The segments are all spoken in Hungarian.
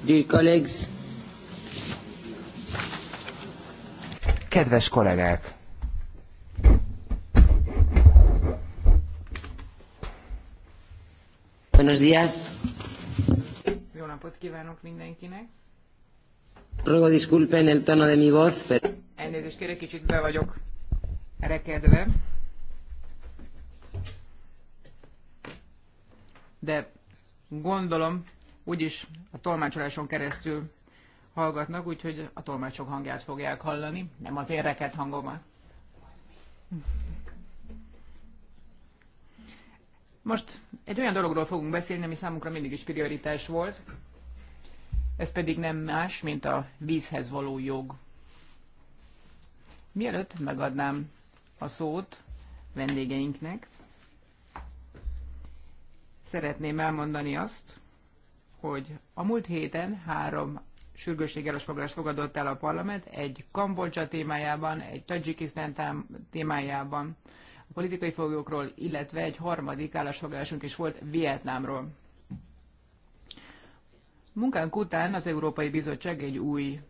Dear colleagues. Kedves kollégák! Buenos días. Jó napot kívánok mindenkinek. Ruego disculpen el tono de mi voz, pero... Elnézést kérek, kicsit be vagyok rekedve. De gondolom, úgyis a tolmácsoláson keresztül hallgatnak, úgyhogy a tolmácsok hangját fogják hallani, nem az éreket hangomat. Most egy olyan dologról fogunk beszélni, ami számunkra mindig is prioritás volt, ez pedig nem más, mint a vízhez való jog. Mielőtt megadnám a szót vendégeinknek, szeretném elmondani azt, hogy a múlt héten három sürgősségeles foglalást fogadott el a parlament, egy Kambodzsa témájában, egy Tajikisztán témájában, a politikai foglyokról, illetve egy harmadik állásfoglalásunk is volt Vietnámról. Munkánk után az Európai Bizottság egy új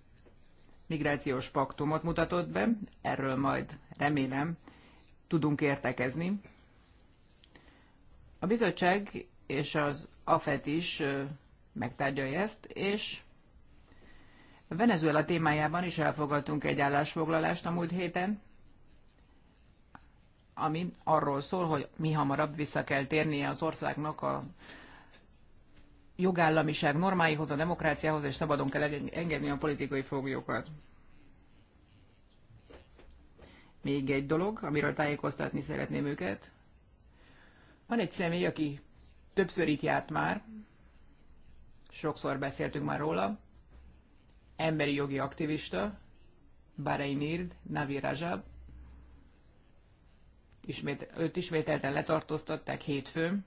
migrációs paktumot mutatott be, erről majd remélem tudunk értekezni. A bizottság és az AFET is megtárgyalja ezt, és Venezuela témájában is elfogadtunk egy állásfoglalást a múlt héten, ami arról szól, hogy mi hamarabb vissza kell térnie az országnak a jogállamiság normáihoz, a demokráciához, és szabadon kell engedni a politikai foglyokat. Még egy dolog, amiről tájékoztatni szeretném őket. Van egy személy, aki többször itt járt már, sokszor beszéltünk már róla, emberi jogi aktivista, Bareinird, Navi Rajab, Ismét, őt ismételten letartóztatták hétfőn.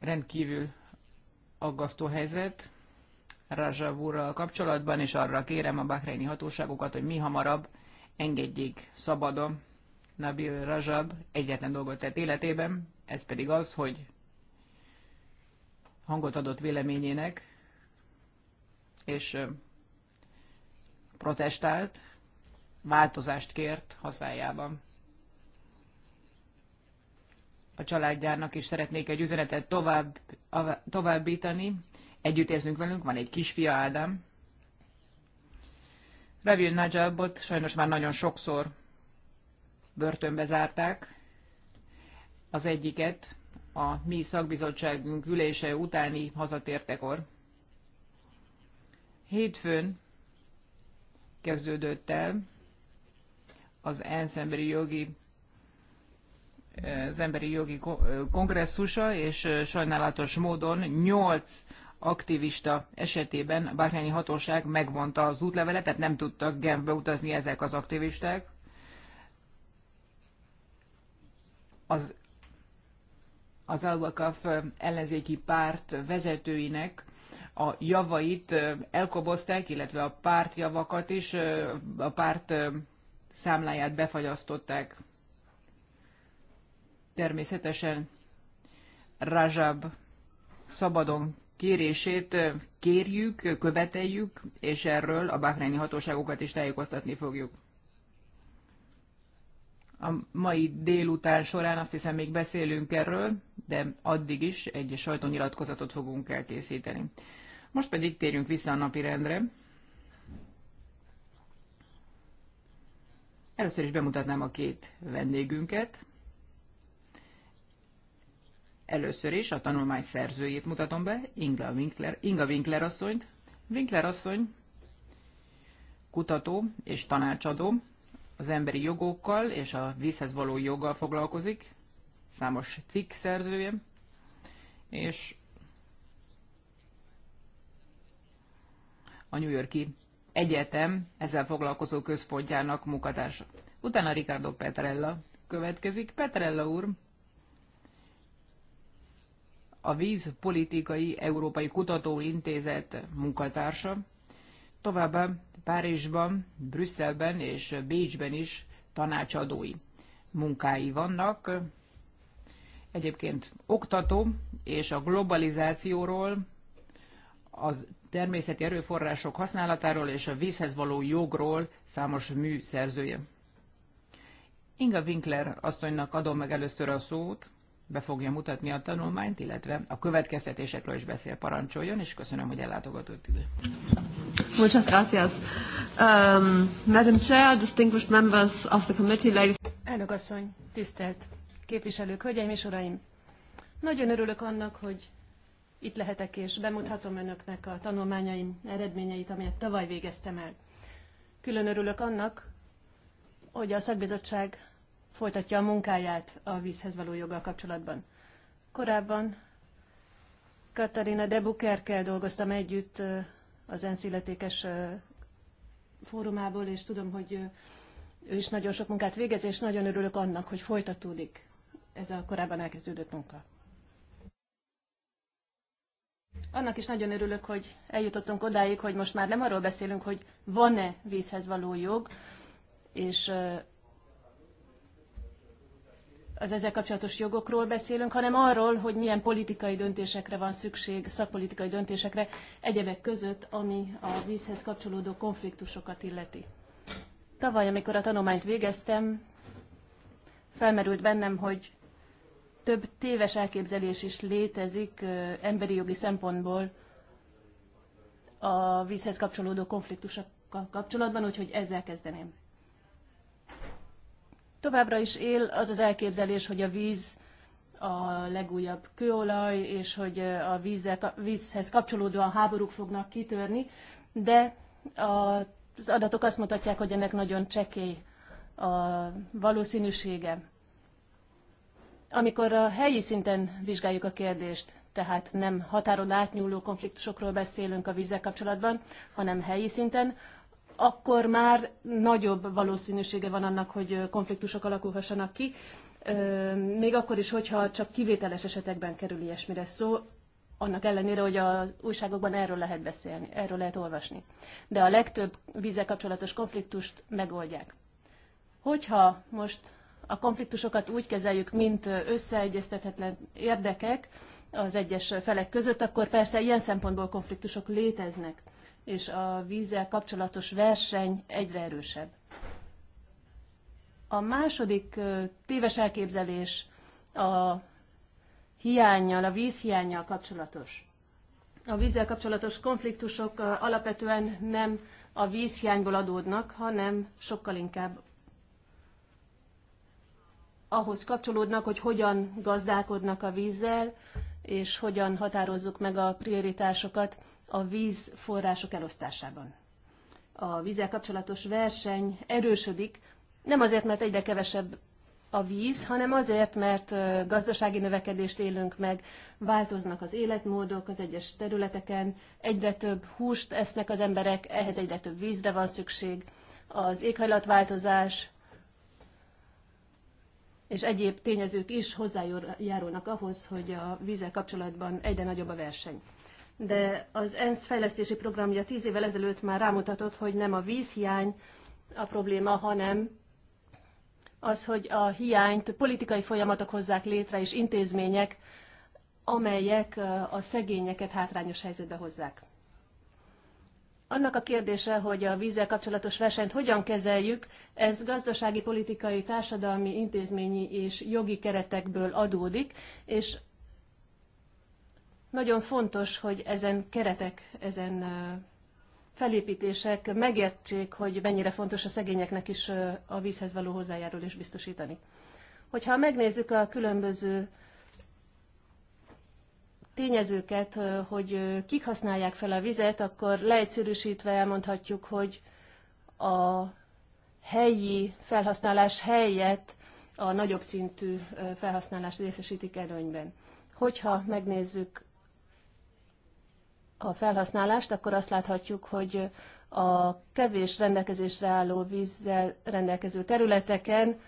Rendkívül aggasztó helyzet Rajab úrral kapcsolatban, és arra kérem a bahreini hatóságokat, hogy mi hamarabb engedjék szabadon Nabil Rajab egyetlen dolgot tett életében, ez pedig az, hogy hangot adott véleményének, és protestált, változást kért hazájában. A családjának is szeretnék egy üzenetet tovább, továbbítani. Együtt érzünk velünk, van egy kisfia Ádám. Revil Najabot sajnos már nagyon sokszor börtönbe zárták. Az egyiket a mi szakbizottságunk ülése utáni hazatértekor. Hétfőn kezdődött el az ENSZ emberi jogi az emberi jogi kongresszusa, és sajnálatos módon nyolc aktivista esetében a bárhányi hatóság megvonta az útlevelet, tehát nem tudtak Genfbe utazni ezek az aktivisták. Az az Albakaf ellenzéki párt vezetőinek a javait elkobozták, illetve a párt javakat is, a párt számláját befagyasztották. Természetesen Rajab szabadon kérését kérjük, követeljük, és erről a bahreini hatóságokat is tájékoztatni fogjuk a mai délután során azt hiszem még beszélünk erről, de addig is egy sajtónyilatkozatot fogunk elkészíteni. Most pedig térjünk vissza a napi rendre. Először is bemutatnám a két vendégünket. Először is a tanulmány szerzőjét mutatom be, Inga Winkler, Inga Winkler asszonyt. Winkler asszony kutató és tanácsadó, az emberi jogokkal és a vízhez való joggal foglalkozik, számos cikk szerzője, és a New Yorki Egyetem ezzel foglalkozó központjának munkatársa. Utána Ricardo Petrella következik. Petrella úr a Víz Politikai Európai Kutatóintézet munkatársa, továbbá Párizsban, Brüsszelben és Bécsben is tanácsadói munkái vannak. Egyébként oktató és a globalizációról, az természeti erőforrások használatáról és a vízhez való jogról számos műszerzője. Inga Winkler asszonynak adom meg először a szót, be fogja mutatni a tanulmányt, illetve a következtetésekről is beszél, parancsoljon, és köszönöm, hogy ellátogatott ide. Muchas gracias. Um, Madam Chair, distinguished members of the committee, ladies... Elnök asszony, tisztelt képviselők, hölgyeim és uraim! Nagyon örülök annak, hogy itt lehetek, és bemutatom önöknek a tanulmányaim eredményeit, amelyet tavaly végeztem el. Külön örülök annak, hogy a szakbizottság folytatja a munkáját a vízhez való joggal kapcsolatban. Korábban Katarina de Bukerkel dolgoztam együtt az ENSZ illetékes fórumából, és tudom, hogy ő is nagyon sok munkát végez, és nagyon örülök annak, hogy folytatódik ez a korábban elkezdődött munka. Annak is nagyon örülök, hogy eljutottunk odáig, hogy most már nem arról beszélünk, hogy van-e vízhez való jog, és az ezzel kapcsolatos jogokról beszélünk, hanem arról, hogy milyen politikai döntésekre van szükség, szakpolitikai döntésekre egyebek között, ami a vízhez kapcsolódó konfliktusokat illeti. Tavaly, amikor a tanulmányt végeztem, felmerült bennem, hogy több téves elképzelés is létezik emberi jogi szempontból a vízhez kapcsolódó konfliktusokkal kapcsolatban, úgyhogy ezzel kezdeném. Továbbra is él az az elképzelés, hogy a víz a legújabb kőolaj, és hogy a vízzel, vízhez kapcsolódóan háborúk fognak kitörni, de az adatok azt mutatják, hogy ennek nagyon csekély a valószínűsége. Amikor a helyi szinten vizsgáljuk a kérdést, tehát nem határon átnyúló konfliktusokról beszélünk a vízzel kapcsolatban, hanem helyi szinten, akkor már nagyobb valószínűsége van annak, hogy konfliktusok alakulhassanak ki, még akkor is, hogyha csak kivételes esetekben kerül ilyesmire szó, annak ellenére, hogy a újságokban erről lehet beszélni, erről lehet olvasni. De a legtöbb vízzel kapcsolatos konfliktust megoldják. Hogyha most a konfliktusokat úgy kezeljük, mint összeegyeztethetlen érdekek az egyes felek között, akkor persze ilyen szempontból konfliktusok léteznek és a vízzel kapcsolatos verseny egyre erősebb. A második téves elképzelés a hiányjal, a vízhiányjal kapcsolatos. A vízzel kapcsolatos konfliktusok alapvetően nem a vízhiányból adódnak, hanem sokkal inkább ahhoz kapcsolódnak, hogy hogyan gazdálkodnak a vízzel, és hogyan határozzuk meg a prioritásokat a vízforrások elosztásában. A vízzel kapcsolatos verseny erősödik, nem azért, mert egyre kevesebb a víz, hanem azért, mert gazdasági növekedést élünk meg, változnak az életmódok az egyes területeken, egyre több húst esznek az emberek, ehhez egyre több vízre van szükség, az éghajlatváltozás és egyéb tényezők is hozzájárulnak ahhoz, hogy a vízzel kapcsolatban egyre nagyobb a verseny de az ENSZ fejlesztési programja tíz évvel ezelőtt már rámutatott, hogy nem a vízhiány a probléma, hanem az, hogy a hiányt politikai folyamatok hozzák létre, és intézmények, amelyek a szegényeket hátrányos helyzetbe hozzák. Annak a kérdése, hogy a vízzel kapcsolatos versenyt hogyan kezeljük, ez gazdasági, politikai, társadalmi, intézményi és jogi keretekből adódik, és nagyon fontos, hogy ezen keretek, ezen felépítések megértsék, hogy mennyire fontos a szegényeknek is a vízhez való hozzájárulás biztosítani. Hogyha megnézzük a különböző tényezőket, hogy kik használják fel a vizet, akkor leegyszerűsítve elmondhatjuk, hogy a helyi felhasználás helyett a nagyobb szintű felhasználást részesítik előnyben. Hogyha megnézzük a felhasználást, akkor azt láthatjuk, hogy a kevés rendelkezésre álló vízzel rendelkező területeken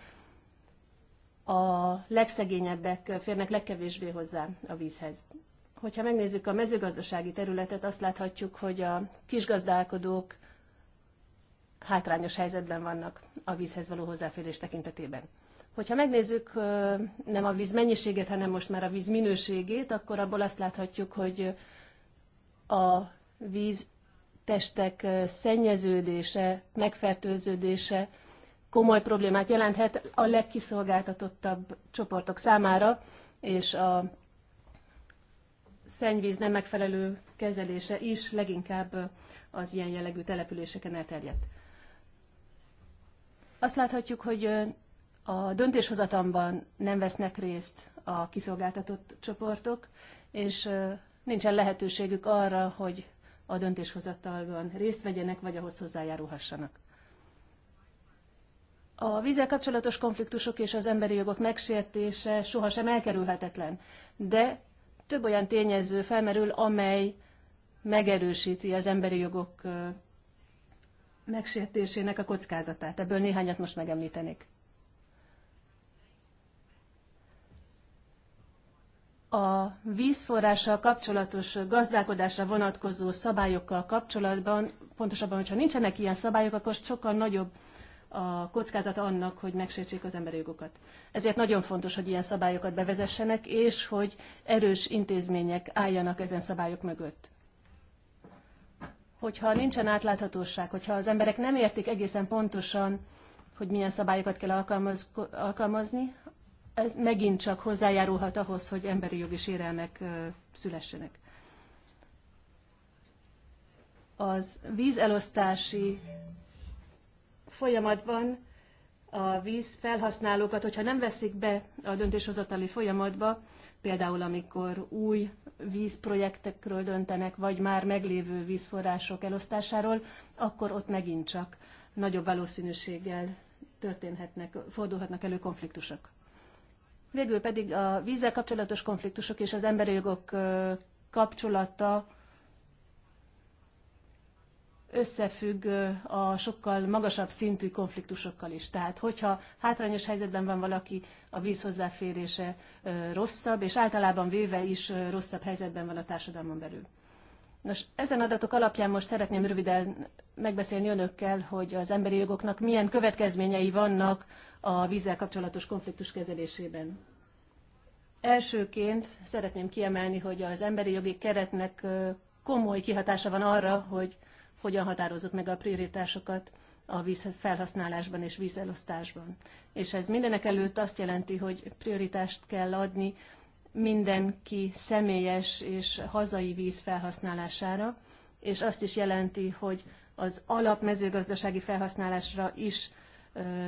a legszegényebbek férnek legkevésbé hozzá a vízhez. Hogyha megnézzük a mezőgazdasági területet, azt láthatjuk, hogy a kisgazdálkodók hátrányos helyzetben vannak a vízhez való hozzáférés tekintetében. Hogyha megnézzük nem a víz mennyiségét, hanem most már a víz minőségét, akkor abból azt láthatjuk, hogy a víztestek szennyeződése, megfertőződése komoly problémát jelenthet a legkiszolgáltatottabb csoportok számára, és a szennyvíz nem megfelelő kezelése is leginkább az ilyen jellegű településeken elterjedt. Azt láthatjuk, hogy a döntéshozatamban nem vesznek részt a kiszolgáltatott csoportok, és nincsen lehetőségük arra, hogy a döntéshozatalban részt vegyenek, vagy ahhoz hozzájárulhassanak. A vízzel kapcsolatos konfliktusok és az emberi jogok megsértése sohasem elkerülhetetlen, de több olyan tényező felmerül, amely megerősíti az emberi jogok megsértésének a kockázatát. Ebből néhányat most megemlítenék. a vízforrással kapcsolatos gazdálkodásra vonatkozó szabályokkal kapcsolatban, pontosabban, hogyha nincsenek ilyen szabályok, akkor sokkal nagyobb a kockázat annak, hogy megsértsék az emberi jogokat. Ezért nagyon fontos, hogy ilyen szabályokat bevezessenek, és hogy erős intézmények álljanak ezen szabályok mögött. Hogyha nincsen átláthatóság, hogyha az emberek nem értik egészen pontosan, hogy milyen szabályokat kell alkalmaz, alkalmazni, ez megint csak hozzájárulhat ahhoz, hogy emberi jogi sérelmek szülessenek. Az vízelosztási folyamatban a víz felhasználókat, hogyha nem veszik be a döntéshozatali folyamatba, például amikor új vízprojektekről döntenek, vagy már meglévő vízforrások elosztásáról, akkor ott megint csak nagyobb valószínűséggel történhetnek, fordulhatnak elő konfliktusok. Végül pedig a vízzel kapcsolatos konfliktusok és az emberi jogok kapcsolata összefügg a sokkal magasabb szintű konfliktusokkal is. Tehát, hogyha hátrányos helyzetben van valaki, a víz hozzáférése rosszabb, és általában véve is rosszabb helyzetben van a társadalmon belül. Nos, ezen adatok alapján most szeretném röviden megbeszélni önökkel, hogy az emberi jogoknak milyen következményei vannak a vízzel kapcsolatos konfliktus kezelésében. Elsőként szeretném kiemelni, hogy az emberi jogi keretnek komoly kihatása van arra, hogy hogyan határozzuk meg a prioritásokat a víz felhasználásban és vízelosztásban. És ez mindenek előtt azt jelenti, hogy prioritást kell adni mindenki személyes és hazai víz felhasználására, és azt is jelenti, hogy az alapmezőgazdasági felhasználásra is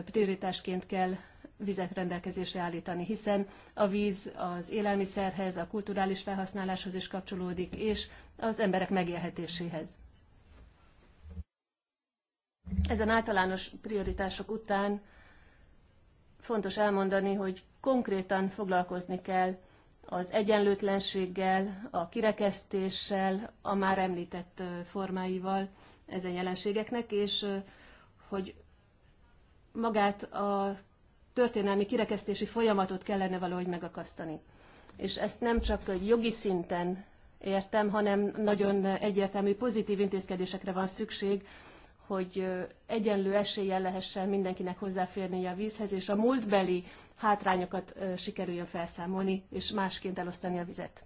prioritásként kell vizet rendelkezésre állítani, hiszen a víz az élelmiszerhez, a kulturális felhasználáshoz is kapcsolódik, és az emberek megélhetéséhez. Ezen általános prioritások után fontos elmondani, hogy konkrétan foglalkozni kell az egyenlőtlenséggel, a kirekesztéssel, a már említett formáival ezen jelenségeknek, és hogy magát a történelmi kirekesztési folyamatot kellene valahogy megakasztani. És ezt nem csak jogi szinten értem, hanem nagyon egyértelmű pozitív intézkedésekre van szükség, hogy egyenlő eséllyel lehessen mindenkinek hozzáférni a vízhez, és a múltbeli hátrányokat sikerüljön felszámolni, és másként elosztani a vizet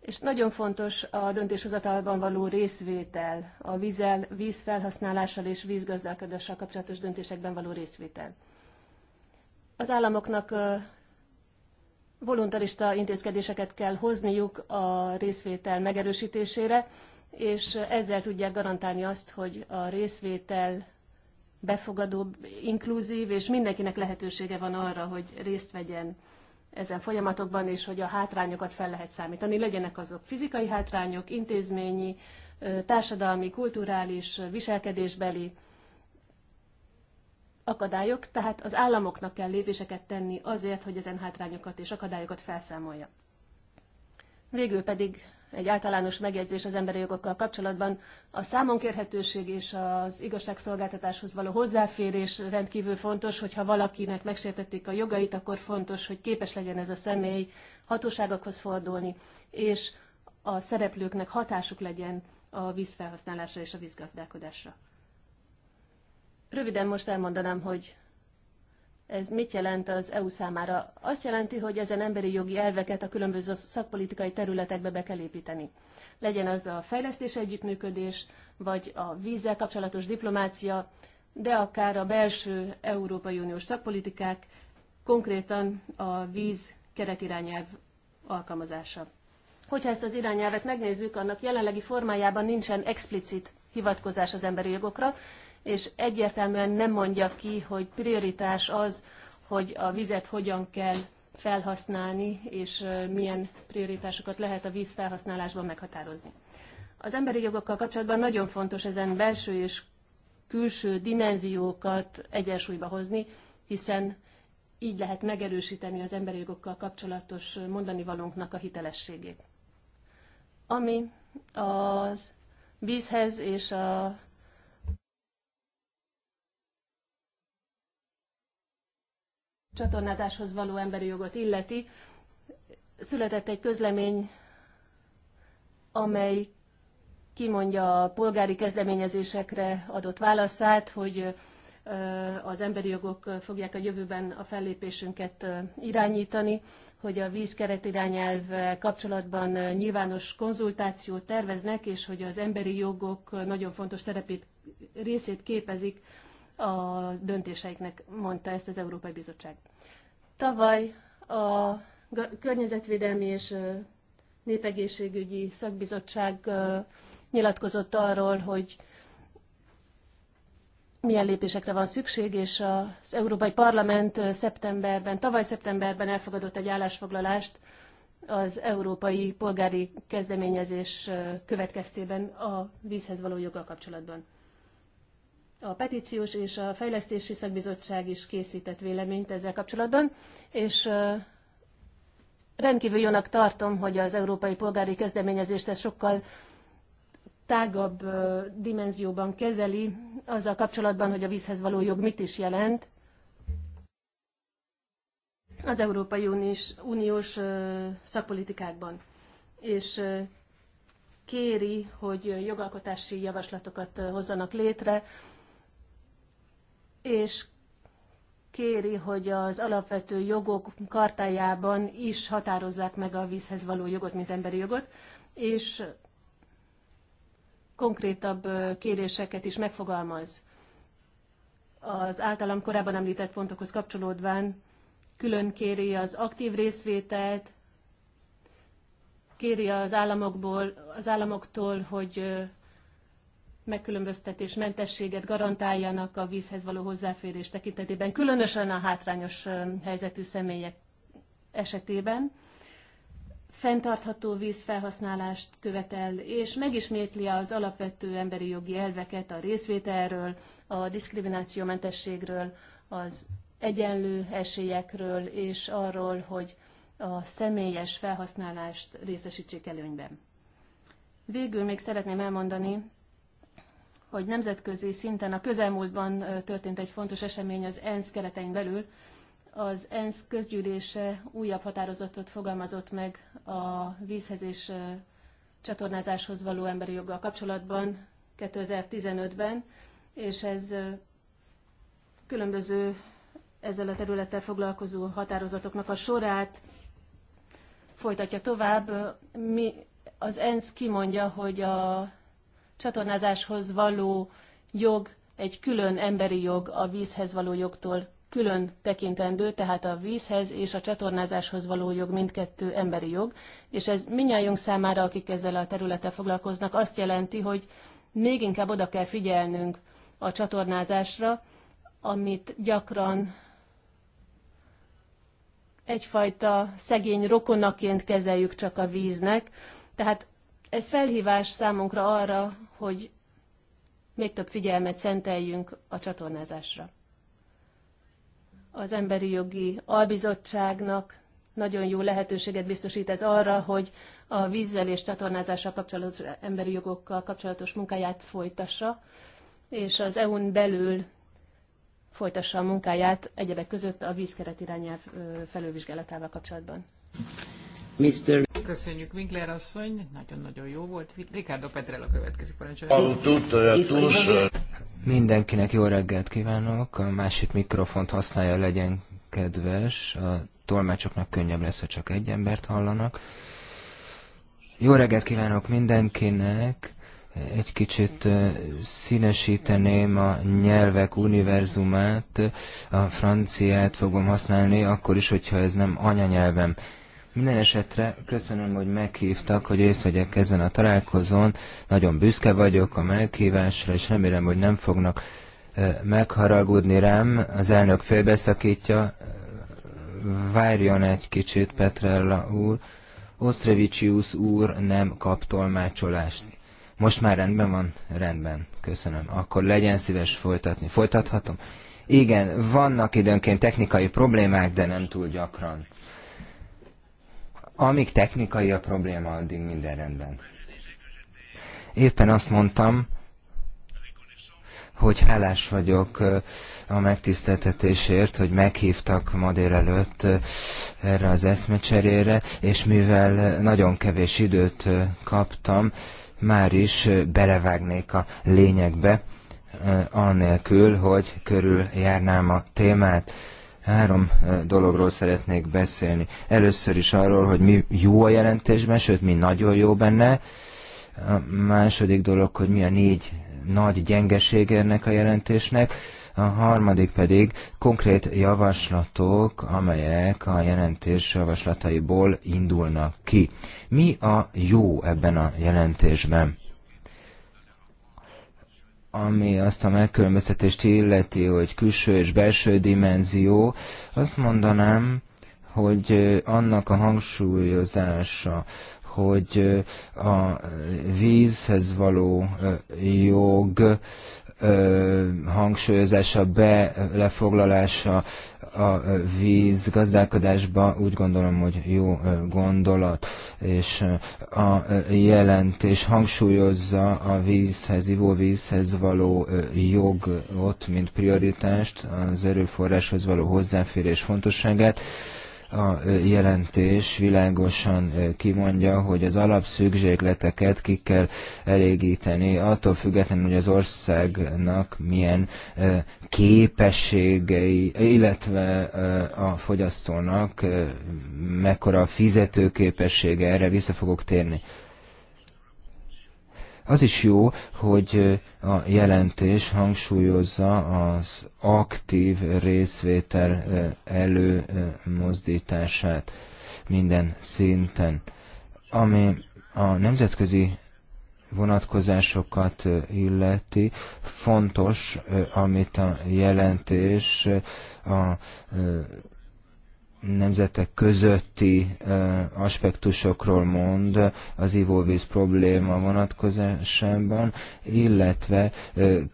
és nagyon fontos a döntéshozatalban való részvétel, a vízzel, vízfelhasználással és vízgazdálkodással kapcsolatos döntésekben való részvétel. Az államoknak voluntarista intézkedéseket kell hozniuk a részvétel megerősítésére, és ezzel tudják garantálni azt, hogy a részvétel befogadóbb, inkluzív, és mindenkinek lehetősége van arra, hogy részt vegyen ezen folyamatokban, és hogy a hátrányokat fel lehet számítani. Legyenek azok fizikai hátrányok, intézményi, társadalmi, kulturális, viselkedésbeli akadályok, tehát az államoknak kell lépéseket tenni azért, hogy ezen hátrányokat és akadályokat felszámolja. Végül pedig egy általános megjegyzés az emberi jogokkal kapcsolatban. A számonkérhetőség és az igazságszolgáltatáshoz való hozzáférés rendkívül fontos, hogyha valakinek megsértették a jogait, akkor fontos, hogy képes legyen ez a személy hatóságokhoz fordulni, és a szereplőknek hatásuk legyen a vízfelhasználásra és a vízgazdálkodásra. Röviden most elmondanám, hogy ez mit jelent az EU számára? Azt jelenti, hogy ezen emberi jogi elveket a különböző szakpolitikai területekbe be kell építeni. Legyen az a fejlesztés együttműködés, vagy a vízzel kapcsolatos diplomácia, de akár a belső Európai Uniós szakpolitikák, konkrétan a víz keretirányelv alkalmazása. Hogyha ezt az irányelvet megnézzük, annak jelenlegi formájában nincsen explicit hivatkozás az emberi jogokra, és egyértelműen nem mondja ki, hogy prioritás az, hogy a vizet hogyan kell felhasználni, és milyen prioritásokat lehet a víz felhasználásban meghatározni. Az emberi jogokkal kapcsolatban nagyon fontos ezen belső és külső dimenziókat egyensúlyba hozni, hiszen így lehet megerősíteni az emberi jogokkal kapcsolatos mondani valónknak a hitelességét. Ami az vízhez és a csatornázáshoz való emberi jogot illeti, született egy közlemény, amely kimondja a polgári kezdeményezésekre adott válaszát, hogy az emberi jogok fogják a jövőben a fellépésünket irányítani, hogy a vízkeret irányelv kapcsolatban nyilvános konzultációt terveznek, és hogy az emberi jogok nagyon fontos szerepét, részét képezik a döntéseiknek, mondta ezt az Európai Bizottság. Tavaly a Környezetvédelmi és Népegészségügyi Szakbizottság nyilatkozott arról, hogy milyen lépésekre van szükség, és az Európai Parlament szeptemberben, tavaly szeptemberben elfogadott egy állásfoglalást az európai polgári kezdeményezés következtében a vízhez való joggal kapcsolatban a petíciós és a fejlesztési szakbizottság is készített véleményt ezzel kapcsolatban, és rendkívül jónak tartom, hogy az európai polgári kezdeményezést ez sokkal tágabb dimenzióban kezeli, azzal kapcsolatban, hogy a vízhez való jog mit is jelent. Az Európai Uniós, uniós szakpolitikákban. És kéri, hogy jogalkotási javaslatokat hozzanak létre és kéri, hogy az alapvető jogok kartájában is határozzák meg a vízhez való jogot, mint emberi jogot, és konkrétabb kéréseket is megfogalmaz. Az általam korábban említett pontokhoz kapcsolódván külön kéri az aktív részvételt, kéri az államokból, az államoktól, hogy megkülönböztetés, mentességet garantáljanak a vízhez való hozzáférés tekintetében, különösen a hátrányos helyzetű személyek esetében fenntartható vízfelhasználást követel, és megismétli az alapvető emberi jogi elveket a részvételről, a diszkriminációmentességről, az egyenlő esélyekről, és arról, hogy a személyes felhasználást részesítsék előnyben. Végül még szeretném elmondani, hogy nemzetközi szinten a közelmúltban történt egy fontos esemény az ENSZ keretein belül. Az ENSZ közgyűlése újabb határozatot fogalmazott meg a vízhez és csatornázáshoz való emberi joggal kapcsolatban 2015-ben, és ez különböző ezzel a területtel foglalkozó határozatoknak a sorát folytatja tovább. Mi, az ENSZ kimondja, hogy a csatornázáshoz való jog egy külön emberi jog a vízhez való jogtól külön tekintendő, tehát a vízhez és a csatornázáshoz való jog mindkettő emberi jog, és ez minnyájunk számára, akik ezzel a területtel foglalkoznak, azt jelenti, hogy még inkább oda kell figyelnünk a csatornázásra, amit gyakran egyfajta szegény rokonaként kezeljük csak a víznek, tehát ez felhívás számunkra arra, hogy még több figyelmet szenteljünk a csatornázásra. Az Emberi Jogi Albizottságnak nagyon jó lehetőséget biztosít ez arra, hogy a vízzel és csatornázással kapcsolatos emberi jogokkal kapcsolatos munkáját folytassa, és az EU-n belül folytassa a munkáját egyebek között a vízkeret irányelv felülvizsgálatával kapcsolatban. Mr. Köszönjük, Winkler asszony, nagyon-nagyon jó volt. Ricardo Petrella következik parancsolja. Mindenkinek jó reggelt kívánok, a másik mikrofont használja, legyen kedves, a tolmácsoknak könnyebb lesz, ha csak egy embert hallanak. Jó reggelt kívánok mindenkinek! Egy kicsit színesíteném a nyelvek univerzumát, a franciát fogom használni, akkor is, hogyha ez nem anyanyelvem. Minden esetre köszönöm, hogy meghívtak, hogy részt vegyek ezen a találkozón. Nagyon büszke vagyok a meghívásra, és remélem, hogy nem fognak megharagudni rám. Az elnök félbeszakítja. Várjon egy kicsit, Petrella úr. Osztrevicius úr nem kap tolmácsolást. Most már rendben van? Rendben. Köszönöm. Akkor legyen szíves folytatni. Folytathatom? Igen, vannak időnként technikai problémák, de nem túl gyakran. Amíg technikai a probléma, addig minden rendben. Éppen azt mondtam, hogy hálás vagyok a megtiszteltetésért, hogy meghívtak ma délelőtt erre az eszmecserére, és mivel nagyon kevés időt kaptam, már is belevágnék a lényegbe, annélkül, hogy körül járnám a témát. Három dologról szeretnék beszélni. Először is arról, hogy mi jó a jelentésben, sőt, mi nagyon jó benne. A második dolog, hogy mi a négy nagy gyengeség ennek a jelentésnek. A harmadik pedig konkrét javaslatok, amelyek a jelentés javaslataiból indulnak ki. Mi a jó ebben a jelentésben? ami azt a megkülönböztetést illeti, hogy külső és belső dimenzió, azt mondanám, hogy annak a hangsúlyozása, hogy a vízhez való jog hangsúlyozása, belefoglalása a víz gazdálkodásba úgy gondolom, hogy jó gondolat, és a jelentés hangsúlyozza a vízhez, ivóvízhez való jogot, mint prioritást, az erőforráshoz való hozzáférés fontosságát, a jelentés világosan kimondja, hogy az alapszükségleteket ki kell elégíteni, attól függetlenül, hogy az országnak milyen képességei, illetve a fogyasztónak mekkora a fizetőképessége, erre vissza fogok térni. Az is jó, hogy a jelentés hangsúlyozza az aktív részvétel előmozdítását minden szinten, ami a nemzetközi vonatkozásokat illeti. Fontos, amit a jelentés a nemzetek közötti aspektusokról mond az ivóvíz probléma vonatkozásában, illetve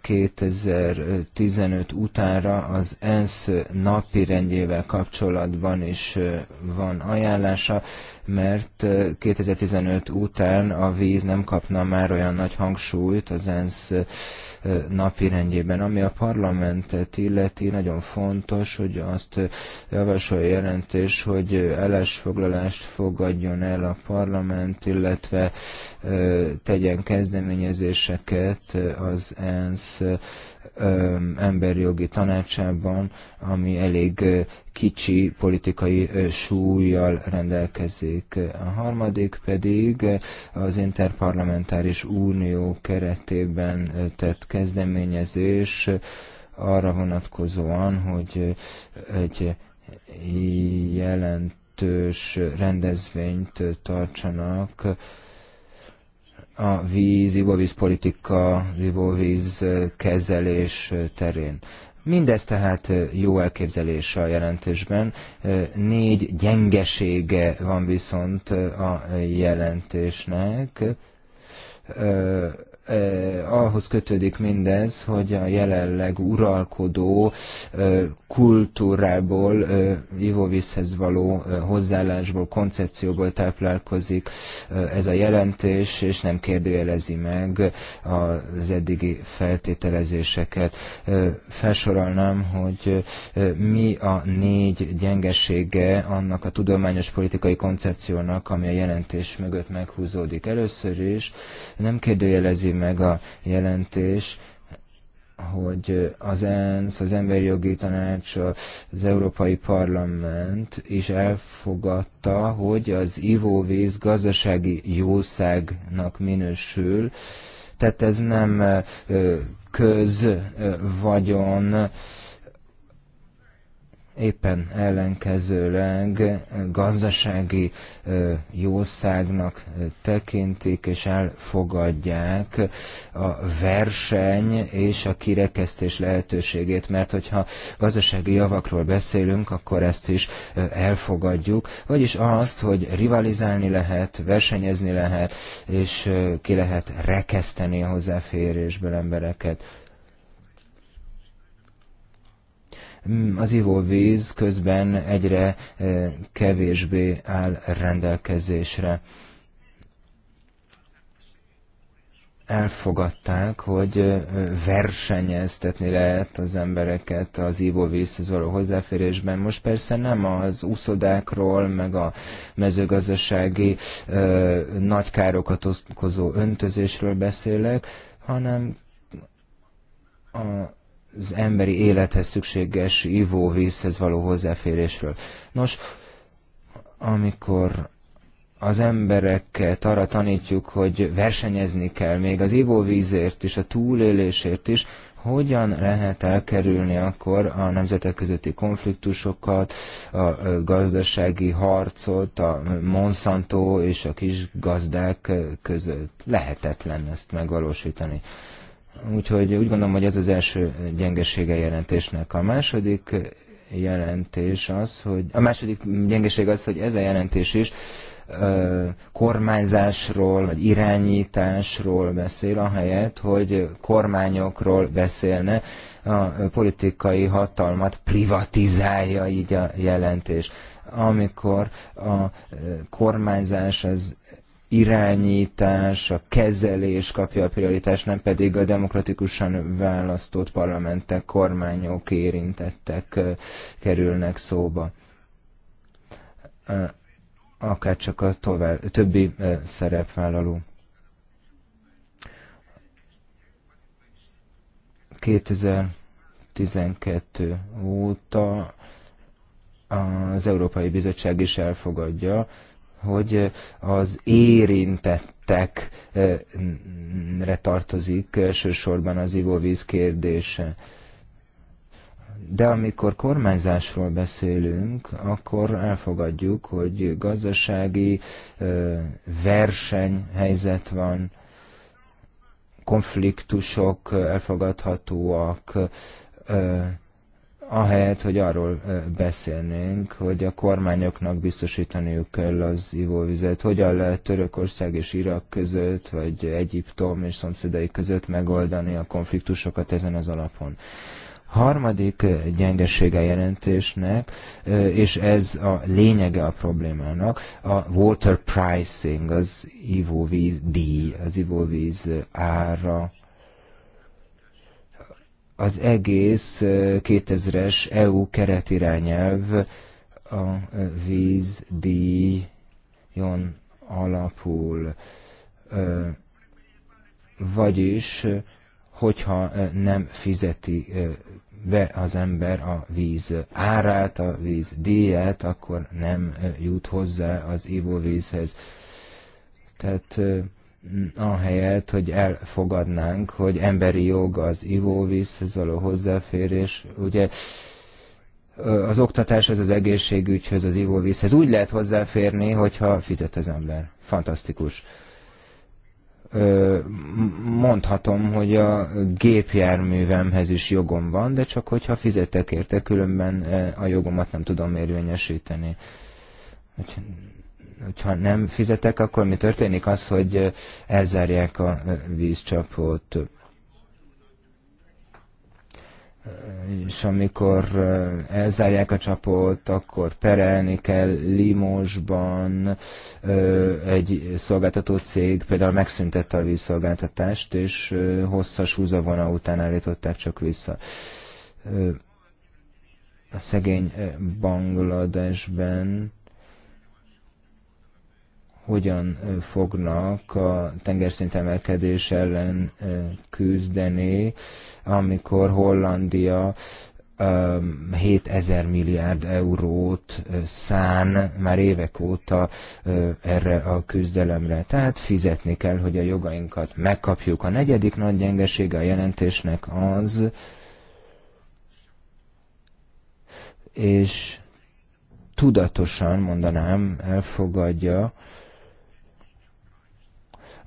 2015 utánra az ENSZ napi rendjével kapcsolatban is van ajánlása, mert 2015 után a víz nem kapna már olyan nagy hangsúlyt az ENSZ napirendjében. Ami a parlamentet illeti, nagyon fontos, hogy azt javasol jelentés, hogy ellensfoglalást fogadjon el a parlament, illetve tegyen kezdeményezéseket az ENSZ emberjogi tanácsában, ami elég kicsi politikai súlyjal rendelkezik. A harmadik pedig az Interparlamentáris Unió keretében tett kezdeményezés arra vonatkozóan, hogy egy jelentős rendezvényt tartsanak a víz, ivóvízpolitika, ivóvíz kezelés terén. Mindez tehát jó elképzelése a jelentésben. Négy gyengesége van viszont a jelentésnek eh, ahhoz kötődik mindez, hogy a jelenleg uralkodó eh, kultúrából, eh, ivóvízhez való eh, hozzáállásból, koncepcióból táplálkozik eh, ez a jelentés, és nem kérdőjelezi meg az eddigi feltételezéseket. Eh, felsorolnám, hogy eh, mi a négy gyengesége annak a tudományos politikai koncepciónak, ami a jelentés mögött meghúzódik. Először is nem kérdőjelezi meg a jelentés, hogy az ENSZ, az Emberi Jogi Tanács, az Európai Parlament is elfogadta, hogy az ivóvíz gazdasági jószágnak minősül, tehát ez nem közvagyon, éppen ellenkezőleg gazdasági jószágnak tekintik és elfogadják a verseny és a kirekesztés lehetőségét, mert hogyha gazdasági javakról beszélünk, akkor ezt is elfogadjuk, vagyis azt, hogy rivalizálni lehet, versenyezni lehet, és ki lehet rekeszteni a hozzáférésből embereket Hmm, az ivóvíz közben egyre eh, kevésbé áll rendelkezésre. Elfogadták, hogy eh, versenyeztetni lehet az embereket az ivóvízhez való hozzáférésben. Most persze nem az úszodákról, meg a mezőgazdasági ö, eh, nagy károkat okozó öntözésről beszélek, hanem a az emberi élethez szükséges ivóvízhez való hozzáférésről. Nos, amikor az embereket arra tanítjuk, hogy versenyezni kell még az ivóvízért is, a túlélésért is, hogyan lehet elkerülni akkor a nemzetek közötti konfliktusokat, a gazdasági harcot, a Monsanto és a kis gazdák között. Lehetetlen ezt megvalósítani. Úgyhogy úgy gondolom, hogy ez az első gyengesége jelentésnek. A második jelentés az, hogy a második gyengeség az, hogy ez a jelentés is ö, kormányzásról, vagy irányításról beszél, ahelyett, hogy kormányokról beszélne, a politikai hatalmat privatizálja így a jelentés. Amikor a kormányzás az irányítás, a kezelés kapja a prioritást, nem pedig a demokratikusan választott parlamentek, kormányok, érintettek kerülnek szóba. Akár csak a tovább, többi szerepvállaló. 2012 óta az Európai Bizottság is elfogadja hogy az érintettekre tartozik elsősorban az ivóvíz kérdése. De amikor kormányzásról beszélünk, akkor elfogadjuk, hogy gazdasági versenyhelyzet van, konfliktusok elfogadhatóak, ahelyett, hogy arról beszélnénk, hogy a kormányoknak biztosítaniuk kell az ivóvizet, hogyan lehet Törökország és Irak között, vagy Egyiptom és szomszédai között megoldani a konfliktusokat ezen az alapon. Harmadik gyengesége jelentésnek, és ez a lényege a problémának, a water pricing, az ivóvíz díj, az ivóvíz ára az egész 2000-es EU keretirányelv a vízdíjon alapul. Vagyis, hogyha nem fizeti be az ember a víz árát, a víz díját, akkor nem jut hozzá az ivóvízhez. Tehát ahelyett, hogy elfogadnánk, hogy emberi jog az ivóvízhez való hozzáférés, ugye az oktatáshoz, az egészségügyhöz, az ivóvízhez úgy lehet hozzáférni, hogyha fizet az ember. Fantasztikus. Mondhatom, hogy a gépjárművemhez is jogom van, de csak hogyha fizetek érte, különben a jogomat nem tudom érvényesíteni. Úgyhogy hogyha nem fizetek, akkor mi történik az, hogy elzárják a vízcsapot. És amikor elzárják a csapot, akkor perelni kell Limosban egy szolgáltató cég például megszüntette a vízszolgáltatást, és hosszas húzavona után állították csak vissza a szegény Bangladesben hogyan fognak a tengerszint emelkedés ellen küzdeni, amikor Hollandia 7000 milliárd eurót szán már évek óta erre a küzdelemre. Tehát fizetni kell, hogy a jogainkat megkapjuk. A negyedik nagy gyengesége a jelentésnek az, és tudatosan mondanám, elfogadja,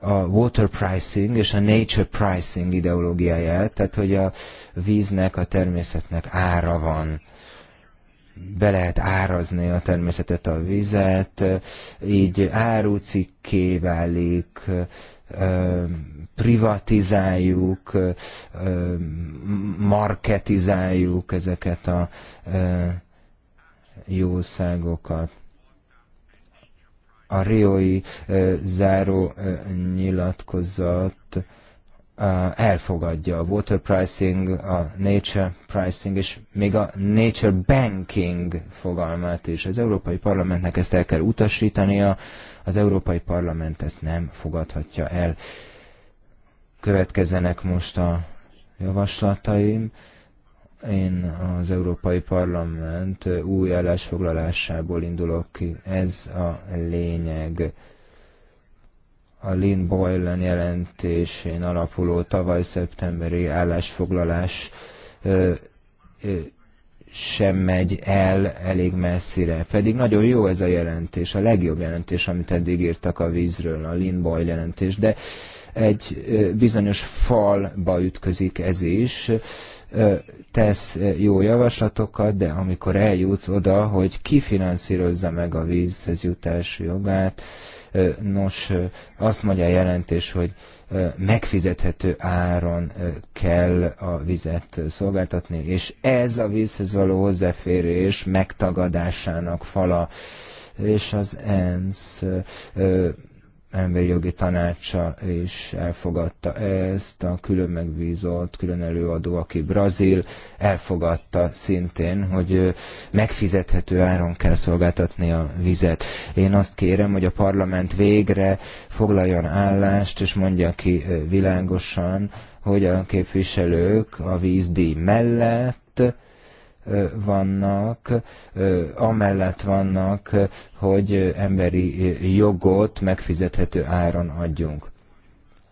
a water pricing és a nature pricing ideológiáját, tehát hogy a víznek, a természetnek ára van be lehet árazni a természetet, a vizet, így árucikké válik, privatizáljuk, marketizáljuk ezeket a jószágokat. A riói záró nyilatkozat elfogadja a water pricing, a nature pricing, és még a nature banking fogalmát is. Az Európai Parlamentnek ezt el kell utasítania, az Európai Parlament ezt nem fogadhatja el. Következzenek most a javaslataim. Én az Európai Parlament új állásfoglalásából indulok ki. Ez a lényeg. A Lynn Boylan jelentésén alapuló tavaly szeptemberi állásfoglalás ö, ö, sem megy el elég messzire. Pedig nagyon jó ez a jelentés, a legjobb jelentés, amit eddig írtak a vízről, a Boyle jelentés, de egy bizonyos falba ütközik ez is, tesz jó javaslatokat, de amikor eljut oda, hogy kifinanszírozza meg a vízhez jutás jogát, nos, azt mondja a jelentés, hogy megfizethető áron kell a vizet szolgáltatni, és ez a vízhez való hozzáférés megtagadásának fala és az ENSZ emberi jogi tanácsa is elfogadta ezt, a külön megbízott, külön előadó, aki brazil, elfogadta szintén, hogy megfizethető áron kell szolgáltatni a vizet. Én azt kérem, hogy a parlament végre foglaljon állást, és mondja ki világosan, hogy a képviselők a vízdíj mellett vannak, amellett vannak, hogy emberi jogot megfizethető áron adjunk.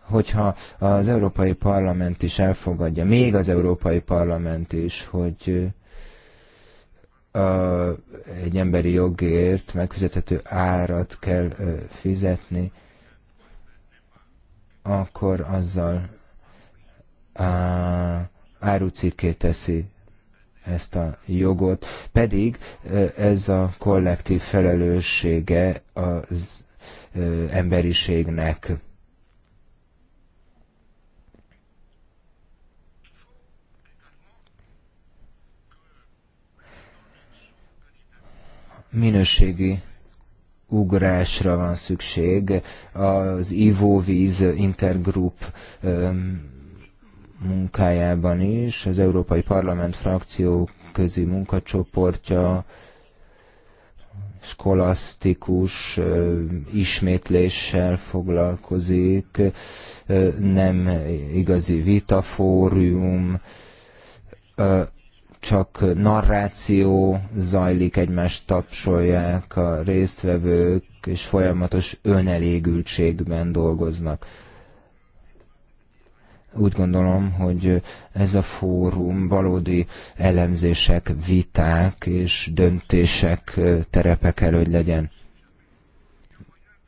Hogyha az Európai Parlament is elfogadja, még az Európai Parlament is, hogy a, egy emberi jogért megfizethető árat kell fizetni, akkor azzal árucikké teszi ezt a jogot, pedig ez a kollektív felelőssége az emberiségnek. Minőségi ugrásra van szükség az ivóvíz intergroup munkájában is, az Európai Parlament frakció közi munkacsoportja, skolasztikus ismétléssel foglalkozik, nem igazi vitafórium, csak narráció zajlik, egymást tapsolják a résztvevők, és folyamatos önelégültségben dolgoznak. Úgy gondolom, hogy ez a fórum valódi elemzések, viták és döntések terepe kell, hogy legyen.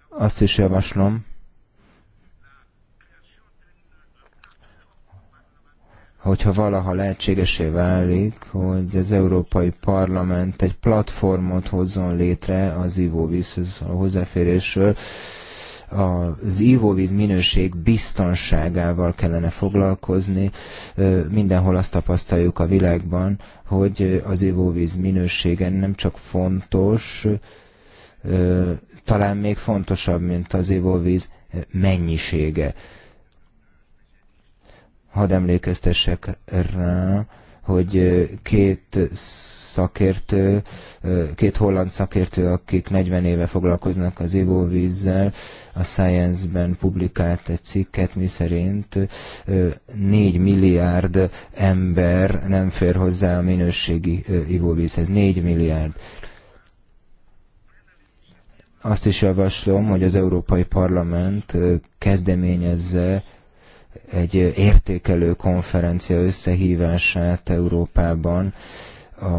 Azt is javaslom, hogyha valaha lehetségesé válik, hogy az Európai Parlament egy platformot hozzon létre az ivóvízhoz a hozzáférésről, az ivóvíz minőség biztonságával kellene foglalkozni. Mindenhol azt tapasztaljuk a világban, hogy az ivóvíz minősége nem csak fontos, talán még fontosabb, mint az ivóvíz mennyisége. Hadd emlékeztessek rá, hogy két szakértő, két holland szakértő, akik 40 éve foglalkoznak az ivóvízzel, a Science-ben publikált egy cikket, mi szerint 4 milliárd ember nem fér hozzá a minőségi ivóvízhez. 4 milliárd azt is javaslom, hogy az Európai Parlament kezdeményezze egy értékelő konferencia összehívását Európában a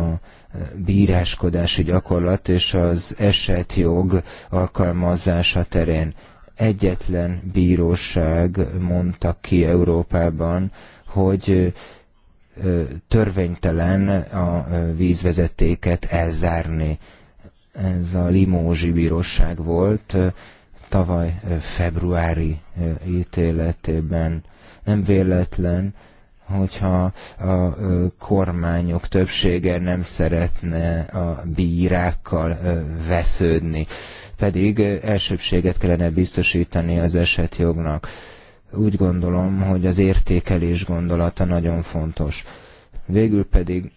e, bíráskodási gyakorlat és az esetjog alkalmazása terén. Egyetlen bíróság mondta ki Európában, hogy e, törvénytelen a e, vízvezetéket elzárni. Ez a Limózsi Bíróság volt tavaly februári ítéletében. Nem véletlen, hogyha a kormányok többsége nem szeretne a bírákkal vesződni. Pedig elsőbséget kellene biztosítani az esetjognak. Úgy gondolom, hogy az értékelés gondolata nagyon fontos. Végül pedig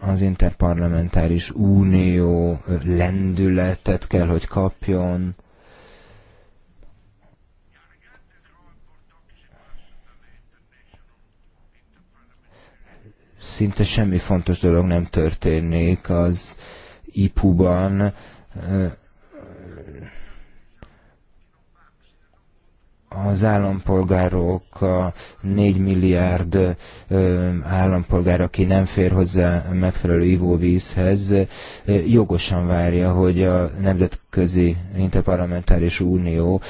az interparlamentáris unió lendületet kell, hogy kapjon, szinte semmi fontos dolog nem történik az IPU-ban, az állampolgárok, a 4 milliárd állampolgár, aki nem fér hozzá megfelelő ivóvízhez, jogosan várja, hogy a Nemzetközi Interparlamentáris Unió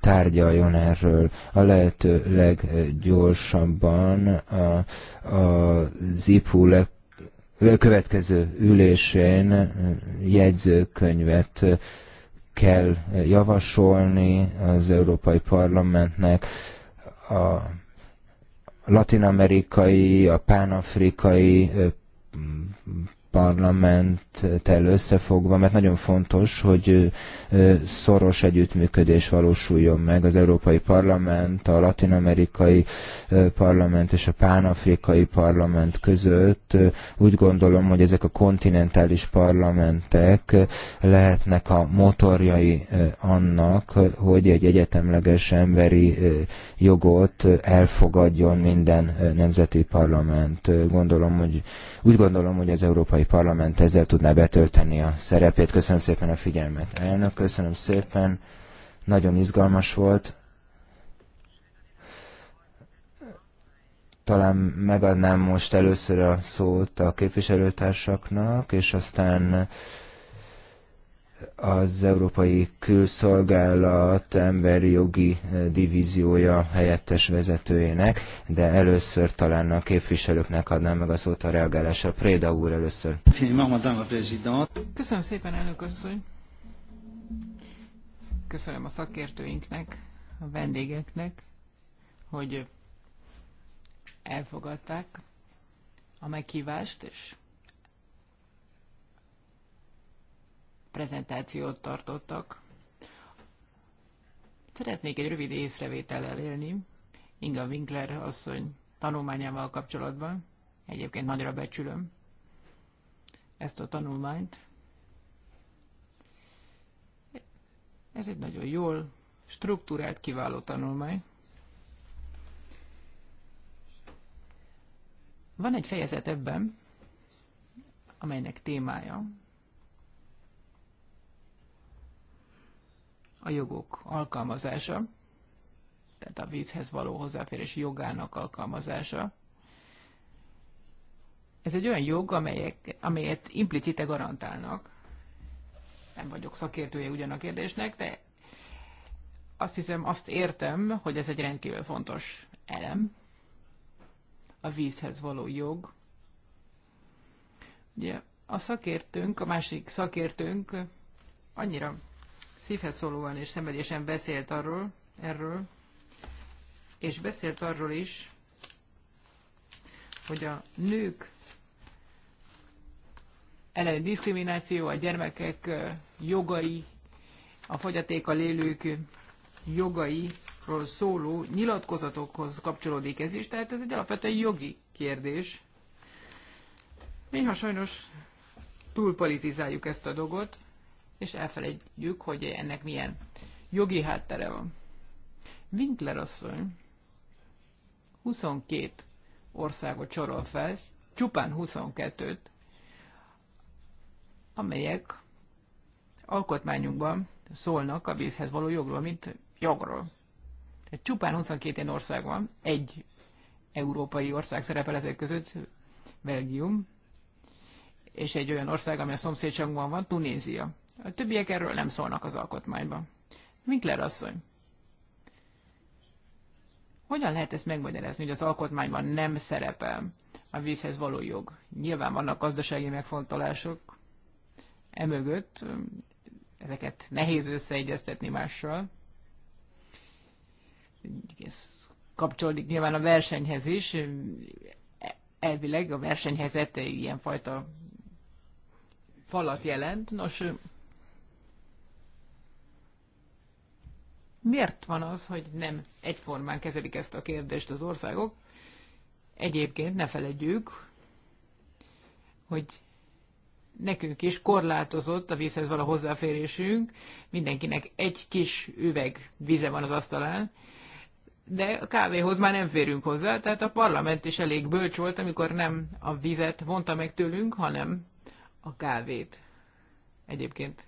tárgyaljon erről a lehető leggyorsabban az IPU következő ülésén jegyzőkönyvet kell javasolni az Európai Parlamentnek a latinamerikai, a pánafrikai parlamenttel összefogva, mert nagyon fontos, hogy szoros együttműködés valósuljon meg az Európai Parlament, a Latin-amerikai Parlament és a Pánafrikai Parlament között. Úgy gondolom, hogy ezek a kontinentális parlamentek lehetnek a motorjai annak, hogy egy egyetemleges emberi jogot elfogadjon minden nemzeti parlament. Gondolom, hogy úgy gondolom, hogy az Európai Európai Parlament ezzel tudná betölteni a szerepét. Köszönöm szépen a figyelmet. Elnök, köszönöm szépen. Nagyon izgalmas volt. Talán megadnám most először a szót a képviselőtársaknak, és aztán az Európai Külszolgálat emberi jogi divíziója helyettes vezetőjének, de először talán a képviselőknek adnám meg a szót a reagálásra. Préda úr először. Köszönöm szépen, elnök asszony. Köszönöm a szakértőinknek, a vendégeknek, hogy elfogadták a meghívást, és prezentációt tartottak. Szeretnék egy rövid észrevétel elélni Inga Winkler asszony tanulmányával kapcsolatban. Egyébként nagyra becsülöm ezt a tanulmányt. Ez egy nagyon jól struktúrált, kiváló tanulmány. Van egy fejezet ebben, amelynek témája a jogok alkalmazása, tehát a vízhez való hozzáférés jogának alkalmazása. Ez egy olyan jog, amelyek, amelyet implicite garantálnak. Nem vagyok szakértője ugyan a kérdésnek, de azt hiszem, azt értem, hogy ez egy rendkívül fontos elem, a vízhez való jog. Ugye a szakértőnk, a másik szakértőnk annyira szívhez szólóan és szenvedésen beszélt arról, erről, és beszélt arról is, hogy a nők elleni diszkrimináció, a gyermekek jogai, a fogyatékkal élők jogairól szóló nyilatkozatokhoz kapcsolódik ez is, tehát ez egy alapvetően jogi kérdés. Néha sajnos túlpolitizáljuk ezt a dolgot, és elfelejtjük, hogy ennek milyen jogi háttere van. Winkler asszony 22 országot sorol fel, csupán 22-t, amelyek alkotmányunkban szólnak a vízhez való jogról, mint jogról. Tehát csupán 22 ilyen ország van, egy európai ország szerepel ezek között, Belgium, és egy olyan ország, ami a szomszédságban van, Tunézia. A többiek erről nem szólnak az alkotmányban. Winkler asszony. Hogyan lehet ezt megmagyarázni, hogy az alkotmányban nem szerepel a vízhez való jog? Nyilván vannak gazdasági megfontolások emögött, ezeket nehéz összeegyeztetni mással. Ez kapcsolódik nyilván a versenyhez is. Elvileg a ilyen ilyenfajta falat jelent. Nos, Miért van az, hogy nem egyformán kezelik ezt a kérdést az országok? Egyébként ne feledjük, hogy nekünk is korlátozott a vízhez való hozzáférésünk, mindenkinek egy kis üveg vize van az asztalán, de a kávéhoz már nem férünk hozzá, tehát a parlament is elég bölcs volt, amikor nem a vizet vonta meg tőlünk, hanem a kávét. Egyébként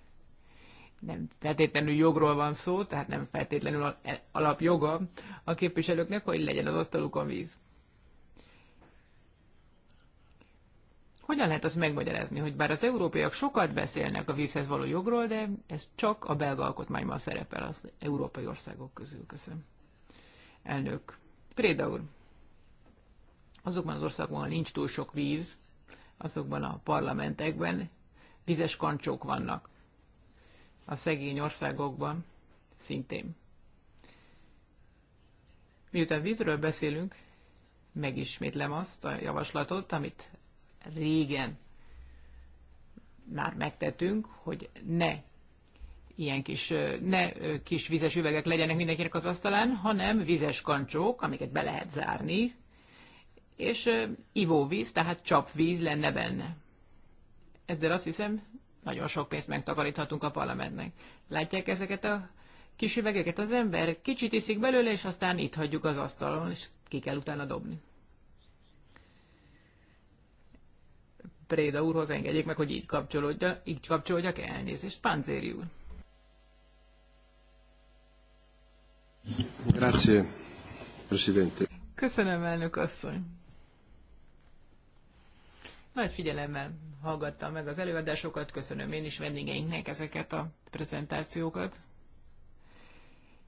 nem feltétlenül jogról van szó, tehát nem feltétlenül e- alapjoga a képviselőknek, hogy legyen az asztalukon víz. Hogyan lehet azt megmagyarázni, hogy bár az európaiak sokat beszélnek a vízhez való jogról, de ez csak a belga alkotmányban szerepel az európai országok közül. Köszönöm. Elnök. Préda úr. Azokban az országokban nincs túl sok víz, azokban a parlamentekben vizes kancsók vannak a szegény országokban szintén. Miután vízről beszélünk, megismétlem azt a javaslatot, amit régen már megtettünk, hogy ne ilyen kis, ne kis vizes üvegek legyenek mindenkinek az asztalán, hanem vizes kancsók, amiket be lehet zárni, és ivóvíz, tehát csapvíz lenne benne. Ezzel azt hiszem, nagyon sok pénzt megtakaríthatunk a parlamentnek. Látják ezeket a kis üvegeket? Az ember kicsit iszik belőle, és aztán itt hagyjuk az asztalon, és ki kell utána dobni. Préda úrhoz engedjék meg, hogy így kapcsolódjak, így kapcsolódjak elnézést. Panzéri úr. Grazie, Presidente. Köszönöm, elnök asszony. Nagy figyelemmel hallgattam meg az előadásokat, köszönöm én is vendégeinknek ezeket a prezentációkat.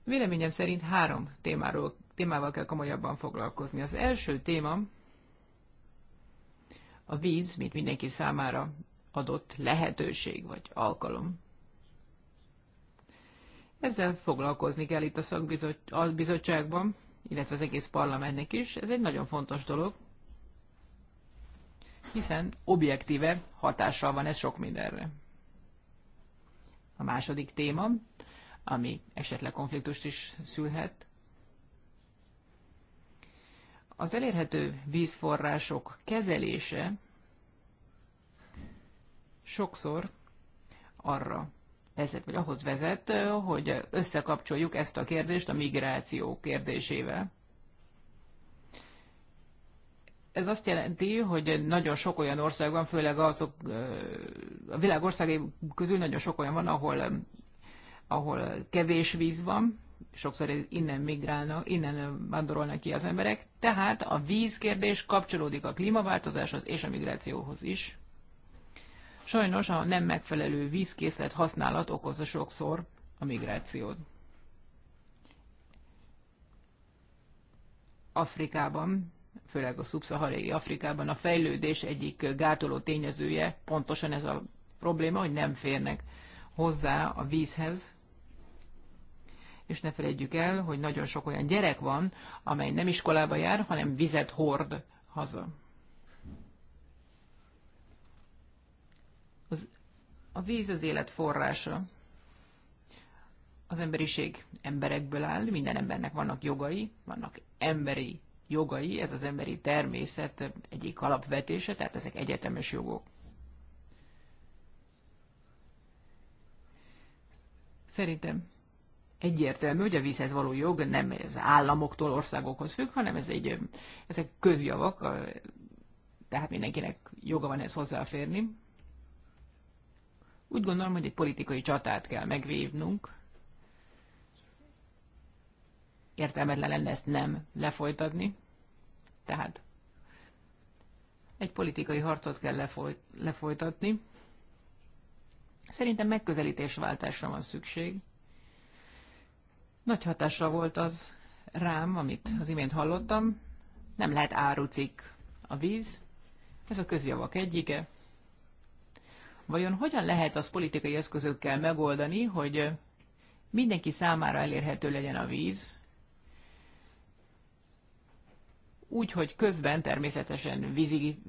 Véleményem szerint három témáról, témával kell komolyabban foglalkozni. Az első téma a víz, mint mindenki számára adott lehetőség vagy alkalom. Ezzel foglalkozni kell itt a szakbizottságban, illetve az egész parlamentnek is. Ez egy nagyon fontos dolog hiszen objektíve hatással van ez sok mindenre. A második téma, ami esetleg konfliktust is szülhet, az elérhető vízforrások kezelése sokszor arra vezet, vagy ahhoz vezet, hogy összekapcsoljuk ezt a kérdést a migráció kérdésével ez azt jelenti, hogy nagyon sok olyan ország van, főleg azok a világ országai közül nagyon sok olyan van, ahol, ahol kevés víz van, sokszor innen migrálnak, innen vándorolnak ki az emberek, tehát a vízkérdés kapcsolódik a klímaváltozáshoz és a migrációhoz is. Sajnos a nem megfelelő vízkészlet használat okozza sokszor a migrációt. Afrikában főleg a szubszaharai Afrikában a fejlődés egyik gátoló tényezője, pontosan ez a probléma, hogy nem férnek hozzá a vízhez, és ne felejtjük el, hogy nagyon sok olyan gyerek van, amely nem iskolába jár, hanem vizet hord haza. Az, a víz az élet forrása. Az emberiség emberekből áll, minden embernek vannak jogai, vannak emberi jogai, ez az emberi természet egyik alapvetése, tehát ezek egyetemes jogok. Szerintem egyértelmű, hogy a vízhez való jog nem az államoktól, országokhoz függ, hanem ez egy, ezek közjavak, tehát mindenkinek joga van ezt hozzáférni. Úgy gondolom, hogy egy politikai csatát kell megvívnunk. Értelmetlen lenne ezt nem lefolytatni. Tehát egy politikai harcot kell lefoly, lefolytatni. Szerintem megközelítésváltásra van szükség. Nagy hatásra volt az rám, amit az imént hallottam. Nem lehet árucik a víz. Ez a közjavak egyike. Vajon hogyan lehet az politikai eszközökkel megoldani, hogy mindenki számára elérhető legyen a víz, úgy, hogy közben természetesen vízi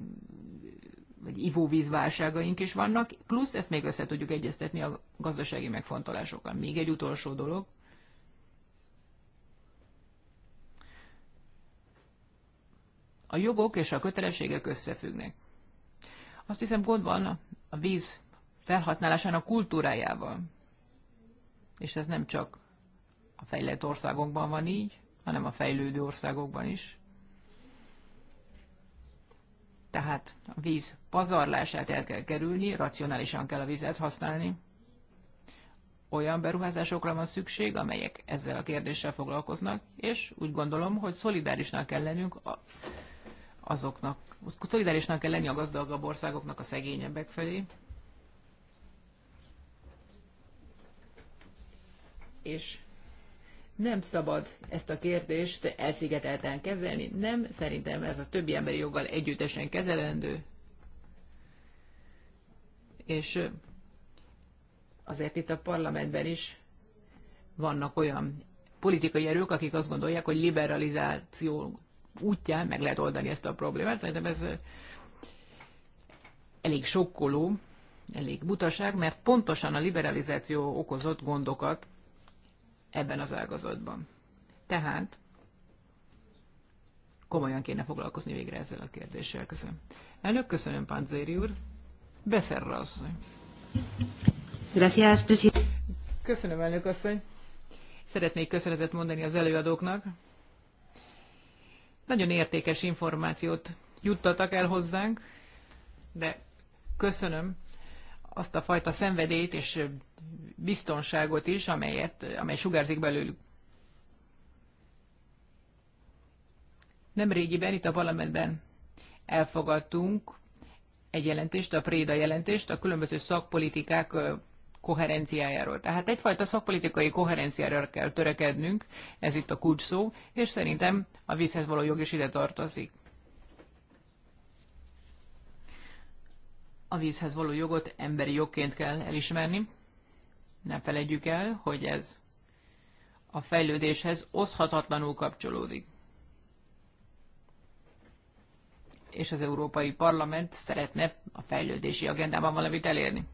vagy ivóvízválságaink is vannak, plusz ezt még össze tudjuk egyeztetni a gazdasági megfontolásokkal. Még egy utolsó dolog. A jogok és a kötelességek összefüggnek. Azt hiszem gond van a víz felhasználásának kultúrájával. És ez nem csak a fejlett országokban van így, hanem a fejlődő országokban is tehát a víz pazarlását el kell kerülni, racionálisan kell a vizet használni. Olyan beruházásokra van szükség, amelyek ezzel a kérdéssel foglalkoznak, és úgy gondolom, hogy szolidárisnak kell lennünk azoknak, szolidárisnak kell lenni a gazdagabb országoknak a szegényebbek felé, és nem szabad ezt a kérdést elszigetelten kezelni, nem, szerintem ez a többi emberi joggal együttesen kezelendő. És azért itt a parlamentben is vannak olyan politikai erők, akik azt gondolják, hogy liberalizáció útján meg lehet oldani ezt a problémát. Szerintem ez elég sokkoló, elég butaság, mert pontosan a liberalizáció okozott gondokat ebben az ágazatban. Tehát komolyan kéne foglalkozni végre ezzel a kérdéssel. Köszönöm. Elnök, köszönöm, Panzéri úr. Beszerra asszony. Gracias, Köszönöm, elnök asszony. Szeretnék köszönetet mondani az előadóknak. Nagyon értékes információt juttatak el hozzánk, de köszönöm azt a fajta szenvedélyt és biztonságot is, amelyet, amely sugárzik belőlük. Nemrégiben itt a parlamentben elfogadtunk egy jelentést, a Préda jelentést a különböző szakpolitikák koherenciájáról. Tehát egyfajta szakpolitikai koherenciára kell törekednünk, ez itt a kulcs szó, és szerintem a vízhez való jog is ide tartozik. a vízhez való jogot emberi jogként kell elismerni. Ne felejtjük el, hogy ez a fejlődéshez oszhatatlanul kapcsolódik. És az Európai Parlament szeretne a fejlődési agendában valamit elérni.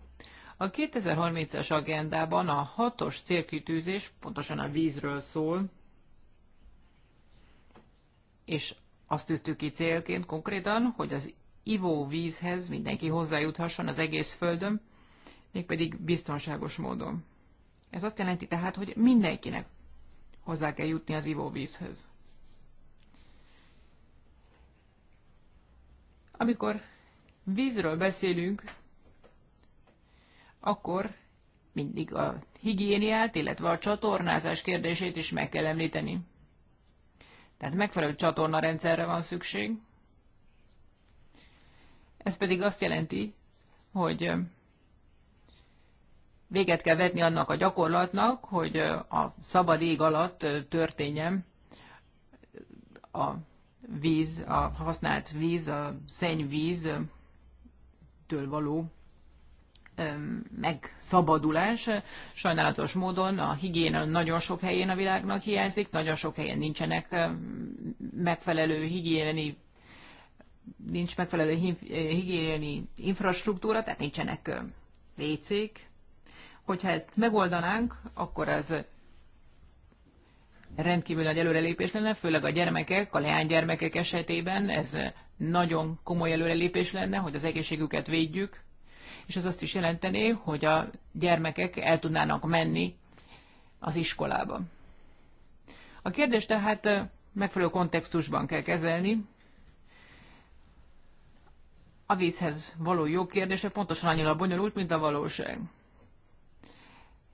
A 2030-as agendában a hatos célkitűzés pontosan a vízről szól, és azt tűztük ki célként konkrétan, hogy az ivóvízhez mindenki hozzájuthasson az egész földön, mégpedig biztonságos módon. Ez azt jelenti tehát, hogy mindenkinek hozzá kell jutni az ivóvízhez. Amikor vízről beszélünk, akkor mindig a higiéniát, illetve a csatornázás kérdését is meg kell említeni. Tehát megfelelő csatornarendszerre van szükség, ez pedig azt jelenti, hogy véget kell vetni annak a gyakorlatnak, hogy a szabad ég alatt történjen a víz, a használt víz, a szennyvíz től való megszabadulás. Sajnálatos módon a higiéna nagyon sok helyén a világnak hiányzik, nagyon sok helyen nincsenek megfelelő higiéni nincs megfelelő higiéni infrastruktúra, tehát nincsenek vécék. Hogyha ezt megoldanánk, akkor ez rendkívül nagy előrelépés lenne, főleg a gyermekek, a leánygyermekek esetében ez nagyon komoly előrelépés lenne, hogy az egészségüket védjük, és ez azt is jelentené, hogy a gyermekek el tudnának menni az iskolába. A kérdés tehát megfelelő kontextusban kell kezelni, a vízhez való jó kérdése pontosan annyira bonyolult, mint a valóság.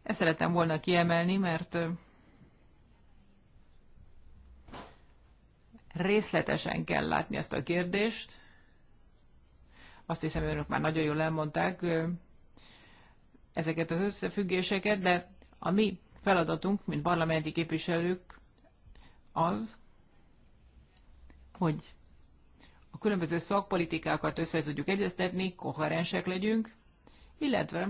Ezt szeretem volna kiemelni, mert részletesen kell látni ezt a kérdést. Azt hiszem, önök már nagyon jól elmondták ezeket az összefüggéseket, de a mi feladatunk, mint parlamenti képviselők az, hogy a különböző szakpolitikákat össze tudjuk egyeztetni, koherensek legyünk, illetve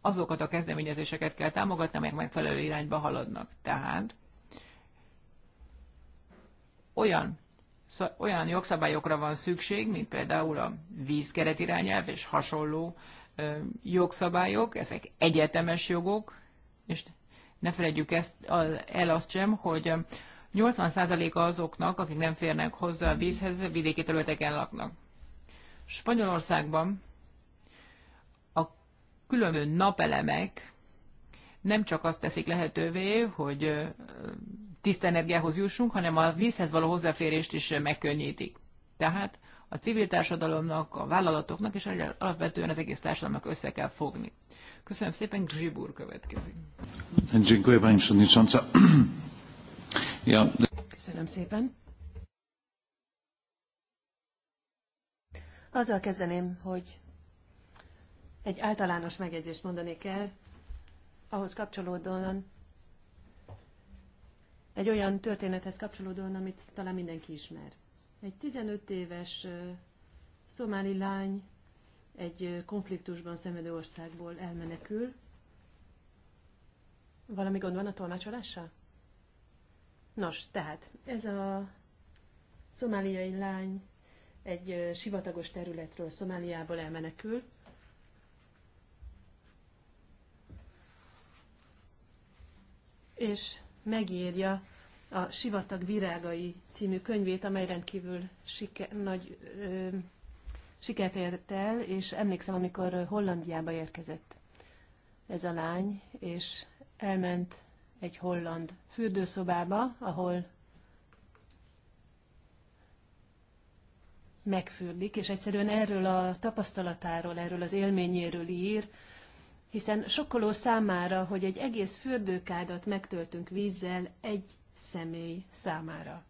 azokat a kezdeményezéseket kell támogatni, amelyek megfelelő irányba haladnak. Tehát olyan, olyan jogszabályokra van szükség, mint például a vízkeret irányelv és hasonló ö, jogszabályok, ezek egyetemes jogok, és ne felejtjük ezt, el azt sem, hogy 80%-a azoknak, akik nem férnek hozzá a vízhez, vidéki területeken laknak. Spanyolországban a különböző napelemek nem csak azt teszik lehetővé, hogy tiszta energiához jussunk, hanem a vízhez való hozzáférést is megkönnyítik. Tehát a civil társadalomnak, a vállalatoknak és alapvetően az egész társadalomnak össze kell fogni. Köszönöm szépen, Gribur következik. Dziękuję Pani Przewodnicząca. Ja. Köszönöm szépen. Azzal kezdeném, hogy egy általános megjegyzést mondanék el, ahhoz kapcsolódóan, egy olyan történethez kapcsolódóan, amit talán mindenki ismer. Egy 15 éves szomáli lány egy konfliktusban szenvedő országból elmenekül. Valami gond van a tolmácsolással? Nos, tehát ez a szomáliai lány egy sivatagos területről, Szomáliából elmenekül. És megírja a Sivatag virágai című könyvét, amely rendkívül siker, nagy ö, sikert ért el, és emlékszem, amikor Hollandiába érkezett ez a lány, és elment egy holland fürdőszobába, ahol megfürdik, és egyszerűen erről a tapasztalatáról, erről az élményéről ír, hiszen sokkoló számára, hogy egy egész fürdőkádat megtöltünk vízzel egy személy számára.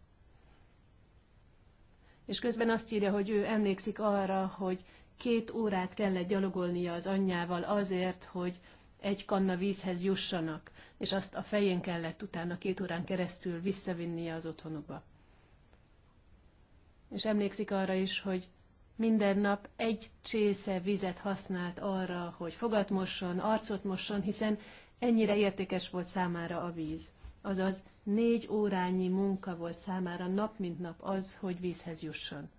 És közben azt írja, hogy ő emlékszik arra, hogy két órát kellett gyalogolnia az anyjával azért, hogy egy kanna vízhez jussanak és azt a fején kellett utána két órán keresztül visszavinnie az otthonukba. És emlékszik arra is, hogy minden nap egy csésze vizet használt arra, hogy fogat mosson, arcot mosson, hiszen ennyire értékes volt számára a víz. Azaz négy órányi munka volt számára nap mint nap az, hogy vízhez jusson.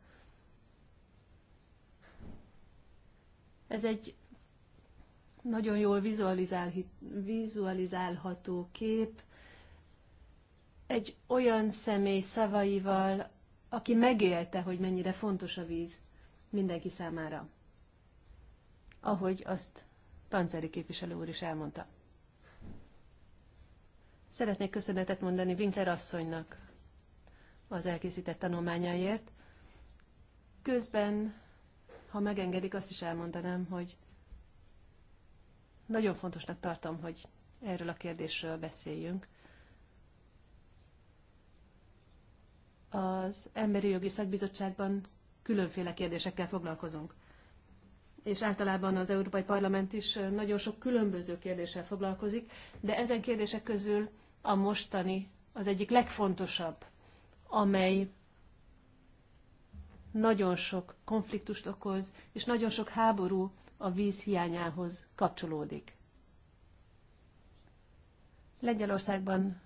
Ez egy nagyon jól vizualizál, vizualizálható kép egy olyan személy szavaival, aki megélte, hogy mennyire fontos a víz mindenki számára. Ahogy azt Panceri képviselő úr is elmondta. Szeretnék köszönetet mondani Winkler asszonynak az elkészített tanulmányáért. Közben, ha megengedik, azt is elmondanám, hogy nagyon fontosnak tartom, hogy erről a kérdésről beszéljünk. Az Emberi Jogi Szakbizottságban különféle kérdésekkel foglalkozunk. És általában az Európai Parlament is nagyon sok különböző kérdéssel foglalkozik, de ezen kérdések közül a mostani az egyik legfontosabb, amely nagyon sok konfliktust okoz, és nagyon sok háború a víz hiányához kapcsolódik. Lengyelországban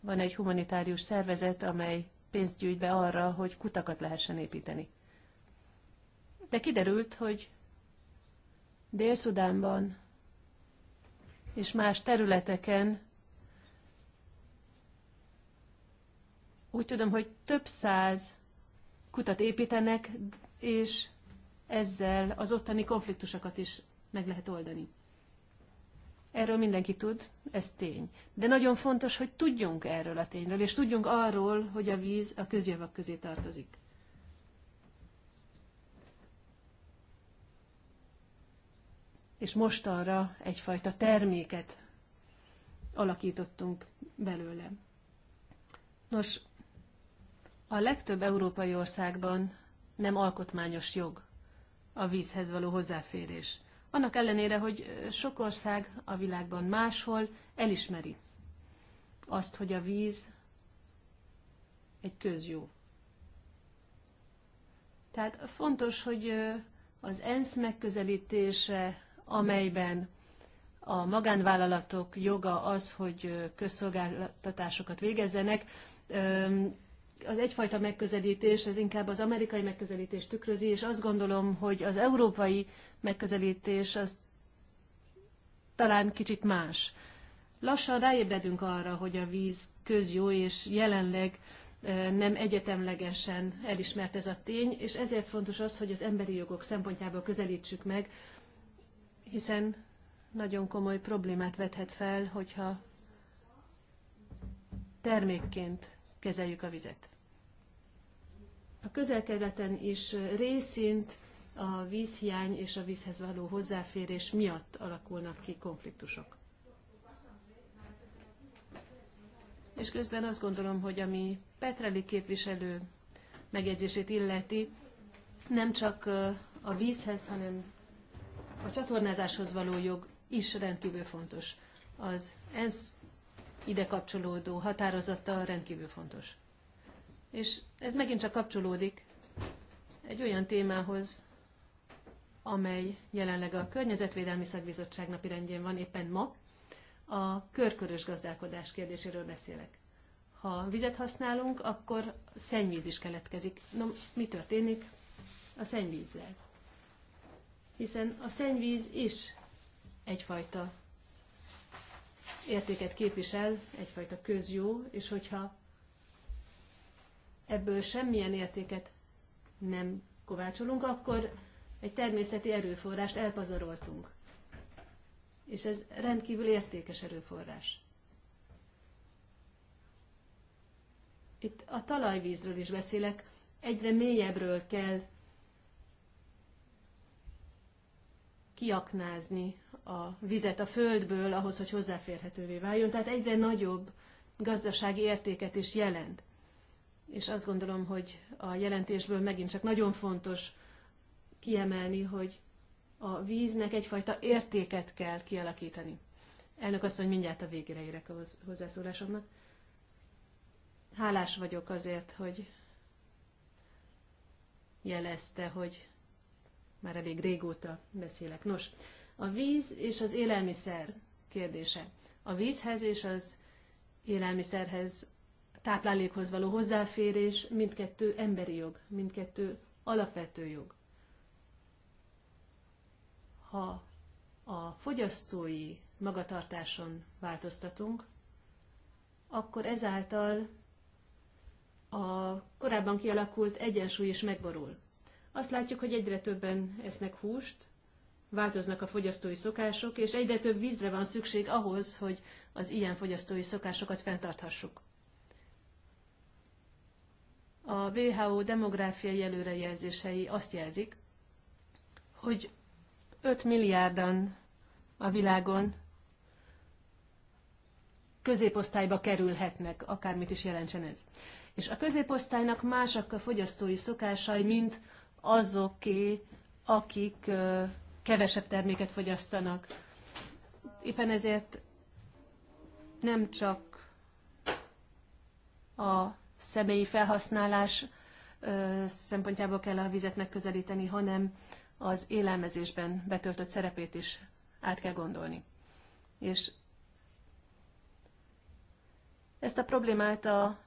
van egy humanitárius szervezet, amely pénzt gyűjt be arra, hogy kutakat lehessen építeni. De kiderült, hogy Dél-Szudánban és más területeken úgy tudom, hogy több száz kutat építenek, és ezzel az ottani konfliktusokat is meg lehet oldani. Erről mindenki tud, ez tény. De nagyon fontos, hogy tudjunk erről a tényről, és tudjunk arról, hogy a víz a közjavak közé tartozik. És mostanra egyfajta terméket alakítottunk belőle. Nos, a legtöbb európai országban nem alkotmányos jog a vízhez való hozzáférés. Annak ellenére, hogy sok ország a világban máshol elismeri azt, hogy a víz egy közjó. Tehát fontos, hogy az ENSZ megközelítése, amelyben a magánvállalatok joga az, hogy közszolgáltatásokat végezzenek, az egyfajta megközelítés, ez inkább az amerikai megközelítés tükrözi, és azt gondolom, hogy az európai megközelítés az talán kicsit más. Lassan ráébredünk arra, hogy a víz közjó, és jelenleg nem egyetemlegesen elismert ez a tény, és ezért fontos az, hogy az emberi jogok szempontjából közelítsük meg, hiszen nagyon komoly problémát vethet fel, hogyha termékként kezeljük a vizet a közelkeleten is részint a vízhiány és a vízhez való hozzáférés miatt alakulnak ki konfliktusok. És közben azt gondolom, hogy ami Petreli képviselő megjegyzését illeti, nem csak a vízhez, hanem a csatornázáshoz való jog is rendkívül fontos. Az ENSZ ide kapcsolódó határozata rendkívül fontos. És ez megint csak kapcsolódik egy olyan témához, amely jelenleg a Környezetvédelmi Szakbizottság rendjén van éppen ma, a körkörös gazdálkodás kérdéséről beszélek. Ha vizet használunk, akkor szennyvíz is keletkezik. Na, mi történik a szennyvízzel? Hiszen a szennyvíz is egyfajta értéket képvisel, egyfajta közjó, és hogyha ebből semmilyen értéket nem kovácsolunk, akkor egy természeti erőforrást elpazaroltunk. És ez rendkívül értékes erőforrás. Itt a talajvízről is beszélek, egyre mélyebbről kell kiaknázni a vizet a földből ahhoz, hogy hozzáférhetővé váljon. Tehát egyre nagyobb gazdasági értéket is jelent és azt gondolom, hogy a jelentésből megint csak nagyon fontos kiemelni, hogy a víznek egyfajta értéket kell kialakítani. Elnök asszony, mindjárt a végére érek a hozzászólásomnak. Hálás vagyok azért, hogy jelezte, hogy már elég régóta beszélek. Nos, a víz és az élelmiszer kérdése. A vízhez és az élelmiszerhez táplálékhoz való hozzáférés mindkettő emberi jog, mindkettő alapvető jog. Ha a fogyasztói magatartáson változtatunk, akkor ezáltal a korábban kialakult egyensúly is megborul. Azt látjuk, hogy egyre többen esznek húst, változnak a fogyasztói szokások, és egyre több vízre van szükség ahhoz, hogy az ilyen fogyasztói szokásokat fenntarthassuk. A WHO demográfiai előrejelzései azt jelzik, hogy 5 milliárdan a világon középosztályba kerülhetnek, akármit is jelentsen ez. És a középosztálynak másak a fogyasztói szokásai, mint azoké, akik kevesebb terméket fogyasztanak. Éppen ezért nem csak a személyi felhasználás szempontjából kell a vizet megközelíteni, hanem az élelmezésben betöltött szerepét is át kell gondolni. És ezt a problémát a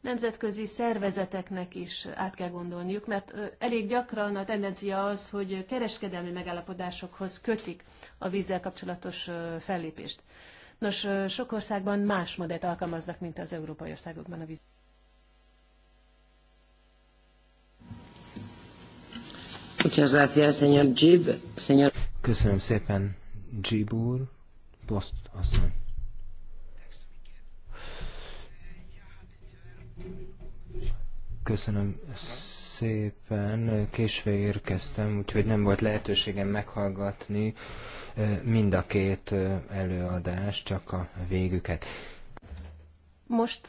nemzetközi szervezeteknek is át kell gondolniuk, mert elég gyakran a tendencia az, hogy kereskedelmi megállapodásokhoz kötik a vízzel kapcsolatos fellépést. Nos, sok országban más modellt alkalmaznak, mint az európai országokban a víz. Köszönöm szépen, Jib úr. Post asszony. Köszönöm szépen. Késve érkeztem, úgyhogy nem volt lehetőségem meghallgatni mind a két előadást, csak a végüket. Most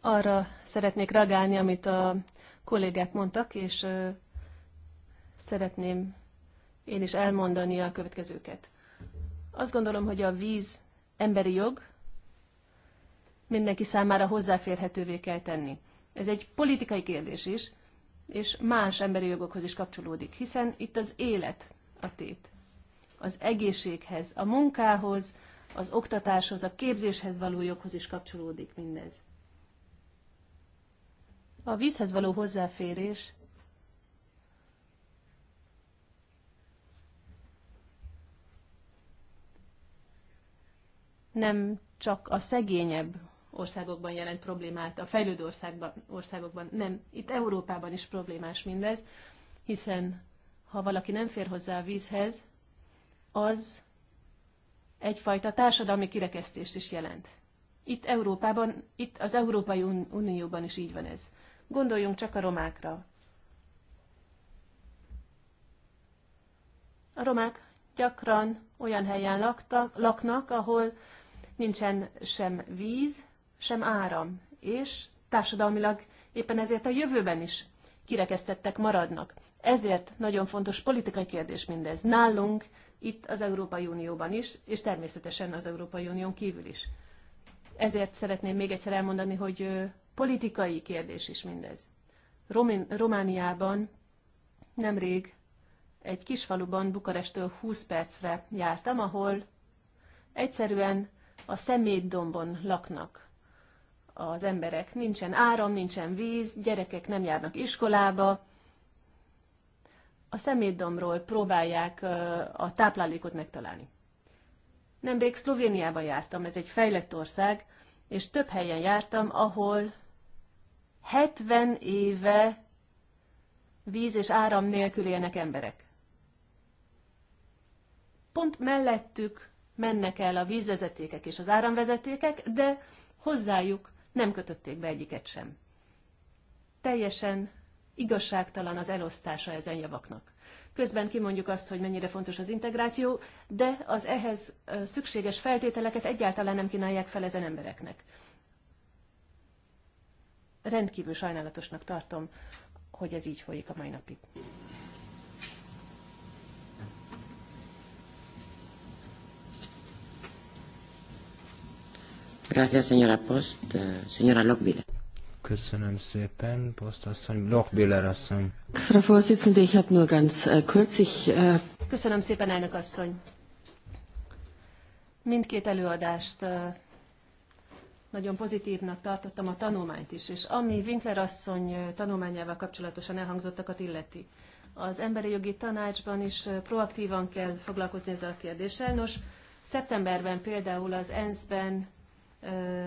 arra szeretnék reagálni, amit a kollégák mondtak, és szeretném én is elmondani a következőket. Azt gondolom, hogy a víz emberi jog, mindenki számára hozzáférhetővé kell tenni. Ez egy politikai kérdés is, és más emberi jogokhoz is kapcsolódik, hiszen itt az élet a tét. Az egészséghez, a munkához, az oktatáshoz, a képzéshez való joghoz is kapcsolódik mindez. A vízhez való hozzáférés nem csak a szegényebb országokban jelent problémát, a fejlődő országban, országokban, nem, itt Európában is problémás mindez, hiszen ha valaki nem fér hozzá a vízhez, az egyfajta társadalmi kirekesztést is jelent. Itt Európában, itt az Európai Unióban is így van ez. Gondoljunk csak a romákra. A romák gyakran olyan helyen laktak, laknak, ahol nincsen sem víz, sem áram, és társadalmilag éppen ezért a jövőben is kirekesztettek maradnak. Ezért nagyon fontos politikai kérdés mindez. Nálunk, itt az Európai Unióban is, és természetesen az Európai Unión kívül is. Ezért szeretném még egyszer elmondani, hogy politikai kérdés is mindez. Romin, Romániában nemrég egy kis faluban Bukarestől 20 percre jártam, ahol egyszerűen a szemétdombon laknak az emberek. Nincsen áram, nincsen víz, gyerekek nem járnak iskolába. A szemétdombról próbálják a táplálékot megtalálni. Nemrég Szlovéniában jártam, ez egy fejlett ország, és több helyen jártam, ahol 70 éve víz és áram nélkül élnek emberek. Pont mellettük mennek el a vízvezetékek és az áramvezetékek, de hozzájuk nem kötötték be egyiket sem. Teljesen igazságtalan az elosztása ezen javaknak. Közben kimondjuk azt, hogy mennyire fontos az integráció, de az ehhez szükséges feltételeket egyáltalán nem kínálják fel ezen embereknek. Rendkívül sajnálatosnak tartom, hogy ez így folyik a mai napig. Gracias, señora Post. Eh, señora Lockbiller. Köszönöm szépen, Post asszony, Lockbiller asszony. Frau Vorsitzende, ich habe nur ganz äh, kurz, ich... Äh, Köszönöm szépen, elnök asszony. Mindkét előadást nagyon pozitívnak tartottam a tanulmányt is, és ami Winkler asszony tanulmányával kapcsolatosan elhangzottakat illeti. Az emberi jogi tanácsban is proaktívan kell foglalkozni ezzel a kérdéssel. Nos, szeptemberben például az ENSZ-ben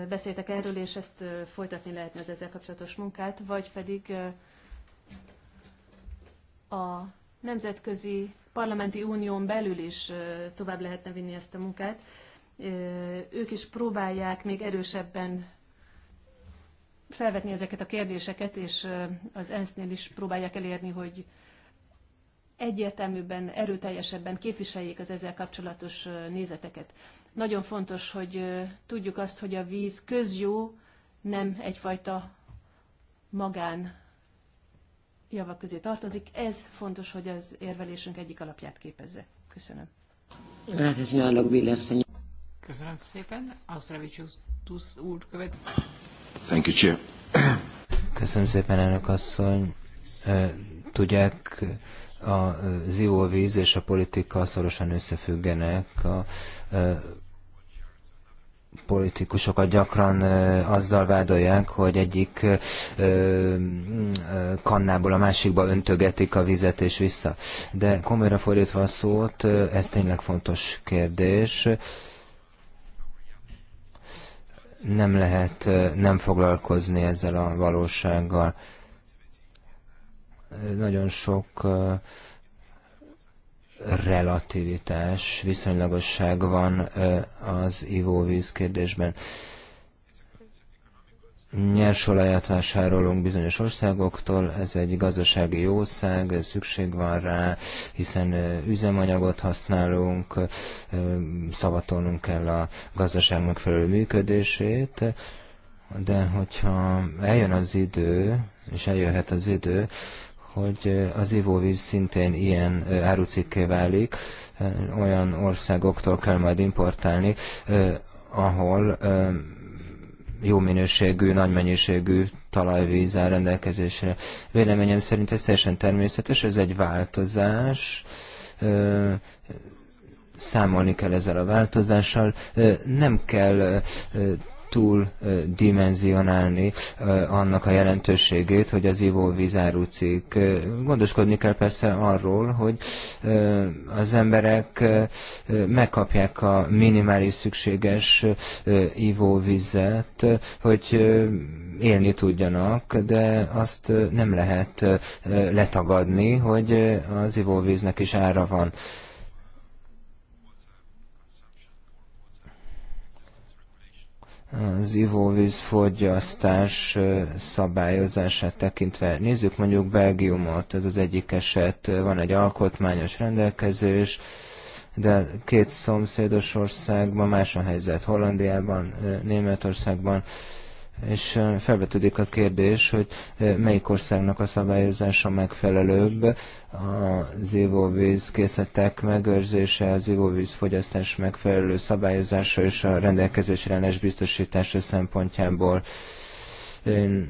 beszéltek erről, és ezt folytatni lehetne az ezzel kapcsolatos munkát, vagy pedig a nemzetközi parlamenti unión belül is tovább lehetne vinni ezt a munkát. Ők is próbálják még erősebben felvetni ezeket a kérdéseket, és az ENSZ-nél is próbálják elérni, hogy egyértelműbben, erőteljesebben képviseljék az ezzel kapcsolatos nézeteket. Nagyon fontos, hogy tudjuk azt, hogy a víz közjó nem egyfajta magán javak közé tartozik. Ez fontos, hogy az érvelésünk egyik alapját képezze. Köszönöm. Köszönöm szépen. Ausztravicius úr követ. Thank you, Chair. Köszönöm szépen, elnök asszony. Tudják, a zivóvíz és a politika szorosan összefüggenek. A politikusokat gyakran azzal vádolják, hogy egyik kannából a másikba öntögetik a vizet és vissza. De komolyra fordítva a szót, ez tényleg fontos kérdés. Nem lehet nem foglalkozni ezzel a valósággal. Nagyon sok relativitás, viszonylagosság van az ivóvíz kérdésben. Nyersolajat vásárolunk bizonyos országoktól, ez egy gazdasági jószág, szükség van rá, hiszen üzemanyagot használunk, szavatolnunk kell a gazdaság megfelelő működését, de hogyha eljön az idő, és eljöhet az idő, hogy az ivóvíz szintén ilyen árucikké válik, olyan országoktól kell majd importálni, ahol jó minőségű, nagy mennyiségű talajvíz áll rendelkezésre. Véleményem szerint ez teljesen természetes, ez egy változás, számolni kell ezzel a változással, nem kell túl túldimenzionálni annak a jelentőségét, hogy az ivóvízáru cikk. Gondoskodni kell persze arról, hogy az emberek megkapják a minimális szükséges ivóvizet, hogy élni tudjanak, de azt nem lehet letagadni, hogy az ivóvíznek is ára van. az fogyasztás szabályozását tekintve. Nézzük mondjuk Belgiumot, ez az egyik eset, van egy alkotmányos rendelkezés, de két szomszédos országban más a helyzet, Hollandiában, Németországban és felvetődik a kérdés, hogy melyik országnak a szabályozása megfelelőbb, az ivóvíz készletek megőrzése, az ivóvíz fogyasztás megfelelő szabályozása és a rendelkezésre állás biztosítása szempontjából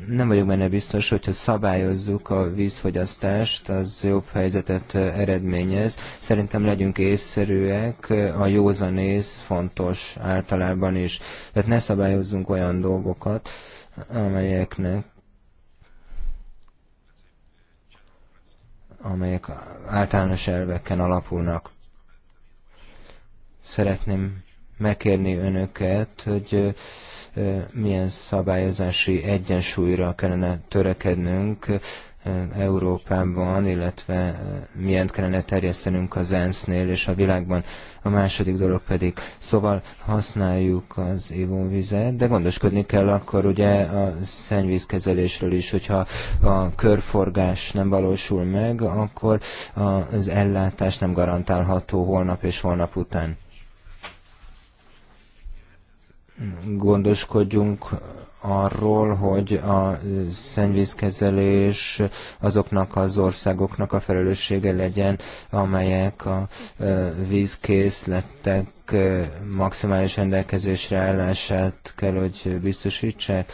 nem vagyok benne biztos, hogyha szabályozzuk a vízfogyasztást, az jobb helyzetet eredményez. Szerintem legyünk észszerűek, a józanész fontos általában is. Tehát ne szabályozzunk olyan dolgokat, amelyeknek amelyek általános elveken alapulnak. Szeretném megkérni önöket, hogy milyen szabályozási egyensúlyra kellene törekednünk Európában, illetve milyen kellene terjesztenünk az ENSZ-nél és a világban. A második dolog pedig, szóval használjuk az ivóvizet, de gondoskodni kell akkor ugye a szennyvízkezelésről is, hogyha a körforgás nem valósul meg, akkor az ellátás nem garantálható holnap és holnap után gondoskodjunk arról, hogy a szennyvízkezelés azoknak az országoknak a felelőssége legyen, amelyek a vízkészletek maximális rendelkezésre állását kell, hogy biztosítsák.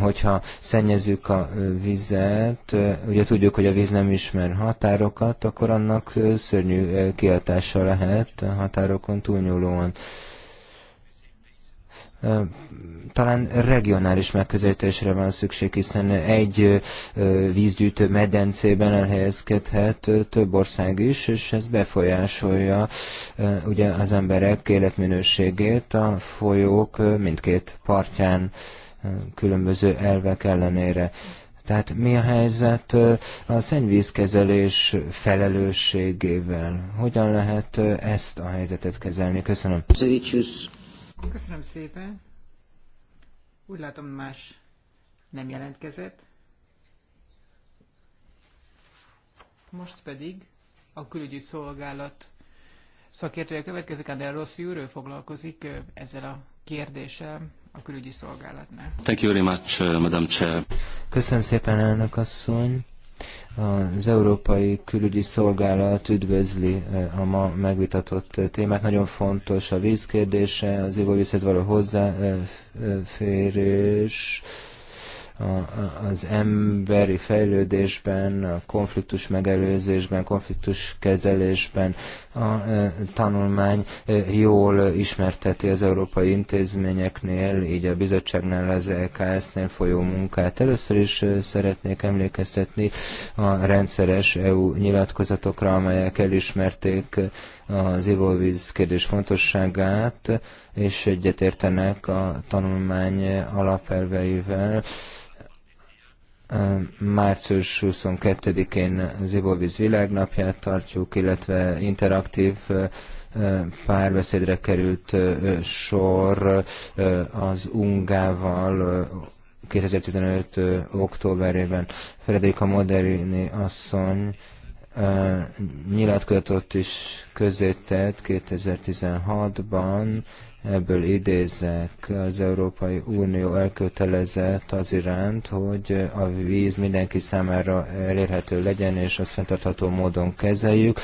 Hogyha szennyezzük a vizet, ugye tudjuk, hogy a víz nem ismer határokat, akkor annak szörnyű kihatása lehet határokon túlnyúlóan talán regionális megközelítésre van szükség, hiszen egy vízgyűjtő medencében elhelyezkedhet több ország is, és ez befolyásolja ugye az emberek életminőségét a folyók mindkét partján különböző elvek ellenére. Tehát mi a helyzet a szennyvízkezelés felelősségével? Hogyan lehet ezt a helyzetet kezelni? Köszönöm. Köszönöm szépen. Úgy látom, más nem jelentkezett. Most pedig a külügyi szolgálat szakértője következik, Adel Rossi úr, ő foglalkozik ezzel a kérdéssel a külügyi szolgálatnál. Thank you very much, uh, Madam Chair. Köszönöm szépen, elnök asszony. Az Európai Külügyi Szolgálat üdvözli eh, a ma megvitatott eh, témát. Nagyon fontos a vízkérdése, az ivóvízhez való hozzáférés, eh, az emberi fejlődésben, a konfliktus megelőzésben, konfliktus kezelésben a e, tanulmány e, jól ismerteti az európai intézményeknél, így a bizottságnál, az LKS-nél e folyó munkát. Először is szeretnék emlékeztetni a rendszeres EU nyilatkozatokra, amelyek elismerték az ivóvíz kérdés fontosságát, és egyetértenek a tanulmány alapelveivel március 22-én az Ivóvíz világnapját tartjuk, illetve interaktív párbeszédre került sor az Ungával 2015. októberében. Frederika Moderini asszony nyilatkozatot is közzétett 2016-ban, ebből idézek. Az Európai Unió elkötelezett az iránt, hogy a víz mindenki számára elérhető legyen, és azt fenntartható módon kezeljük.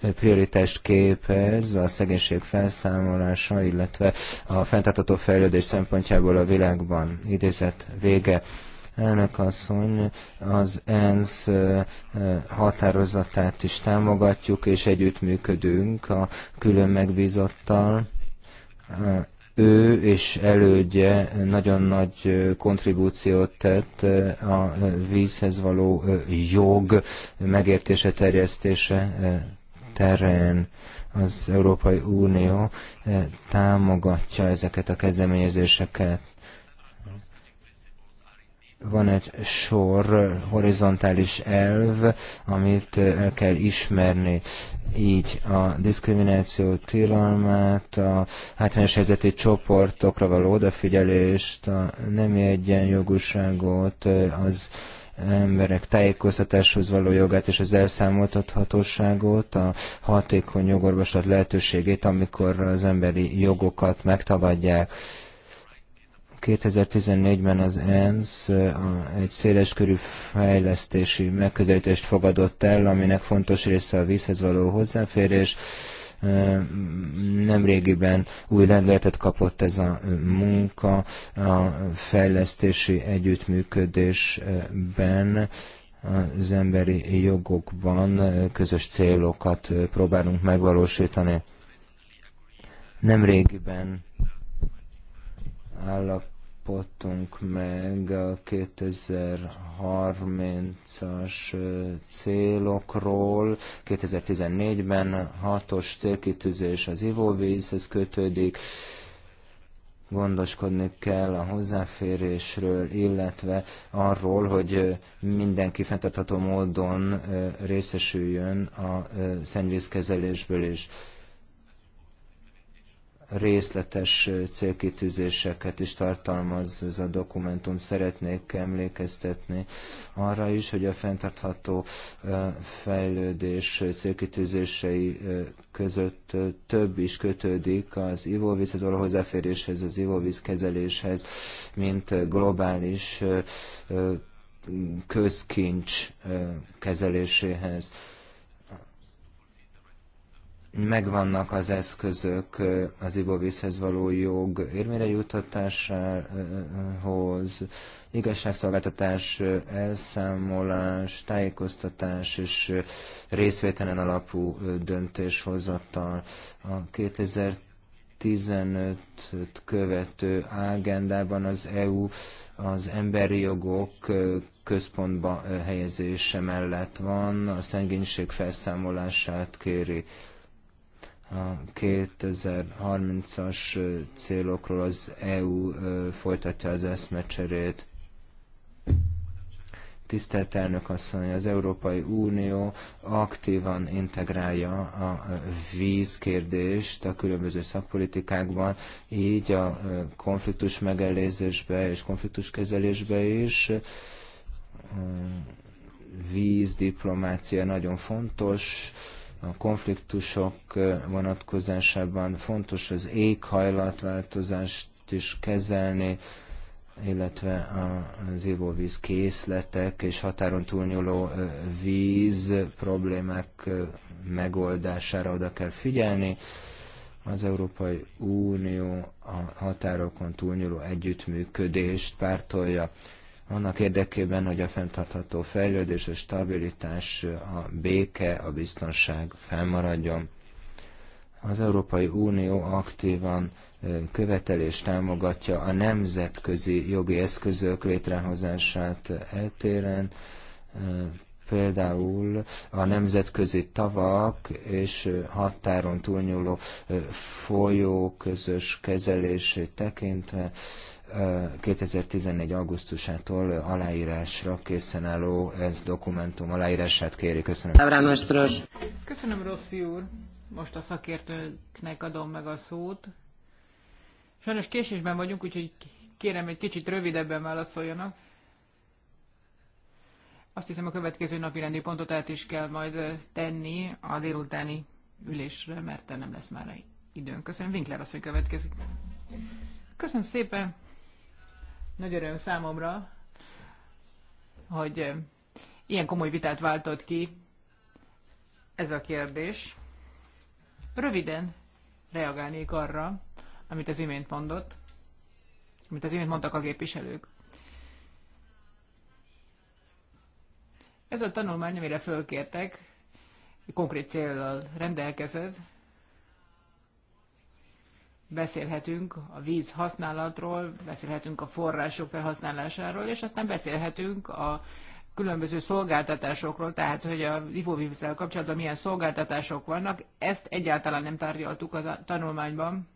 Prioritást képez a szegénység felszámolása, illetve a fenntartható fejlődés szempontjából a világban. Idézet vége asszony, az ENSZ határozatát is támogatjuk, és együttműködünk a külön megbízottal ő és elődje nagyon nagy kontribúciót tett a vízhez való jog megértése, terjesztése terén. Az Európai Unió támogatja ezeket a kezdeményezéseket van egy sor horizontális elv, amit el kell ismerni. Így a diszkrimináció tilalmát, a hátrányos helyzeti csoportokra való odafigyelést, a nemi egyenjogúságot, az emberek tájékoztatáshoz való jogát és az elszámoltathatóságot, a hatékony jogorvoslat lehetőségét, amikor az emberi jogokat megtagadják 2014-ben az ENSZ egy széleskörű fejlesztési megközelítést fogadott el, aminek fontos része a vízhez való hozzáférés. Nemrégiben új lendületet kapott ez a munka a fejlesztési együttműködésben az emberi jogokban közös célokat próbálunk megvalósítani. Nemrégiben állap állapodtunk meg a 2030-as célokról. 2014-ben hatos célkitűzés az ivóvízhez kötődik. Gondoskodni kell a hozzáférésről, illetve arról, hogy mindenki fenntartható módon részesüljön a szennyvízkezelésből is részletes célkitűzéseket is tartalmaz ez a dokumentum. Szeretnék emlékeztetni arra is, hogy a fenntartható fejlődés célkitűzései között több is kötődik az ivóvíz való hozzáféréshez, az ivóvíz kezeléshez, mint globális közkincs kezeléséhez megvannak az eszközök az ivóvízhez való jog érvényre juttatásához, igazságszolgáltatás, elszámolás, tájékoztatás és részvételen alapú döntéshozattal. A 2015 követő ágendában az EU az emberi jogok központba helyezése mellett van, a szengénység felszámolását kéri a 2030-as célokról az EU folytatja az eszmecserét. Tisztelt elnök asszony, az Európai Unió aktívan integrálja a vízkérdést a különböző szakpolitikákban, így a konfliktus megelőzésbe és konfliktuskezelésbe is vízdiplomácia nagyon fontos, a konfliktusok eh, vonatkozásában fontos az éghajlatváltozást is kezelni, illetve az ivóvíz készletek és határon túlnyúló eh, víz problémák eh, megoldására oda kell figyelni. Az Európai Unió a határokon túlnyúló együttműködést pártolja annak érdekében, hogy a fenntartható fejlődés, a stabilitás, a béke, a biztonság felmaradjon. Az Európai Unió aktívan követelés támogatja a nemzetközi jogi eszközök létrehozását eltéren, például a nemzetközi tavak és határon túlnyúló folyó közös kezelését tekintve, 2014. augusztusától aláírásra készen álló ez dokumentum aláírását kéri. Köszönöm. Köszönöm, Rossi úr. Most a szakértőknek adom meg a szót. Sajnos késésben vagyunk, úgyhogy kérem, egy kicsit rövidebben válaszoljanak. Azt hiszem, a következő napi rendi pontot át is kell majd tenni a délutáni ülésre, mert nem lesz már időnk. Köszönöm, Winkler asszony következik. Köszönöm szépen! Nagy öröm számomra, hogy eh, ilyen komoly vitát váltott ki ez a kérdés. Röviden reagálnék arra, amit az imént mondott, amit az imént mondtak a képviselők. Ez a tanulmány, amire fölkértek, konkrét célral rendelkezett, beszélhetünk a víz használatról, beszélhetünk a források felhasználásáról, és aztán beszélhetünk a különböző szolgáltatásokról, tehát hogy a ivóvízzel kapcsolatban milyen szolgáltatások vannak, ezt egyáltalán nem tárgyaltuk a tanulmányban,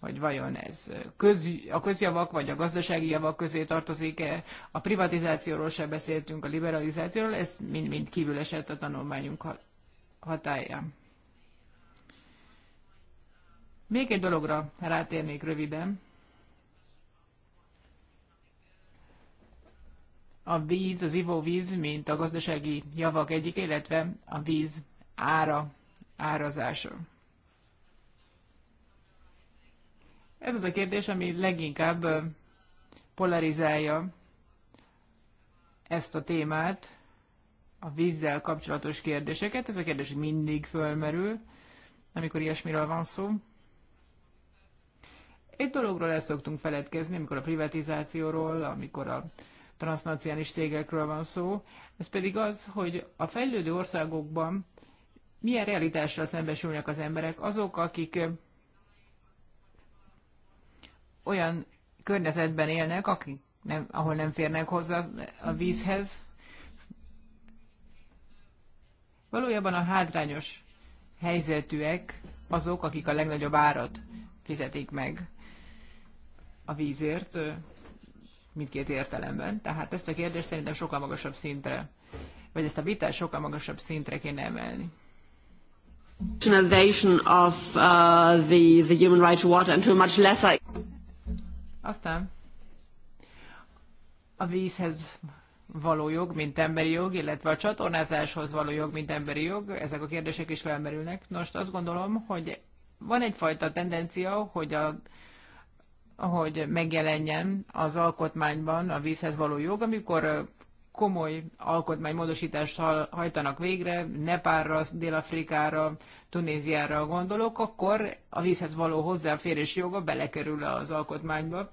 hogy vajon ez köz, a közjavak vagy a gazdasági javak közé tartozik-e, a privatizációról sem beszéltünk, a liberalizációról, ez mind-mind kívül esett a tanulmányunk hatáján. Még egy dologra rátérnék röviden. A víz, az ivóvíz, mint a gazdasági javak egyik, illetve a víz ára, árazása. Ez az a kérdés, ami leginkább polarizálja ezt a témát, a vízzel kapcsolatos kérdéseket. Ez a kérdés mindig fölmerül, amikor ilyesmiről van szó. Egy dologról el szoktunk feledkezni, amikor a privatizációról, amikor a transznacionális cégekről van szó, ez pedig az, hogy a fejlődő országokban milyen realitással szembesülnek az emberek, azok, akik olyan környezetben élnek, akik nem, ahol nem férnek hozzá a vízhez. Valójában a hátrányos helyzetűek azok, akik a legnagyobb árat fizetik meg a vízért mindkét értelemben. Tehát ezt a kérdést szerintem sokkal magasabb szintre, vagy ezt a vitát sokkal magasabb szintre kéne emelni. Of, uh, the, the human right to water to much lesser... Aztán a vízhez való jog, mint emberi jog, illetve a csatornázáshoz való jog, mint emberi jog, ezek a kérdések is felmerülnek. Nos, azt gondolom, hogy van egyfajta tendencia, hogy a hogy megjelenjen az alkotmányban a vízhez való jog, amikor komoly alkotmánymódosítást hajtanak végre, Nepárra, Dél-Afrikára, Tunéziára gondolok, akkor a vízhez való hozzáférés joga belekerül az alkotmányba.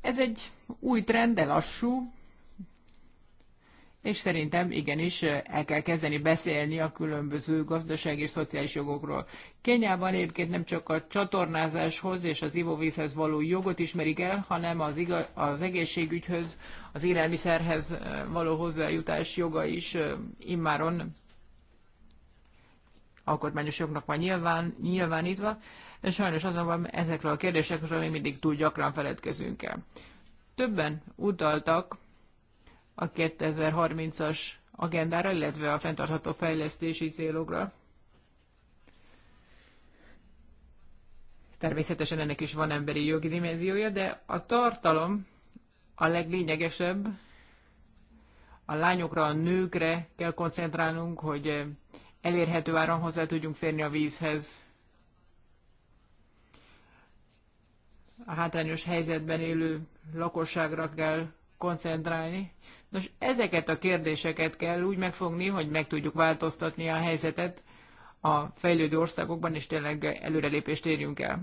Ez egy új trend, de lassú, és szerintem igenis el kell kezdeni beszélni a különböző gazdasági és szociális jogokról. Kenyában egyébként nem csak a csatornázáshoz és az ivóvízhez való jogot ismerik el, hanem az, igaz, az egészségügyhöz, az élelmiszerhez való hozzájutás joga is immáron alkotmányos jognak van nyilván, nyilvánítva. Sajnos azonban ezekről a kérdésekről még mindig túl gyakran feledkezünk el. Többen utaltak a 2030-as agendára, illetve a fenntartható fejlesztési célokra. Természetesen ennek is van emberi jogi dimenziója, de a tartalom a leglényegesebb. A lányokra, a nőkre kell koncentrálnunk, hogy elérhető áron hozzá tudjunk férni a vízhez. A hátrányos helyzetben élő lakosságra kell koncentrálni. Nos, ezeket a kérdéseket kell úgy megfogni, hogy meg tudjuk változtatni a helyzetet a fejlődő országokban, és tényleg előrelépést érjünk el.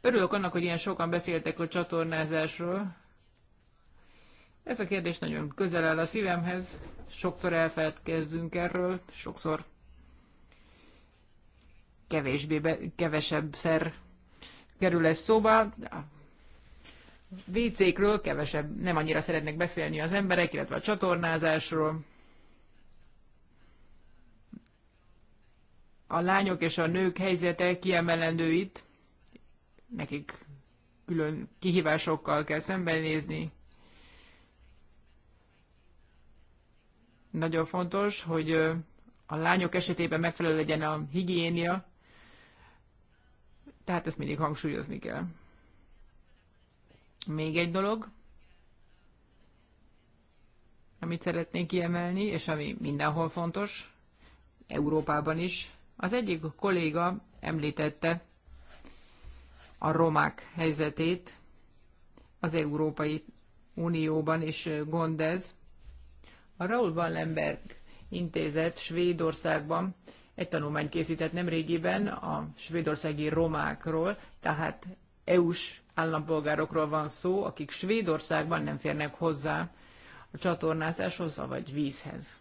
Örülök annak, hogy ilyen sokan beszéltek a csatornázásról. Ez a kérdés nagyon közel áll a szívemhez. Sokszor elfeledkezzünk erről, sokszor kevésbé, be, kevesebb szer kerül ez szóba. WC-kről kevesebb, nem annyira szeretnek beszélni az emberek, illetve a csatornázásról. A lányok és a nők helyzete kiemelendő itt, nekik külön kihívásokkal kell szembenézni. Nagyon fontos, hogy a lányok esetében megfelelő legyen a higiénia, tehát ezt mindig hangsúlyozni kell. Még egy dolog, amit szeretnék kiemelni, és ami mindenhol fontos, Európában is. Az egyik kolléga említette a romák helyzetét az Európai Unióban is gond ez. A Raoul Wallenberg intézet Svédországban egy tanulmány készített nemrégiben a svédországi romákról, tehát EU-s állampolgárokról van szó, akik Svédországban nem férnek hozzá a csatornázáshoz, vagy vízhez.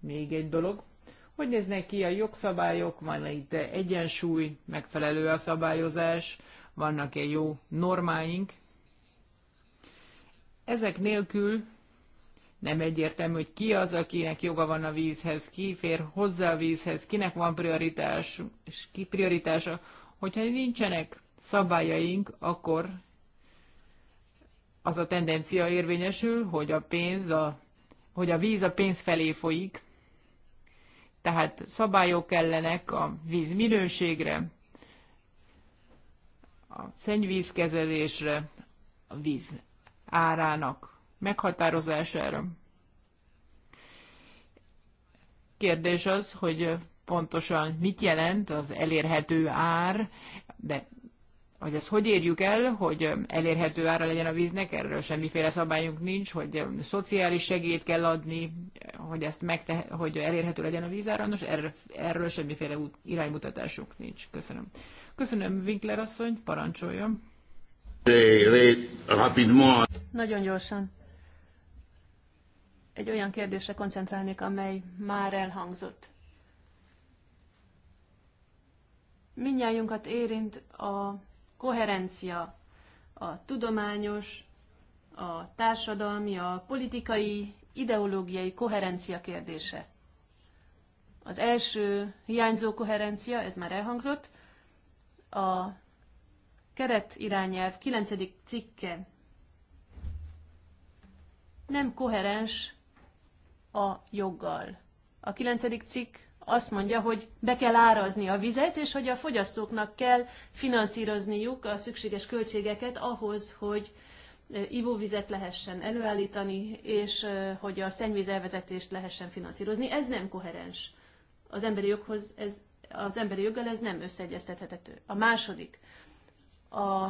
Még egy dolog. Hogy néznek ki a jogszabályok? Van -e itt egyensúly, megfelelő a szabályozás, vannak-e jó normáink? Ezek nélkül nem egyértelmű, hogy ki az, akinek joga van a vízhez, ki fér hozzá a vízhez, kinek van prioritás, és ki prioritása. Hogyha nincsenek szabályaink, akkor az a tendencia érvényesül, hogy a pénz, a, hogy a víz a pénz felé folyik. Tehát szabályok kellenek a víz minőségre, a szennyvízkezelésre, a víz árának meghatározására. Kérdés az, hogy pontosan mit jelent az elérhető ár, de hogy ezt hogy érjük el, hogy elérhető ára legyen a víznek, erről semmiféle szabályunk nincs, hogy szociális segélyt kell adni, hogy ezt megte- hogy elérhető legyen a vízára, nos erről, erről semmiféle út, iránymutatásunk nincs. Köszönöm. Köszönöm, Winkler asszony, parancsoljon. Nagyon gyorsan egy olyan kérdésre koncentrálnék, amely már elhangzott. Mindnyájunkat érint a koherencia, a tudományos, a társadalmi, a politikai, ideológiai koherencia kérdése. Az első hiányzó koherencia, ez már elhangzott, a keretirányelv 9. cikke nem koherens a joggal. A kilencedik cikk azt mondja, hogy be kell árazni a vizet, és hogy a fogyasztóknak kell finanszírozniuk a szükséges költségeket ahhoz, hogy ivóvizet lehessen előállítani, és hogy a szennyvíz elvezetést lehessen finanszírozni. Ez nem koherens. Az emberi joghoz ez, az emberi joggal ez nem összeegyeztethető. A második, a,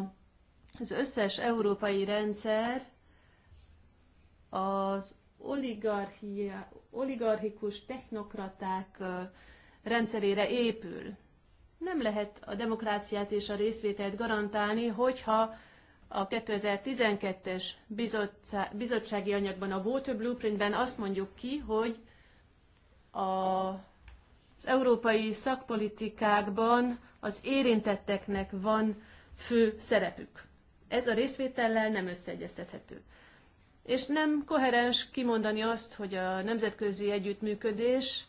az összes európai rendszer az oligarchikus technokraták rendszerére épül. Nem lehet a demokráciát és a részvételt garantálni, hogyha a 2012-es bizottsági anyagban, a Water Blueprintben azt mondjuk ki, hogy a, az európai szakpolitikákban az érintetteknek van fő szerepük. Ez a részvétellel nem összeegyeztethető és nem koherens kimondani azt, hogy a nemzetközi együttműködés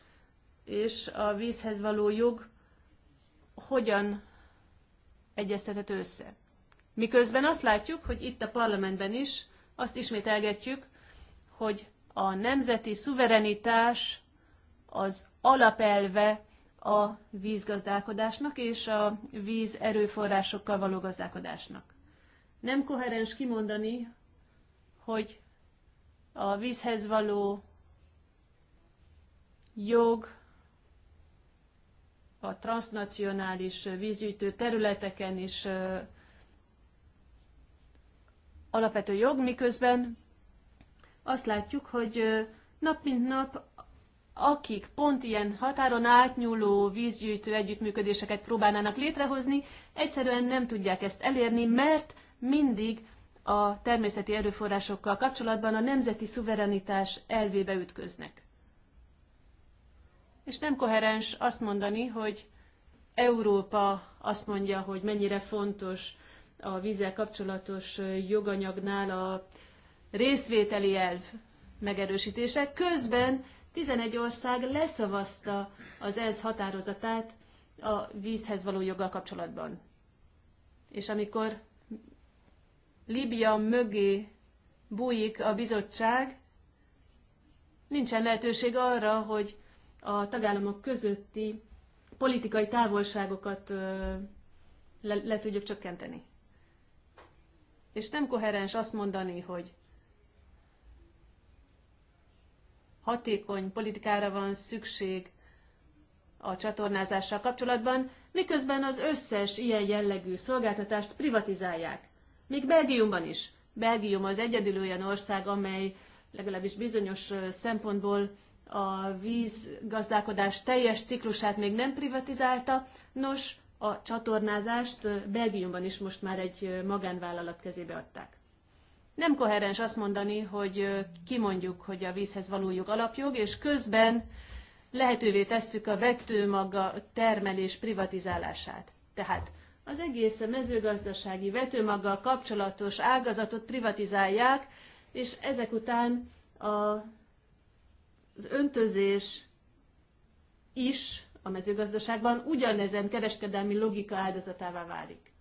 és a vízhez való jog hogyan egyeztetett össze. Miközben azt látjuk, hogy itt a parlamentben is azt ismételgetjük, hogy a nemzeti szuverenitás az alapelve a vízgazdálkodásnak és a víz erőforrásokkal való gazdálkodásnak. Nem koherens kimondani, hogy a vízhez való jog, a transnacionális vízgyűjtő területeken is alapvető jog, miközben azt látjuk, hogy nap mint nap akik pont ilyen határon átnyúló vízgyűjtő együttműködéseket próbálnának létrehozni, egyszerűen nem tudják ezt elérni, mert mindig a természeti erőforrásokkal kapcsolatban a nemzeti szuverenitás elvébe ütköznek. És nem koherens azt mondani, hogy Európa azt mondja, hogy mennyire fontos a vízzel kapcsolatos joganyagnál a részvételi elv megerősítése. Közben 11 ország leszavazta az ENSZ határozatát a vízhez való joggal kapcsolatban. És amikor Libya mögé bújik a bizottság, nincsen lehetőség arra, hogy a tagállamok közötti politikai távolságokat le, le tudjuk csökkenteni. És nem koherens azt mondani, hogy hatékony politikára van szükség a csatornázással kapcsolatban, miközben az összes ilyen jellegű szolgáltatást privatizálják még Belgiumban is. Belgium az egyedül olyan ország, amely legalábbis bizonyos szempontból a vízgazdálkodás teljes ciklusát még nem privatizálta. Nos, a csatornázást Belgiumban is most már egy magánvállalat kezébe adták. Nem koherens azt mondani, hogy kimondjuk, hogy a vízhez való jog alapjog, és közben lehetővé tesszük a vetőmaga termelés privatizálását. Tehát az egész mezőgazdasági vetőmaggal kapcsolatos ágazatot privatizálják, és ezek után a, az öntözés is a mezőgazdaságban ugyanezen kereskedelmi logika áldozatává válik.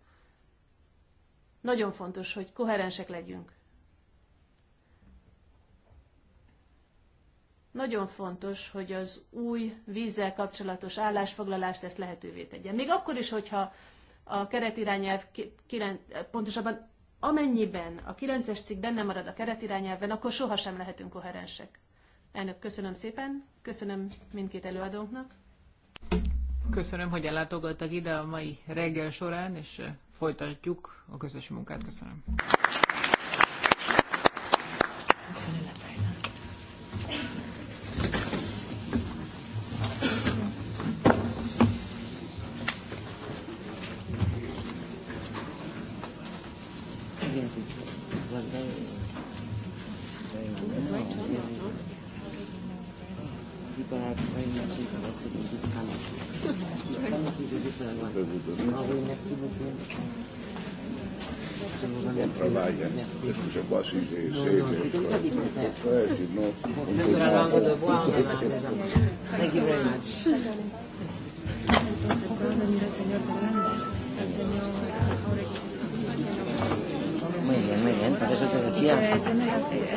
Nagyon fontos, hogy koherensek legyünk. Nagyon fontos, hogy az új vízzel kapcsolatos állásfoglalást ezt lehetővé tegye. Még akkor is, hogyha a keretirányelv, pontosabban amennyiben a 9-es cikk benne marad a keretirányelven, akkor sohasem lehetünk koherensek. Elnök, köszönöm szépen, köszönöm mindkét előadónknak. Köszönöm, hogy ellátogattak ide a mai reggel során, és eh, folytatjuk a közös munkát. Köszönöm. Köszönöm. muy bien, muy bien, por eso te decía.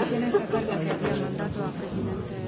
tiene esa carta que había mandado al presidente.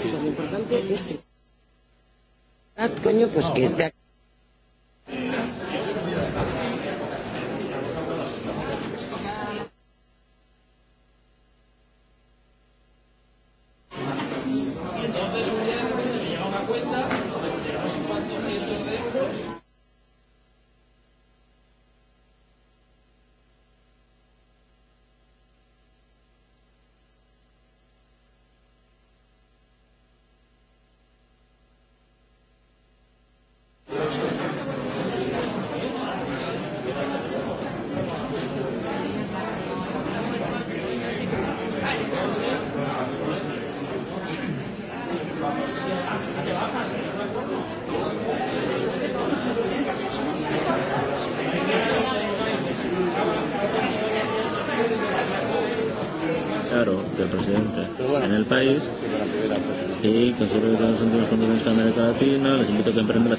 básico. Lo importante es que... coño, pues que es de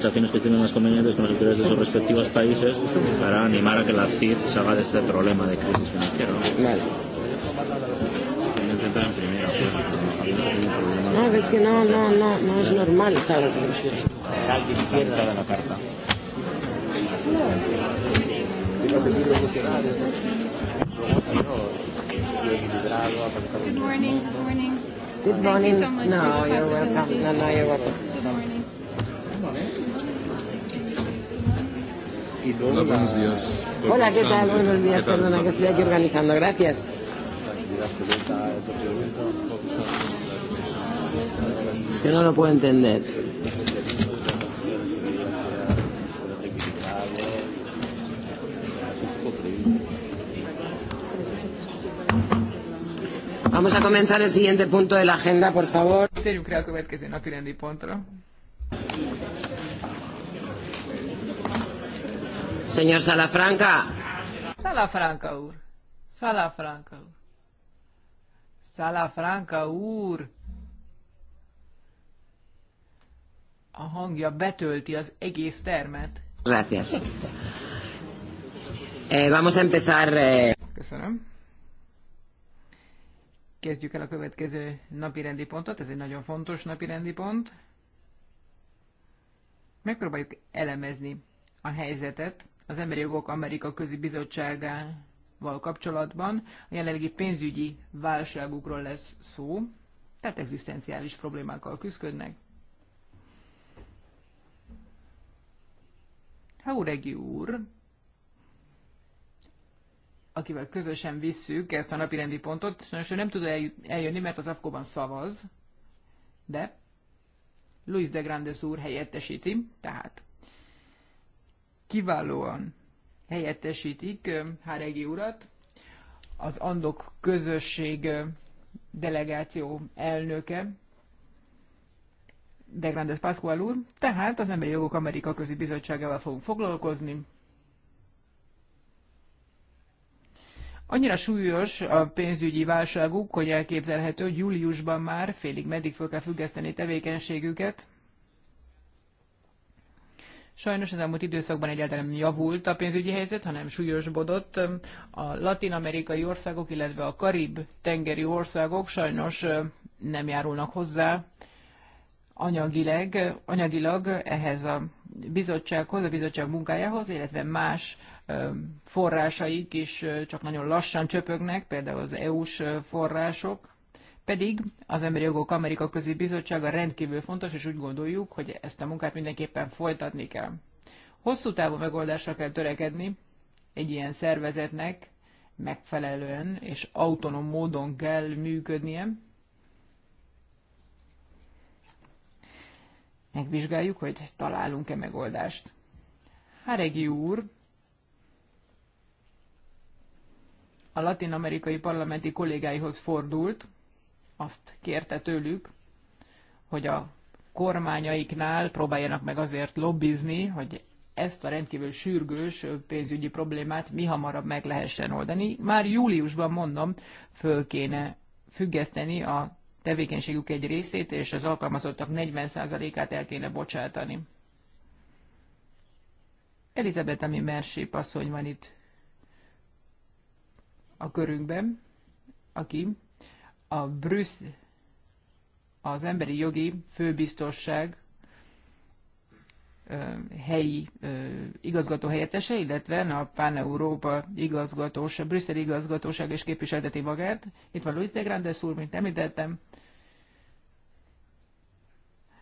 tasaciones que estimen más convenientes con los intereses de sus respectivos países para animar a que la CID salga de este problema de crisis financiera. Vale. No, ah, es que no, no, no, no es normal, ¿sabes? Al izquierda de la carta. Good morning. Good morning. Good morning. no, you're welcome. No, no, you're welcome. Hola, buenos días. Hola, ¿qué tal? Buenos días, perdona que estoy aquí organizando. Gracias. Es que no lo puedo entender. Vamos a comenzar el siguiente punto de la agenda, por favor. Térjünk rá a következő napi rendi Señor Salafranca. Salafranca úr. Salafranca úr. Salafranca úr. A hangja betölti az egész termet. Gracias. Eh, vamos a empezar. Eh... Köszönöm. Kezdjük el a következő napirendi pontot, ez egy nagyon fontos napirendi pont. Megpróbáljuk elemezni a helyzetet az Emberi Jogok Amerika Közi Bizottságával kapcsolatban. A jelenlegi pénzügyi válságukról lesz szó, tehát egzisztenciális problémákkal küzdködnek. Hauregi úr, akivel közösen visszük ezt a napirendi pontot, sajnos ő nem tud eljönni, mert az afko szavaz, de Luis de Grandes úr helyettesíti, tehát kiválóan helyettesítik Háregi urat, az Andok közösség delegáció elnöke, de Grandes Pascual úr, tehát az Emberi Jogok Amerika Közi Bizottságával fogunk foglalkozni. Annyira súlyos a pénzügyi válságuk, hogy elképzelhető, hogy júliusban már félig meddig fel kell függeszteni tevékenységüket, Sajnos az elmúlt időszakban egyáltalán nem javult a pénzügyi helyzet, hanem súlyosbodott. A latin-amerikai országok, illetve a karib tengeri országok sajnos nem járulnak hozzá anyagileg, anyagilag ehhez a bizottsághoz, a bizottság munkájához, illetve más forrásaik is csak nagyon lassan csöpögnek, például az EU-s források. Pedig az Emberi Jogok Amerika Közi Bizottsága rendkívül fontos, és úgy gondoljuk, hogy ezt a munkát mindenképpen folytatni kell. Hosszú távú megoldásra kell törekedni egy ilyen szervezetnek, megfelelően és autonóm módon kell működnie. Megvizsgáljuk, hogy találunk-e megoldást. Háregi úr a latin-amerikai parlamenti kollégáihoz fordult, azt kérte tőlük, hogy a kormányaiknál próbáljanak meg azért lobbizni, hogy ezt a rendkívül sürgős pénzügyi problémát mi hamarabb meg lehessen oldani. Már júliusban mondom, föl kéne függeszteni a tevékenységük egy részét, és az alkalmazottak 40%-át el kéne bocsátani. Elizabeth, ami Mersép asszony van itt a körünkben, aki a Brüssz, az emberi jogi főbiztosság helyi igazgató helyettese, illetve a Pán-Európa igazgatóság, brüsszeli igazgatóság és képviselteti magát. Itt van Luis de Grandes úr, mint említettem.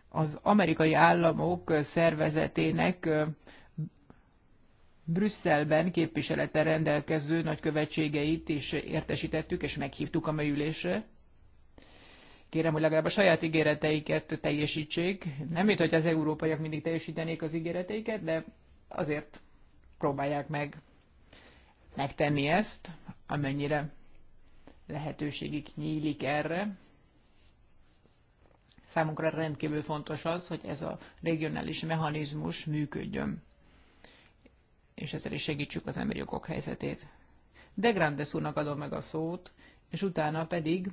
Az amerikai államok szervezetének Brüsszelben képviselete rendelkező nagykövetségeit is értesítettük és meghívtuk a melyülésre. Kérem, hogy legalább a saját ígéreteiket teljesítsék. Nem mint, hogy az európaiak mindig teljesítenék az ígéreteiket, de azért próbálják meg megtenni ezt, amennyire lehetőségük nyílik erre. Számunkra rendkívül fontos az, hogy ez a regionális mechanizmus működjön, és ezzel is segítsük az emberi jogok helyzetét. De Grandes úrnak adom meg a szót, és utána pedig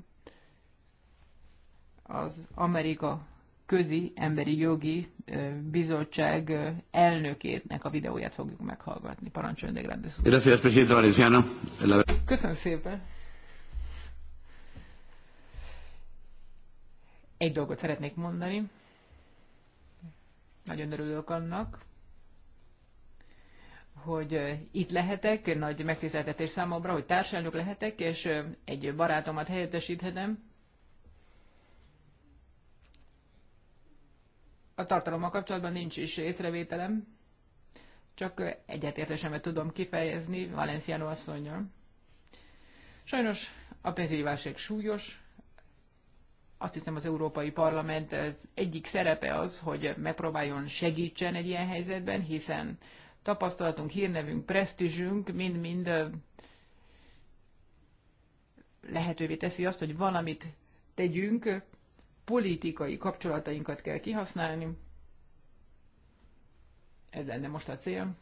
az Amerika közi emberi jogi bizottság elnökétnek a videóját fogjuk meghallgatni. Parancsoljon de grande Köszönöm szépen. Egy dolgot szeretnék mondani. Nagyon örülök annak, hogy itt lehetek, nagy megtiszteltetés számomra, hogy társelnök lehetek, és egy barátomat helyettesíthetem, a tartalommal kapcsolatban nincs is észrevételem, csak egyetértésemet tudom kifejezni Valenciano asszonynal. Sajnos a pénzügyi válság súlyos, azt hiszem az Európai Parlament az egyik szerepe az, hogy megpróbáljon segítsen egy ilyen helyzetben, hiszen tapasztalatunk, hírnevünk, presztízsünk mind-mind lehetővé teszi azt, hogy valamit tegyünk politikai kapcsolatainkat kell kihasználni. Ez lenne most a cél.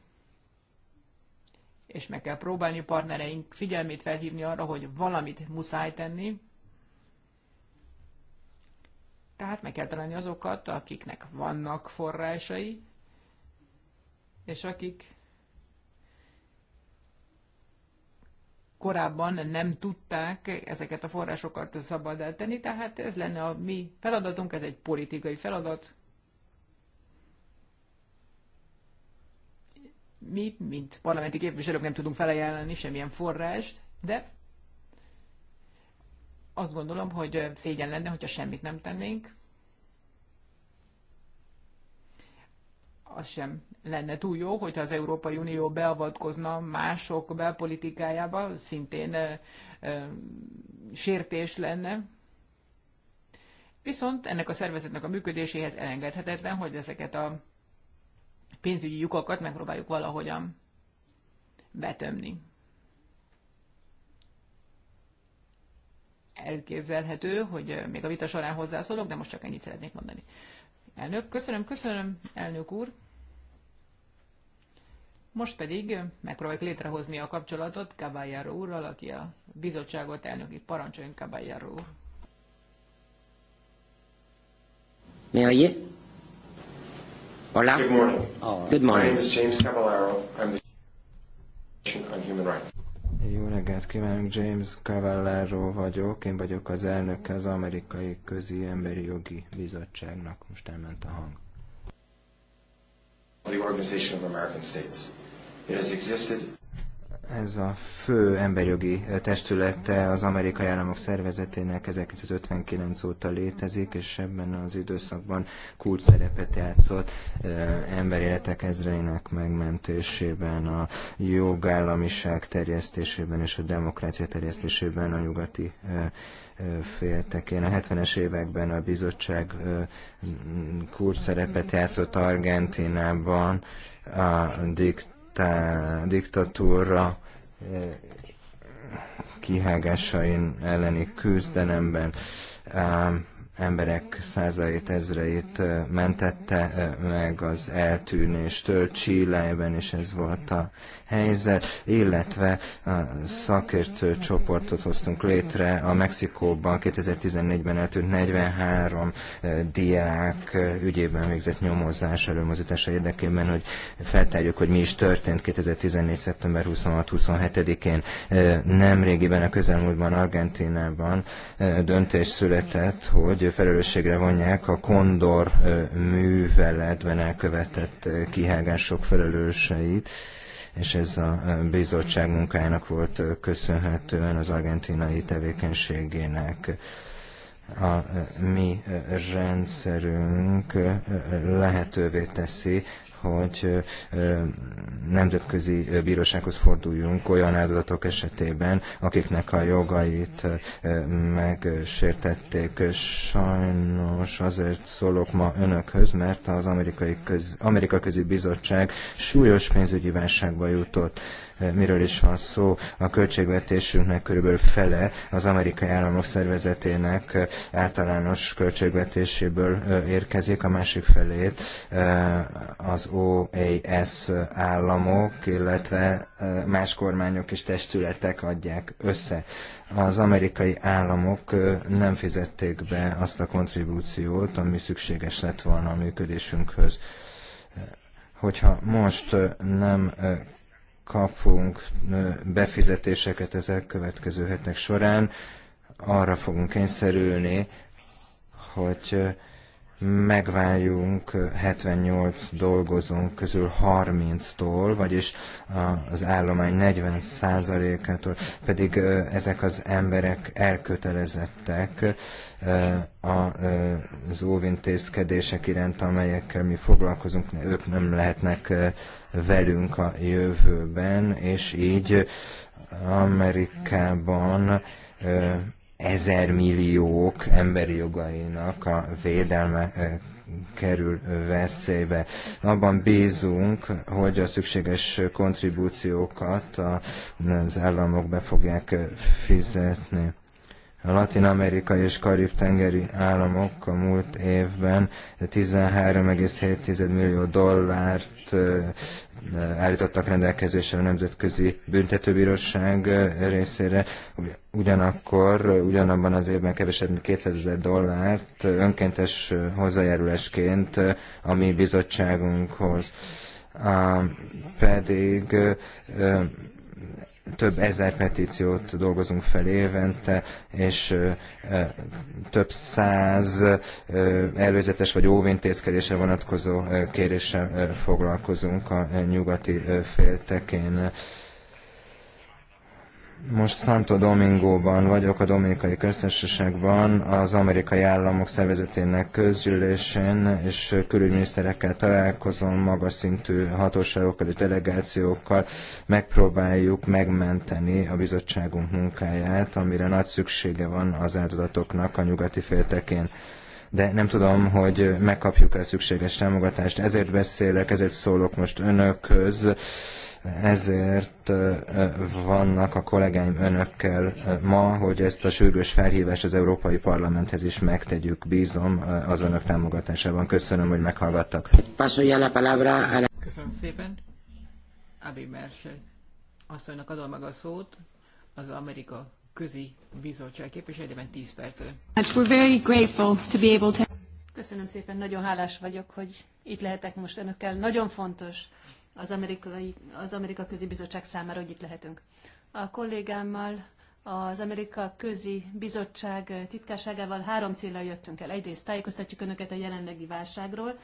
És meg kell próbálni partnereink figyelmét felhívni arra, hogy valamit muszáj tenni. Tehát meg kell találni azokat, akiknek vannak forrásai, és akik korábban nem tudták ezeket a forrásokat szabad eltenni, tehát ez lenne a mi feladatunk, ez egy politikai feladat. Mi, mint parlamenti képviselők nem tudunk felajánlani semmilyen forrást, de azt gondolom, hogy szégyen lenne, hogyha semmit nem tennénk. az sem lenne túl jó, hogyha az Európai Unió beavatkozna mások belpolitikájába, szintén ö, sértés lenne. Viszont ennek a szervezetnek a működéséhez elengedhetetlen, hogy ezeket a pénzügyi lyukakat megpróbáljuk valahogyan betömni. Elképzelhető, hogy még a vita során hozzászólok, de most csak ennyit szeretnék mondani. Elnök, köszönöm, köszönöm, elnök úr. Most pedig megpróbáljuk létrehozni a kapcsolatot Caballero úrral, aki a bizottságot elnöki parancsoljon Caballero úr. a jé? Hola. Good morning. Oh. Good morning. My name is James Caballero. I'm the on Human Rights. Jó reggelt kívánok, James Cavallaro vagyok, én vagyok az elnöke az Amerikai Közi Emberi Jogi Bizottságnak. Most elment a hang. The Organization of American States. Ez a fő emberjogi testülete az Amerikai Államok Szervezetének 1959 óta létezik, és ebben az időszakban kult szerepet játszott emberéletek ezreinek megmentésében, a jogállamiság terjesztésében és a demokrácia terjesztésében a nyugati féltekén. A 70-es években a bizottság kult szerepet játszott Argentinában, a dikt diktatá, diktatúra eh, kihágásain elleni küzdelemben emberek százait, ezreit eh, mentette eh, meg az eltűnéstől Csillájban, és ez volt a helyzet, illetve a szakértő csoportot hoztunk létre a Mexikóban 2014-ben eltűnt 43 eh, diák eh, ügyében végzett nyomozás előmozítása érdekében, hogy feltárjuk, hogy mi is történt 2014. szeptember 26-27-én. Eh, nemrégiben a közelmúltban Argentinában döntés született, hogy felelősségre vonják a kondor műveletben elkövetett kihágások felelőseit, és ez a bizottság munkájának volt köszönhetően az argentinai tevékenységének a mi rendszerünk lehetővé teszi hogy nemzetközi bírósághoz forduljunk olyan áldozatok esetében, akiknek a jogait megsértették. Sajnos azért szólok ma önökhöz, mert az amerikai köz, Amerika Közi Bizottság súlyos pénzügyi válságba jutott miről is van szó. A költségvetésünknek körülbelül fele az amerikai államok szervezetének általános költségvetéséből érkezik, a másik felét az OAS államok, illetve más kormányok és testületek adják össze. Az amerikai államok nem fizették be azt a kontribúciót, ami szükséges lett volna a működésünkhöz. Hogyha most nem kapunk befizetéseket az elkövetkező hetek során, arra fogunk kényszerülni, hogy megváljunk 78 dolgozónk közül 30-tól, vagyis az állomány 40%-ától, pedig ezek az emberek elkötelezettek az óvintézkedések iránt, amelyekkel mi foglalkozunk, ők nem lehetnek velünk a jövőben, és így Amerikában ezer milliók emberi jogainak a védelme kerül veszélybe. Abban bízunk, hogy a szükséges kontribúciókat az államok be fogják fizetni. A latin-amerikai és karib-tengeri államok a múlt évben 13,7 millió dollárt állítottak rendelkezésre a Nemzetközi Büntetőbíróság részére, ugyanakkor ugyanabban az évben kevesebb mint 200 ezer dollárt önkéntes hozzájárulásként a mi bizottságunkhoz. pedig több ezer petíciót dolgozunk fel évente, és több száz előzetes vagy óvintézkedésre vonatkozó kéréssel foglalkozunk a nyugati féltekén. Most Santo Domingóban vagyok, a Dominikai Köztársaságban, az amerikai államok szervezetének közgyűlésén, és külügyminiszterekkel találkozom, magas szintű hatóságokkal delegációkkal megpróbáljuk megmenteni a bizottságunk munkáját, amire nagy szüksége van az áldozatoknak a nyugati féltekén de nem tudom, hogy megkapjuk-e szükséges támogatást. Ezért beszélek, ezért szólok most önökhöz, ezért vannak a kollégáim önökkel ma, hogy ezt a sürgős felhívást az Európai Parlamenthez is megtegyük. Bízom az önök támogatásában. Köszönöm, hogy meghallgattak. Köszönöm szépen. Abi Merse asszonynak adom meg a szót, az Amerika közi bizottság képviselőjében 10 percre. We're very grateful to be able to... Köszönöm szépen, nagyon hálás vagyok, hogy itt lehetek most önökkel. Nagyon fontos az, amerikai, az Amerika Közi Bizottság számára, hogy itt lehetünk. A kollégámmal az Amerika Közi Bizottság titkárságával három célra jöttünk el. Egyrészt tájékoztatjuk Önöket a jelenlegi válságról.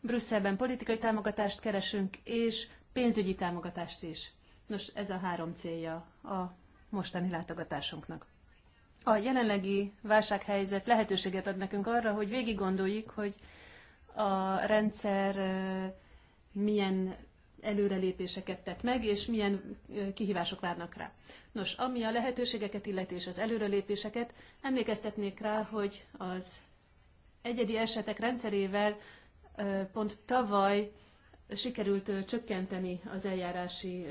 Brüsszelben politikai támogatást keresünk, és pénzügyi támogatást is. Nos, ez a három célja a mostani látogatásunknak. A jelenlegi válsághelyzet lehetőséget ad nekünk arra, hogy végig gondoljuk, hogy a rendszer milyen előrelépéseket tett meg, és milyen kihívások várnak rá. Nos, ami a lehetőségeket illeti és az előrelépéseket, emlékeztetnék rá, hogy az egyedi esetek rendszerével pont tavaly sikerült csökkenteni az eljárási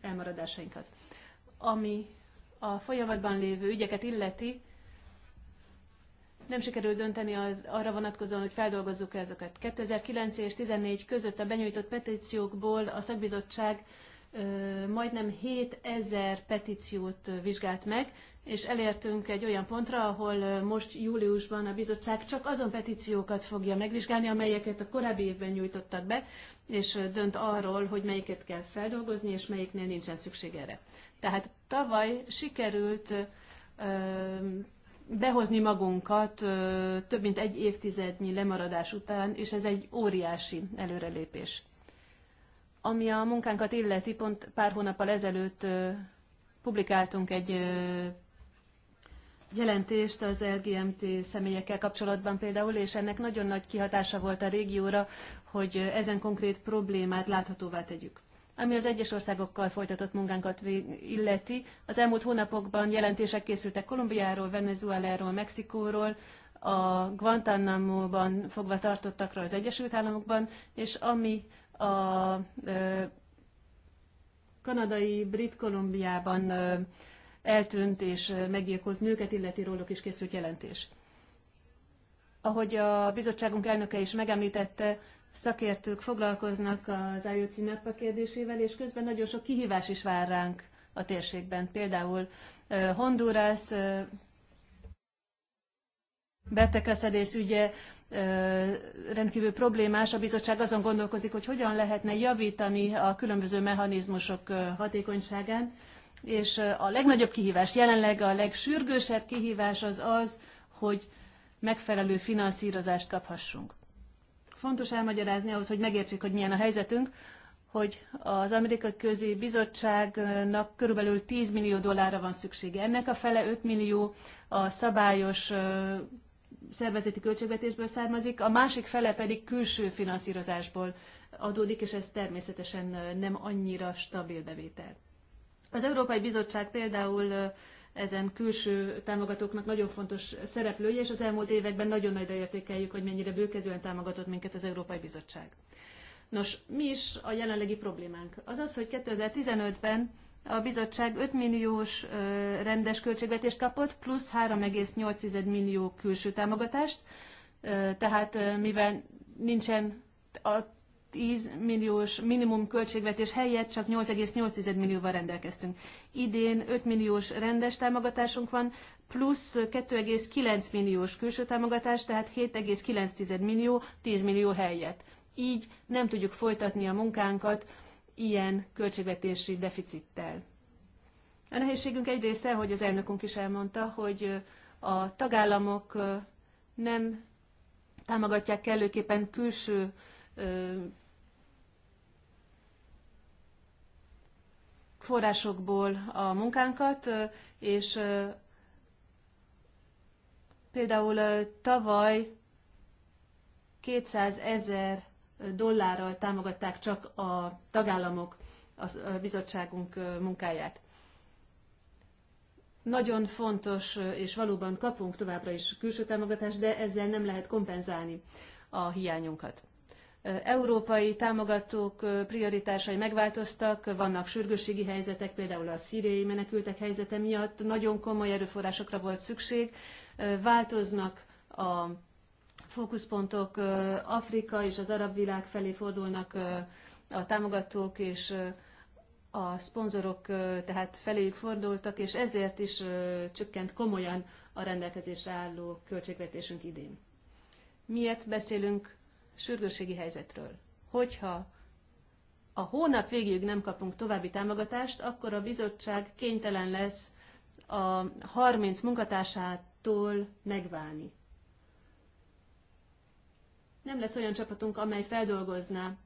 elmaradásainkat. Ami a folyamatban lévő ügyeket illeti, nem sikerült dönteni az, arra vonatkozóan, hogy feldolgozzuk ezeket. 2009 és 2014 között a benyújtott petíciókból a szakbizottság ö, majdnem 7000 petíciót vizsgált meg, és elértünk egy olyan pontra, ahol most júliusban a bizottság csak azon petíciókat fogja megvizsgálni, amelyeket a korábbi évben nyújtottak be, és dönt arról, hogy melyiket kell feldolgozni, és melyiknél nincsen szükség erre. Tehát tavaly sikerült ö, behozni magunkat több mint egy évtizednyi lemaradás után, és ez egy óriási előrelépés. Ami a munkánkat illeti, pont pár hónappal ezelőtt publikáltunk egy jelentést az LGMT személyekkel kapcsolatban például, és ennek nagyon nagy kihatása volt a régióra, hogy ezen konkrét problémát láthatóvá tegyük. Ami az egyes országokkal folytatott munkánkat illeti, az elmúlt hónapokban jelentések készültek Kolumbiáról, Venezueláról, Mexikóról, a Guantanamo-ban fogva tartottakra az Egyesült Államokban, és ami a ö, kanadai brit Kolumbiában ö, eltűnt és meggyilkolt nőket illeti róluk is készült jelentés. Ahogy a bizottságunk elnöke is megemlítette, szakértők foglalkoznak az IOC NAPA kérdésével, és közben nagyon sok kihívás is vár ránk a térségben. Például Honduras, betegeszedés ügye rendkívül problémás. A bizottság azon gondolkozik, hogy hogyan lehetne javítani a különböző mechanizmusok hatékonyságán. És a legnagyobb kihívás, jelenleg a legsürgősebb kihívás az az, hogy megfelelő finanszírozást kaphassunk fontos elmagyarázni ahhoz, hogy megértsék, hogy milyen a helyzetünk, hogy az Amerikai Közi Bizottságnak körülbelül 10 millió dollárra van szüksége. Ennek a fele 5 millió a szabályos szervezeti költségvetésből származik, a másik fele pedig külső finanszírozásból adódik, és ez természetesen nem annyira stabil bevétel. Az Európai Bizottság például ezen külső támogatóknak nagyon fontos szereplője, és az elmúlt években nagyon nagyra értékeljük, hogy mennyire bőkezően támogatott minket az Európai Bizottság. Nos, mi is a jelenlegi problémánk? Az az, hogy 2015-ben a bizottság 5 milliós rendes költségvetést kapott, plusz 3,8 millió külső támogatást, tehát mivel nincsen a 10 milliós minimum költségvetés helyett csak 8,8 millióval rendelkeztünk. Idén 5 milliós rendes támogatásunk van, plusz 2,9 milliós külső támogatás, tehát 7,9 millió 10 millió helyett. Így nem tudjuk folytatni a munkánkat ilyen költségvetési deficittel. A nehézségünk egy része, hogy az elnökünk is elmondta, hogy a tagállamok nem támogatják kellőképpen külső forrásokból a munkánkat, és például tavaly 200 ezer dollárral támogatták csak a tagállamok a bizottságunk munkáját. Nagyon fontos, és valóban kapunk továbbra is külső támogatást, de ezzel nem lehet kompenzálni a hiányunkat európai támogatók prioritásai megváltoztak, vannak sürgősségi helyzetek, például a szíriai menekültek helyzete miatt nagyon komoly erőforrásokra volt szükség, változnak a fókuszpontok, Afrika és az arab világ felé fordulnak a támogatók és a szponzorok tehát feléjük fordultak, és ezért is csökkent komolyan a rendelkezésre álló költségvetésünk idén. Miért beszélünk sürgősségi helyzetről. Hogyha a hónap végéig nem kapunk további támogatást, akkor a bizottság kénytelen lesz a 30 munkatársától megválni. Nem lesz olyan csapatunk, amely feldolgozná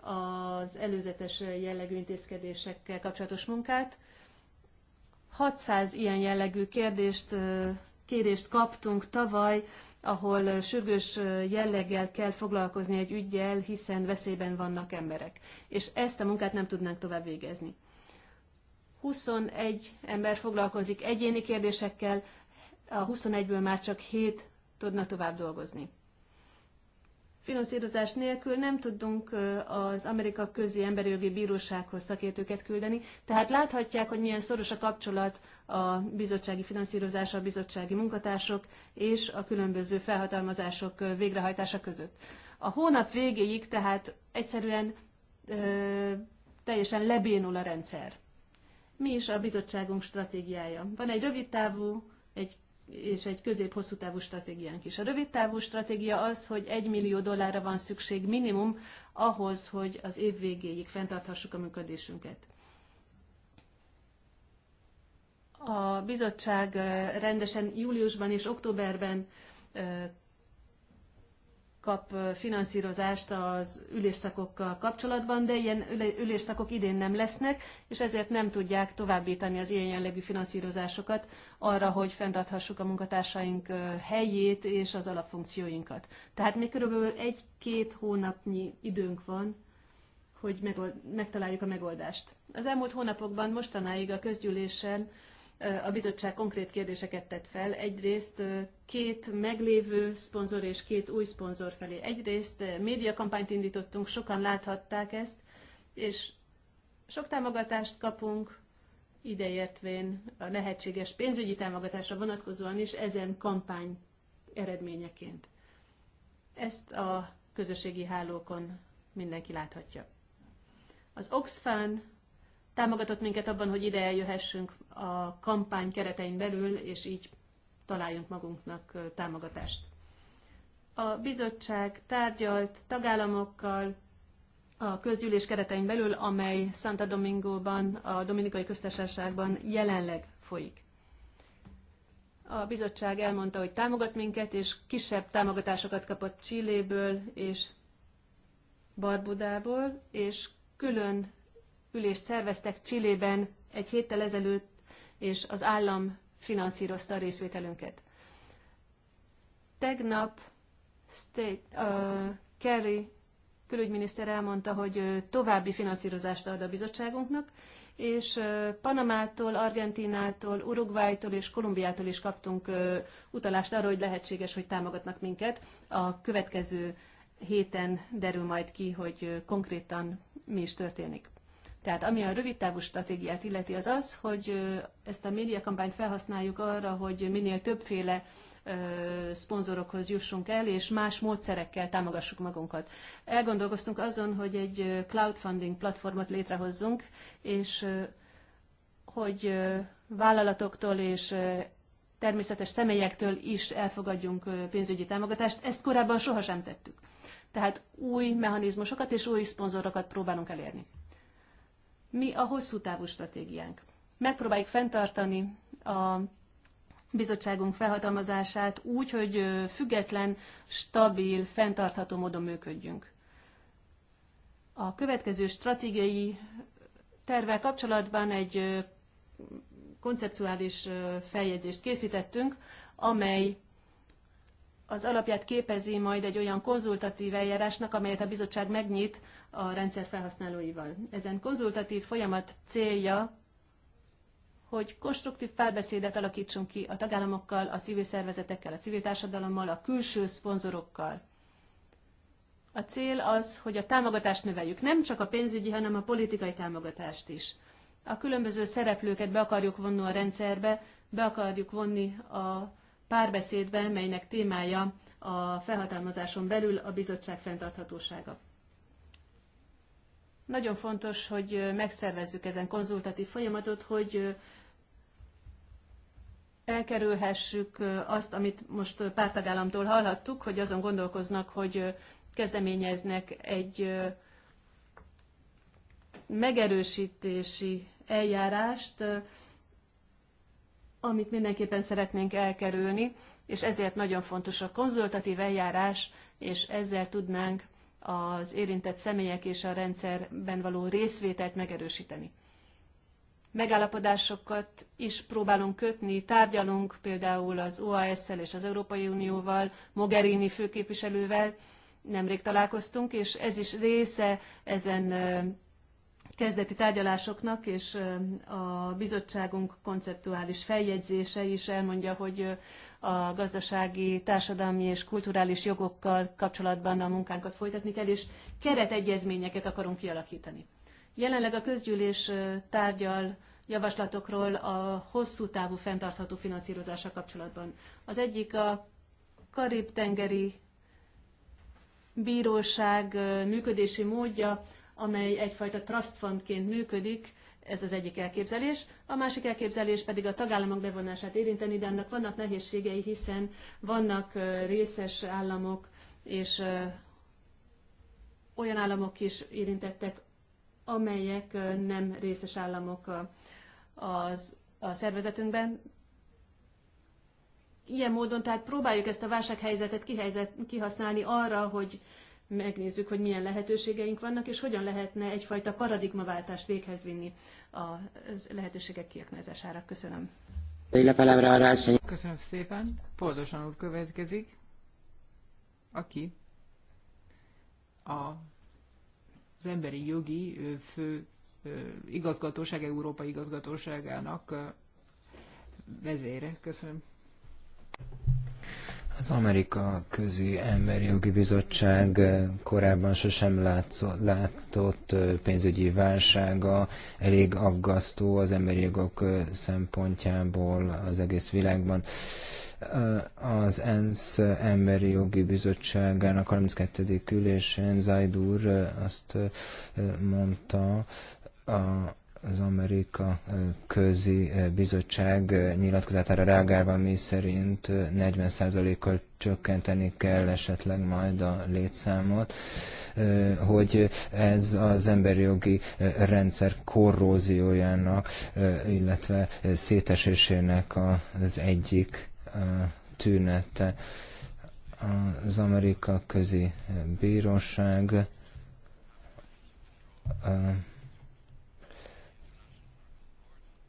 az előzetes jellegű intézkedésekkel kapcsolatos munkát. 600 ilyen jellegű kérdést, kérést kaptunk tavaly ahol sürgős jelleggel kell foglalkozni egy ügyjel, hiszen veszélyben vannak emberek. És ezt a munkát nem tudnánk tovább végezni. 21 ember foglalkozik egyéni kérdésekkel, a 21-ből már csak 7 tudna tovább dolgozni finanszírozás nélkül nem tudunk az Amerika Közi Emberi Jogi Bírósághoz szakértőket küldeni. Tehát láthatják, hogy milyen szoros a kapcsolat a bizottsági finanszírozása, a bizottsági munkatársok és a különböző felhatalmazások végrehajtása között. A hónap végéig tehát egyszerűen ö, teljesen lebénul a rendszer. Mi is a bizottságunk stratégiája? Van egy rövid távú egy és egy közép-hosszú távú stratégiánk is. A rövid távú stratégia az, hogy egy millió dollárra van szükség minimum ahhoz, hogy az év végéig fenntarthassuk a működésünket. A bizottság eh, rendesen júliusban és októberben eh, kap finanszírozást az ülésszakokkal kapcsolatban, de ilyen ülésszakok idén nem lesznek, és ezért nem tudják továbbítani az ilyen jellegű finanszírozásokat arra, hogy fenntarthassuk a munkatársaink helyét és az alapfunkcióinkat. Tehát még körülbelül egy-két hónapnyi időnk van, hogy megold, megtaláljuk a megoldást. Az elmúlt hónapokban mostanáig a közgyűlésen a bizottság konkrét kérdéseket tett fel. Egyrészt két meglévő szponzor és két új szponzor felé. Egyrészt médiakampányt indítottunk, sokan láthatták ezt, és sok támogatást kapunk, ideértvén a lehetséges pénzügyi támogatásra vonatkozóan is ezen kampány eredményeként. Ezt a közösségi hálókon mindenki láthatja. Az Oxfam támogatott minket abban, hogy ide eljöhessünk a kampány keretein belül, és így találjunk magunknak támogatást. A bizottság tárgyalt tagállamokkal a közgyűlés keretein belül, amely Santa Domingóban, a Dominikai Köztársaságban jelenleg folyik. A bizottság elmondta, hogy támogat minket, és kisebb támogatásokat kapott Csilléből és Barbudából, és külön ülést szerveztek Csillében egy héttel ezelőtt, és az állam finanszírozta a részvételünket. Tegnap State, uh, Kerry külügyminiszter elmondta, hogy további finanszírozást ad a bizottságunknak, és Panamától, Argentinától, Uruguaytól és Kolumbiától is kaptunk utalást arra, hogy lehetséges, hogy támogatnak minket. A következő héten derül majd ki, hogy konkrétan mi is történik. Tehát ami a rövid távú stratégiát illeti, az az, hogy ezt a médiakampányt felhasználjuk arra, hogy minél többféle szponzorokhoz jussunk el, és más módszerekkel támogassuk magunkat. Elgondolkoztunk azon, hogy egy crowdfunding platformot létrehozzunk, és hogy vállalatoktól és természetes személyektől is elfogadjunk pénzügyi támogatást. Ezt korábban sohasem tettük. Tehát új mechanizmusokat és új szponzorokat próbálunk elérni. Mi a hosszú távú stratégiánk? Megpróbáljuk fenntartani a bizottságunk felhatalmazását úgy, hogy független, stabil, fenntartható módon működjünk. A következő stratégiai tervvel kapcsolatban egy koncepcionális feljegyzést készítettünk, amely az alapját képezi majd egy olyan konzultatív eljárásnak, amelyet a bizottság megnyit a rendszer felhasználóival. Ezen konzultatív folyamat célja, hogy konstruktív felbeszédet alakítsunk ki a tagállamokkal, a civil szervezetekkel, a civil társadalommal, a külső szponzorokkal. A cél az, hogy a támogatást növeljük, nem csak a pénzügyi, hanem a politikai támogatást is. A különböző szereplőket be akarjuk vonni a rendszerbe, be akarjuk vonni a párbeszédbe, melynek témája a felhatalmazáson belül a bizottság fenntarthatósága. Nagyon fontos, hogy megszervezzük ezen konzultatív folyamatot, hogy elkerülhessük azt, amit most pártagállamtól hallhattuk, hogy azon gondolkoznak, hogy kezdeményeznek egy megerősítési eljárást, amit mindenképpen szeretnénk elkerülni, és ezért nagyon fontos a konzultatív eljárás, és ezzel tudnánk az érintett személyek és a rendszerben való részvételt megerősíteni. Megállapodásokat is próbálunk kötni, tárgyalunk például az OAS-szel és az Európai Unióval, Mogherini főképviselővel, nemrég találkoztunk, és ez is része ezen kezdeti tárgyalásoknak, és a bizottságunk konceptuális feljegyzése is elmondja, hogy a gazdasági, társadalmi és kulturális jogokkal kapcsolatban a munkánkat folytatni kell, és keretegyezményeket akarunk kialakítani. Jelenleg a közgyűlés tárgyal javaslatokról a hosszú távú fenntartható finanszírozása kapcsolatban. Az egyik a Karib-tengeri bíróság működési módja, amely egyfajta trust fundként működik, ez az egyik elképzelés. A másik elképzelés pedig a tagállamok bevonását érinteni, de annak vannak nehézségei, hiszen vannak részes államok, és olyan államok is érintettek, amelyek nem részes államok az, a szervezetünkben. Ilyen módon tehát próbáljuk ezt a válsághelyzetet kihelyzet, kihasználni arra, hogy megnézzük, hogy milyen lehetőségeink vannak, és hogyan lehetne egyfajta paradigmaváltást véghez vinni a lehetőségek kiaknázására. Köszönöm. Köszönöm szépen. Poldosan úr következik, aki a, az emberi jogi fő igazgatóság, Európai Igazgatóságának vezére. Köszönöm. Az Amerika Közi Emberi Jogi Bizottság eh, korábban sosem látszott, látott eh, pénzügyi válsága, elég aggasztó az emberi jogok eh, szempontjából az egész világban. Az ENSZ Emberi Jogi Bizottságának 32. ülésén Zajdúr azt mondta, a az Amerika Közi Bizottság nyilatkozatára reagálva mi szerint 40%-kal csökkenteni kell esetleg majd a létszámot, hogy ez az emberi jogi rendszer korróziójának, illetve szétesésének az egyik tünete. Az Amerika Közi Bíróság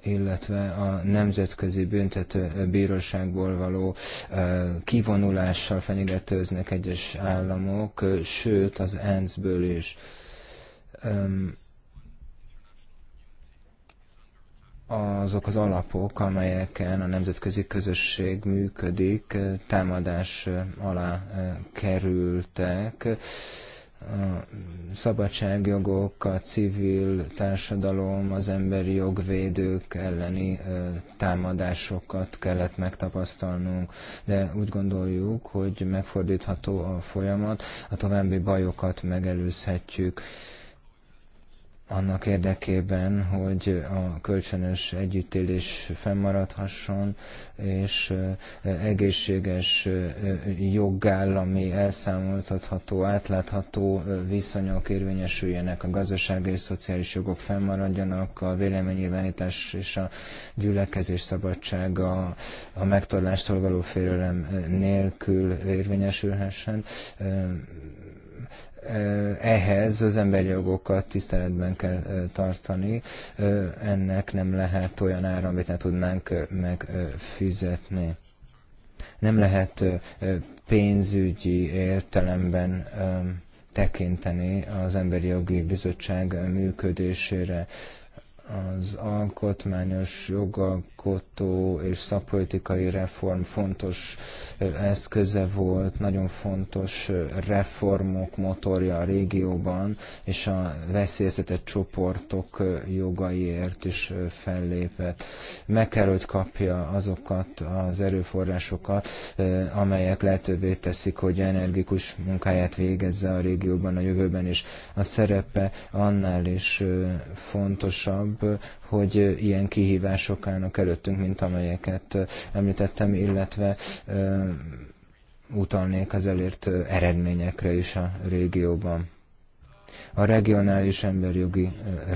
illetve a Nemzetközi Büntető Bíróságból való kivonulással fenyegetőznek egyes államok, sőt az ENSZ-ből is. Azok az alapok, amelyeken a nemzetközi közösség működik, támadás alá kerültek a szabadságjogok, a civil társadalom, az emberi jogvédők elleni támadásokat kellett megtapasztalnunk, de úgy gondoljuk, hogy megfordítható a folyamat, a további bajokat megelőzhetjük annak érdekében, hogy a kölcsönös együttélés fennmaradhasson, és egészséges jogállami, elszámoltatható, átlátható viszonyok érvényesüljenek, a gazdasági és szociális jogok fennmaradjanak, a véleménynyilvánítás és a gyülekezés szabadsága a megtorlástól való félelem nélkül érvényesülhessen ehhez az emberi jogokat tiszteletben kell tartani, ennek nem lehet olyan ára, amit ne tudnánk megfizetni. Nem lehet pénzügyi értelemben tekinteni az Emberi Jogi Bizottság működésére az alkotmányos jogalkotó és szakpolitikai reform fontos eszköze volt, nagyon fontos reformok motorja a régióban, és a veszélyeztetett csoportok jogaiért is fellépett. Meg kell, hogy kapja azokat az erőforrásokat, amelyek lehetővé teszik, hogy energikus munkáját végezze a régióban a jövőben, és a szerepe annál is fontosabb, hogy ilyen kihívások állnak előttünk, mint amelyeket említettem, illetve utalnék az elért eredményekre is a régióban. A regionális emberjogi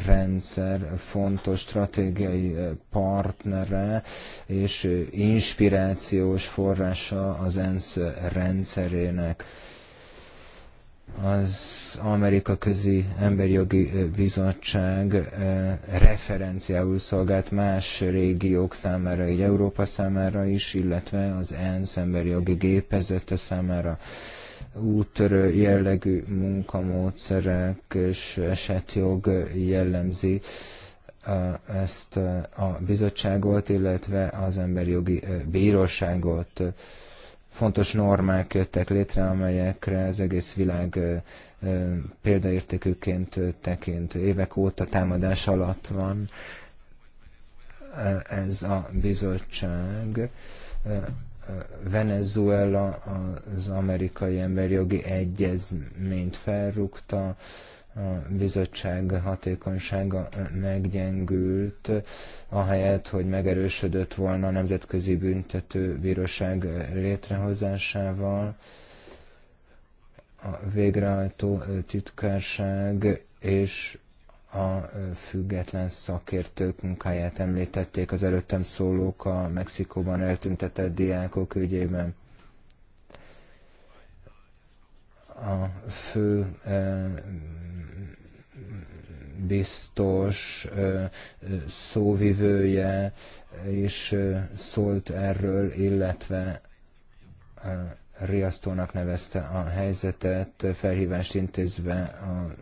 rendszer fontos stratégiai partnere és inspirációs forrása az ENSZ rendszerének az Amerika Közi Emberi Jogi Bizottság referenciául szolgált más régiók számára, így Európa számára is, illetve az ENSZ emberi jogi gépezete számára úttörő jellegű munkamódszerek és esetjog jellemzi ezt a bizottságot, illetve az emberi jogi bíróságot fontos normák jöttek létre, amelyekre az egész világ példaértékűként tekint. Évek óta támadás alatt van ez a bizottság. Venezuela az amerikai emberi jogi egyezményt felrúgta, a bizottság hatékonysága meggyengült, ahelyett, hogy megerősödött volna a Nemzetközi Bíróság létrehozásával. A végrehajtó titkárság és a független szakértők munkáját említették az előttem szólók a Mexikóban eltüntetett diákok ügyében a fő biztos szóvivője is szólt erről, illetve riasztónak nevezte a helyzetet, felhívást intézve a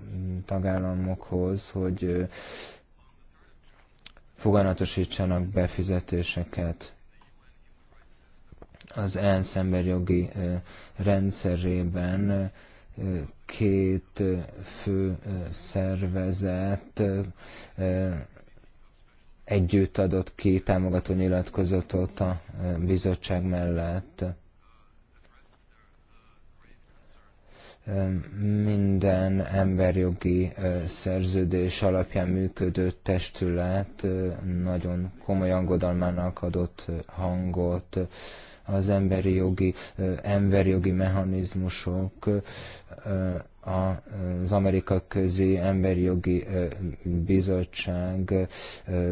tagállamokhoz, hogy foganatosítsanak befizetéseket az ENSZ emberjogi rendszerében két fő szervezet együtt adott ki támogató nyilatkozatot a bizottság mellett. Minden emberjogi szerződés alapján működő testület nagyon komoly angodalmának adott hangot az emberi jogi, emberi jogi mechanizmusok az Amerika Közi Emberi Jogi Bizottság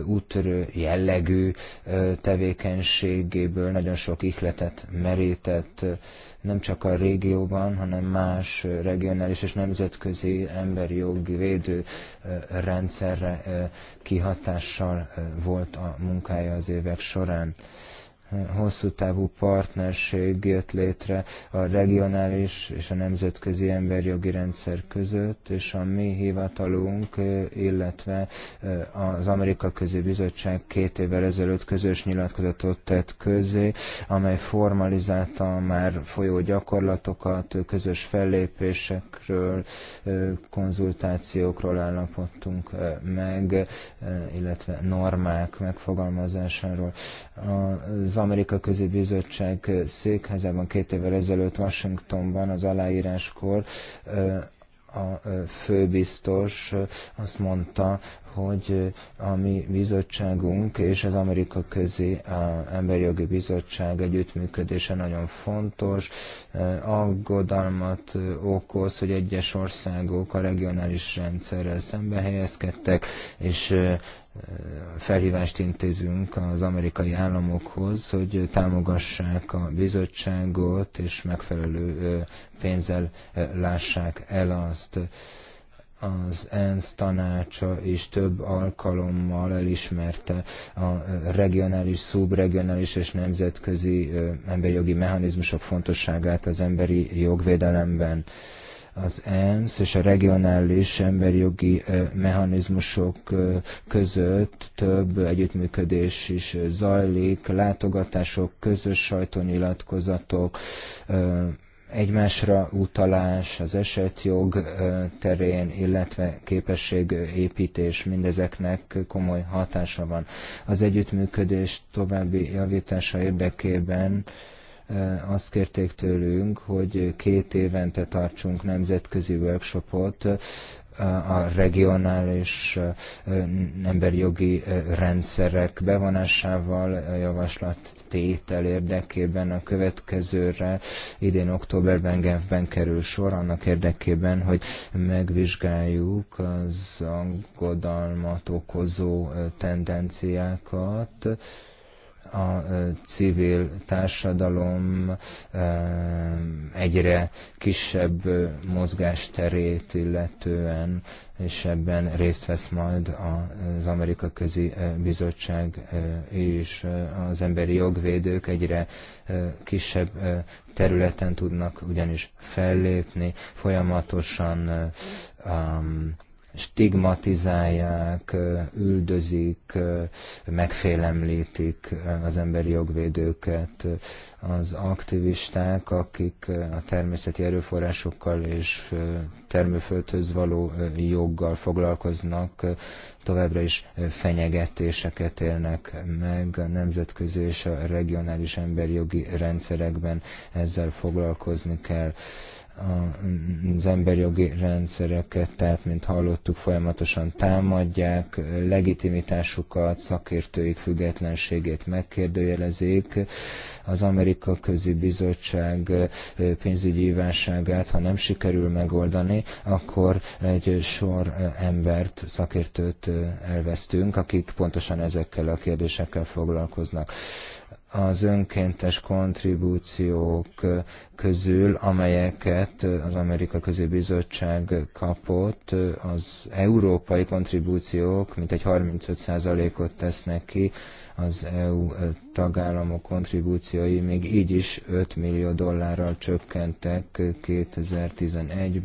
úttörő jellegű tevékenységéből nagyon sok ihletet merített nem csak a régióban, hanem más regionális és nemzetközi emberi jogi védő rendszerre kihatással volt a munkája az évek során hosszú távú partnerség jött létre a regionális és a nemzetközi emberjogi rendszer között, és a mi hivatalunk, illetve e, az Amerika Közi Bizottság két évvel ezelőtt közös nyilatkozatot tett közé, amely formalizálta már folyó gyakorlatokat, közös fellépésekről, e, konzultációkról állapodtunk e, meg, illetve normák megfogalmazásáról. Az Amerika Közibizottság eh, székházában két évvel ezelőtt Washingtonban az aláíráskor eh, a eh, főbiztos azt mondta, hogy a mi bizottságunk és az Amerika Közi Emberi Jogi Bizottság együttműködése nagyon fontos. Aggodalmat okoz, hogy egyes országok a regionális rendszerrel szembe helyezkedtek, és felhívást intézünk az amerikai államokhoz, hogy támogassák a bizottságot, és megfelelő pénzzel lássák el azt. Az ENSZ tanácsa is több alkalommal elismerte a regionális, szubregionális és nemzetközi emberi jogi mechanizmusok fontosságát az emberi jogvédelemben az ENSZ és a regionális emberi jogi mechanizmusok között több együttműködés is zajlik, látogatások, közös sajtónyilatkozatok, egymásra utalás az esetjog terén, illetve képességépítés mindezeknek komoly hatása van. Az együttműködés további javítása érdekében azt kérték tőlünk, hogy két évente tartsunk nemzetközi workshopot a regionális emberi jogi rendszerek bevonásával javaslat tétel érdekében a következőre idén októberben Genfben kerül sor annak érdekében, hogy megvizsgáljuk az aggodalmat okozó tendenciákat, a civil társadalom egyre kisebb mozgásterét illetően, és ebben részt vesz majd az Amerika Közi Bizottság és az emberi jogvédők egyre kisebb területen tudnak ugyanis fellépni, folyamatosan um, stigmatizálják, üldözik, megfélemlítik az emberi jogvédőket, az aktivisták, akik a természeti erőforrásokkal és termőföldhöz való joggal foglalkoznak, továbbra is fenyegetéseket élnek meg a nemzetközi és a regionális emberi jogi rendszerekben ezzel foglalkozni kell az emberjogi rendszereket, tehát mint hallottuk, folyamatosan támadják, legitimitásukat, szakértőik függetlenségét megkérdőjelezik. Az Amerika Közi Bizottság pénzügyi válságát, ha nem sikerül megoldani, akkor egy sor embert, szakértőt elvesztünk, akik pontosan ezekkel a kérdésekkel foglalkoznak az önkéntes kontribúciók közül, amelyeket az Amerika Közébizottság kapott, az európai kontribúciók mint egy 35%-ot tesznek ki, az EU tagállamok kontribúciói még így is 5 millió dollárral csökkentek 2011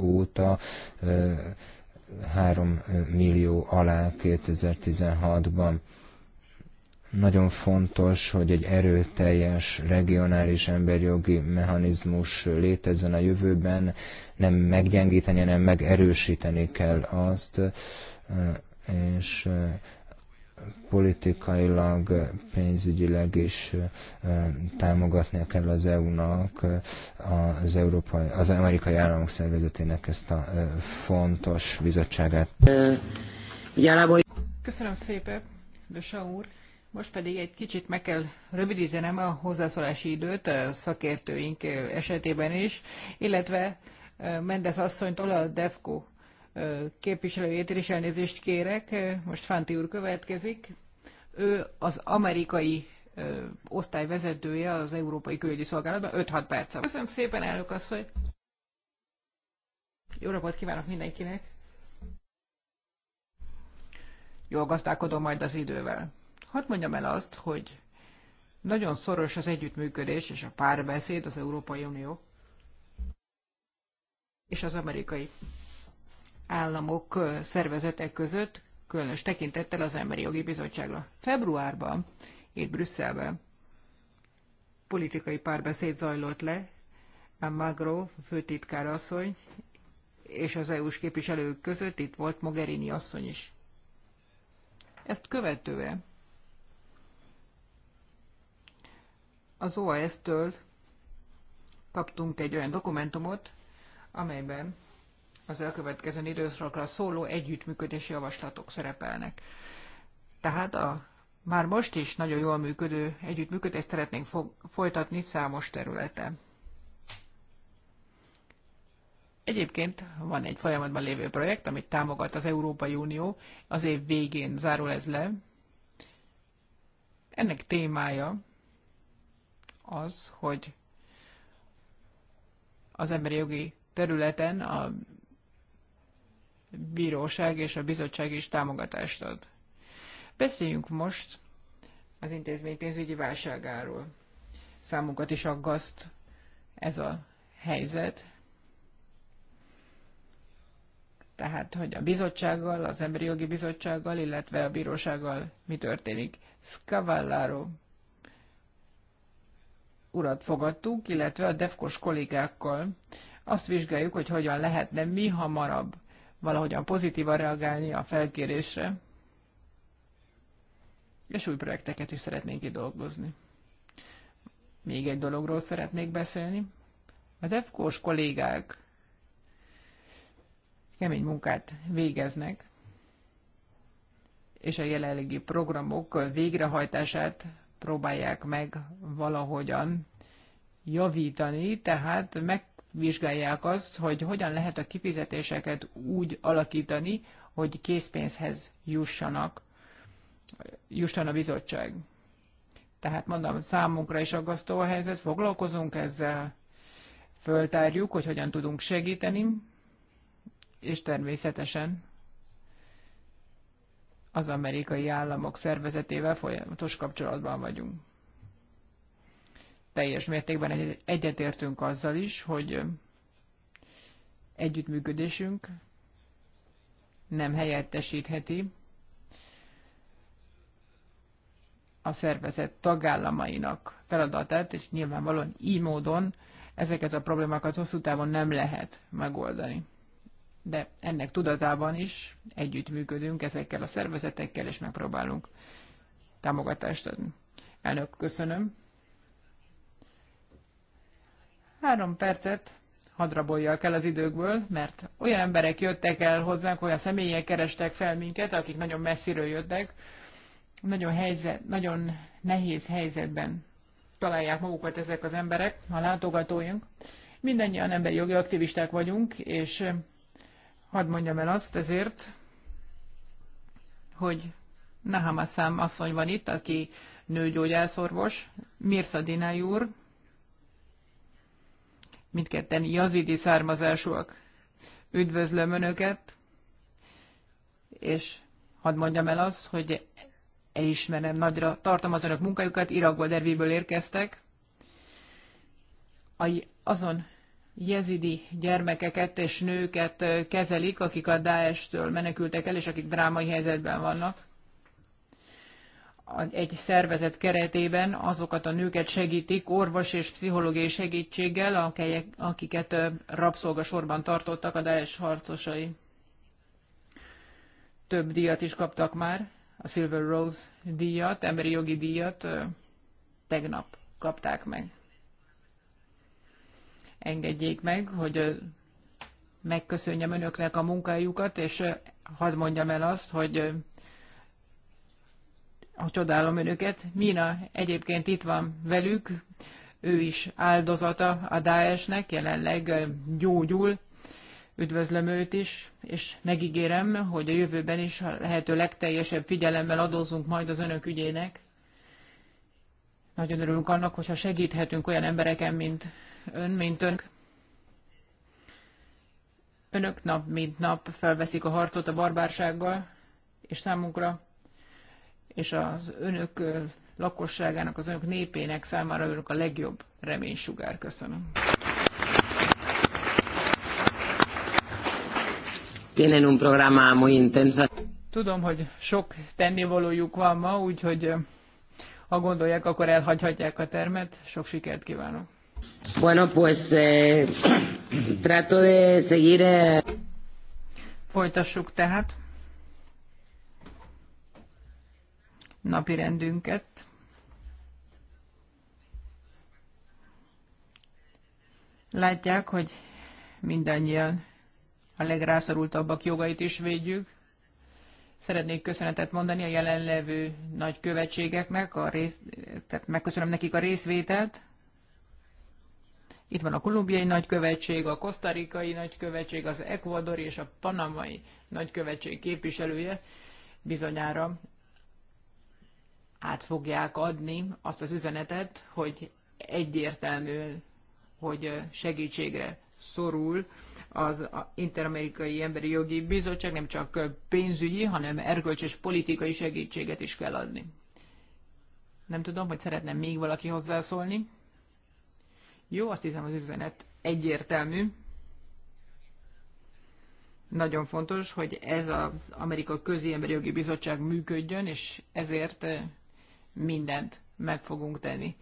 óta, 3 millió alá 2016-ban. Nagyon fontos, hogy egy erőteljes regionális emberjogi mechanizmus létezzen a jövőben, nem meggyengíteni, hanem megerősíteni kell azt, és politikailag, pénzügyileg is támogatnia kell az EU-nak, az, európai, az amerikai államok szervezetének ezt a fontos bizottságát. Köszönöm szépen, Bösa úr. Most pedig egy kicsit meg kell rövidítenem a hozzászólási időt a szakértőink esetében is, illetve Mendez asszonytól a DEFCO képviselőjét is elnézést kérek. Most Fanti úr következik. Ő az amerikai osztályvezetője, az Európai Külügyi Szolgálatban. 5-6 perc. Köszönöm szépen, elnök asszony! Jó napot kívánok mindenkinek! Jól gazdálkodom majd az idővel. Hadd mondjam el azt, hogy nagyon szoros az együttműködés és a párbeszéd az Európai Unió és az amerikai államok szervezetek között, különös tekintettel az Emberi Jogi Bizottságra. Februárban itt Brüsszelben politikai párbeszéd zajlott le, a Magro főtitkár asszony és az EU-s képviselők között itt volt Mogherini asszony is. Ezt követően az OAS-től kaptunk egy olyan dokumentumot, amelyben az elkövetkező időszakra szóló együttműködési javaslatok szerepelnek. Tehát a már most is nagyon jól működő együttműködést szeretnénk folytatni számos területen. Egyébként van egy folyamatban lévő projekt, amit támogat az Európai Unió, az év végén zárul ez le. Ennek témája az, hogy az emberi jogi területen a bíróság és a bizottság is támogatást ad. Beszéljünk most az intézmény pénzügyi válságáról. Számunkat is aggaszt ez a helyzet. Tehát, hogy a bizottsággal, az emberi jogi bizottsággal, illetve a bírósággal mi történik. Scavallaro urat fogadtunk, illetve a defkos kollégákkal azt vizsgáljuk, hogy hogyan lehetne mi hamarabb valahogyan pozitívan reagálni a felkérésre, és új projekteket is szeretnénk kidolgozni. Még egy dologról szeretnék beszélni. A defkos kollégák kemény munkát végeznek, és a jelenlegi programok végrehajtását próbálják meg valahogyan javítani, tehát megvizsgálják azt, hogy hogyan lehet a kifizetéseket úgy alakítani, hogy készpénzhez jussanak, jusson a bizottság. Tehát mondom, számunkra is aggasztó a helyzet, foglalkozunk ezzel, föltárjuk, hogy hogyan tudunk segíteni, és természetesen az amerikai államok szervezetével folyamatos kapcsolatban vagyunk. Teljes mértékben egyetértünk azzal is, hogy együttműködésünk nem helyettesítheti a szervezet tagállamainak feladatát, és nyilvánvalóan így módon ezeket a problémákat hosszú távon nem lehet megoldani de ennek tudatában is együttműködünk ezekkel a szervezetekkel, és megpróbálunk támogatást adni. Elnök, köszönöm. Három percet hadraboljak el az időkből, mert olyan emberek jöttek el hozzánk, olyan személyek kerestek fel minket, akik nagyon messziről jöttek, nagyon, helyzet, nagyon nehéz helyzetben találják magukat ezek az emberek, a látogatóink. Mindennyian emberi jogi aktivisták vagyunk, és Hadd mondjam el azt ezért, hogy Szám asszony van itt, aki nőgyógyászorvos, dinai úr, mindketten jazidi származásúak. Üdvözlöm Önöket, és hadd mondjam el azt, hogy elismerem, nagyra tartom az Önök munkájukat, Irakból, Derviből érkeztek. Azon jezidi gyermekeket és nőket kezelik, akik a Daesh-től menekültek el, és akik drámai helyzetben vannak. Egy szervezet keretében azokat a nőket segítik orvos és pszichológiai segítséggel, akiket rabszolgasorban tartottak a Daesh harcosai. Több díjat is kaptak már, a Silver Rose díjat, emberi jogi díjat tegnap kapták meg engedjék meg, hogy megköszönjem önöknek a munkájukat, és hadd mondjam el azt, hogy a csodálom önöket. Mina egyébként itt van velük, ő is áldozata a Daesnek, jelenleg gyógyul, üdvözlöm őt is, és megígérem, hogy a jövőben is a lehető legteljesebb figyelemmel adózunk majd az önök ügyének. Nagyon örülünk annak, hogyha segíthetünk olyan embereken, mint ön, mint önök. Önök nap mint nap felveszik a harcot a barbársággal, és számunkra, és az önök lakosságának, az önök népének számára önök a legjobb reménysugár. Köszönöm. Tienen un programa muy intenso. Tudom, hogy sok tennivalójuk van ma, úgyhogy ha gondolják, akkor elhagyhatják a termet. Sok sikert kívánok! Bueno, pues eh, trato de seguir... Eh... Folytassuk tehát napi rendünket. Látják, hogy mindannyian a legrászorultabbak jogait is védjük. Szeretnék köszönetet mondani a jelenlevő nagykövetségeknek, a rész, tehát megköszönöm nekik a részvételt. Itt van a kolumbiai nagykövetség, a kosztarikai nagykövetség, az ekvadori és a panamai nagykövetség képviselője bizonyára át fogják adni azt az üzenetet, hogy egyértelmű, hogy segítségre szorul az Interamerikai Emberi Jogi Bizottság, nem csak pénzügyi, hanem erkölcs és politikai segítséget is kell adni. Nem tudom, hogy szeretne még valaki hozzászólni. Jó, azt hiszem az üzenet egyértelmű. Nagyon fontos, hogy ez az Amerika Köziemberi Jogi Bizottság működjön, és ezért eh, mindent meg fogunk tenni.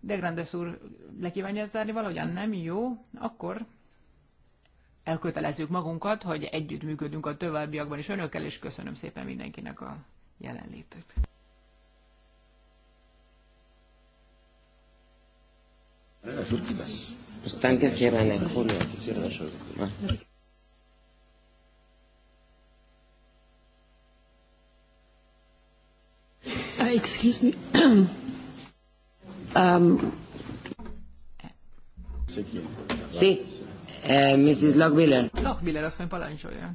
De Grandes úr lekívánja zárni valahogyan nem jó, akkor elkötelezzük magunkat, hogy együttműködünk a továbbiakban is önökkel, és köszönöm szépen mindenkinek a jelenlétet. Las últimas. Los cierran en julio. Uh, ah, excuse me. um, sí, uh, eh, Mrs. Lockmiller. Lockmiller asszony parancsolja.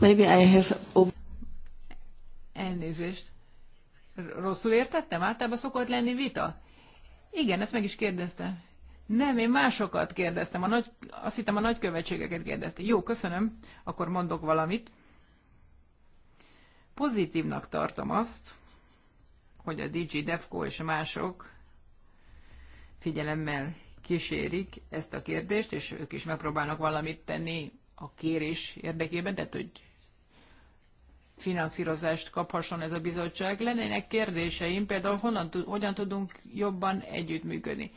Maybe I have... Elnézést. Rosszul értettem? Általában szokott lenni vita? Igen, ezt meg is kérdezte. Nem, én másokat kérdeztem. A nagy, azt hittem a nagykövetségeket kérdezte. Jó, köszönöm, akkor mondok valamit. Pozitívnak tartom azt, hogy a DJ Defco és mások figyelemmel kísérik ezt a kérdést, és ők is megpróbálnak valamit tenni a kérés érdekében, tehát hogy finanszírozást kaphasson ez a bizottság. Lennének kérdéseim, például honnan, hogyan tudunk jobban együttműködni.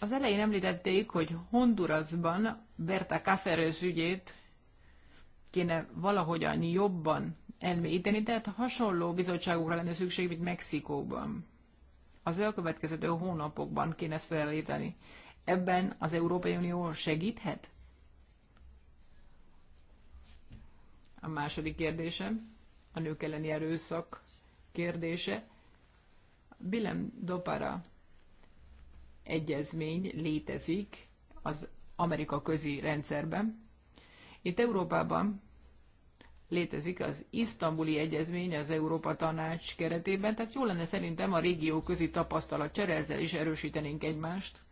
Az elején említették, hogy Hondurasban Berta Cáceres ügyét kéne valahogyan jobban elmélyíteni, tehát hasonló bizottságokra lenne szükség, mint Mexikóban. Az elkövetkező hónapokban kéne ezt felállítani. Ebben az Európai Unió segíthet? a második kérdésem, a nők elleni erőszak kérdése. Bilem Dopara egyezmény létezik az Amerika közi rendszerben. Itt Európában létezik az isztambuli egyezmény az Európa Tanács keretében, tehát jó lenne szerintem a régió közi tapasztalat csere, is erősítenénk egymást.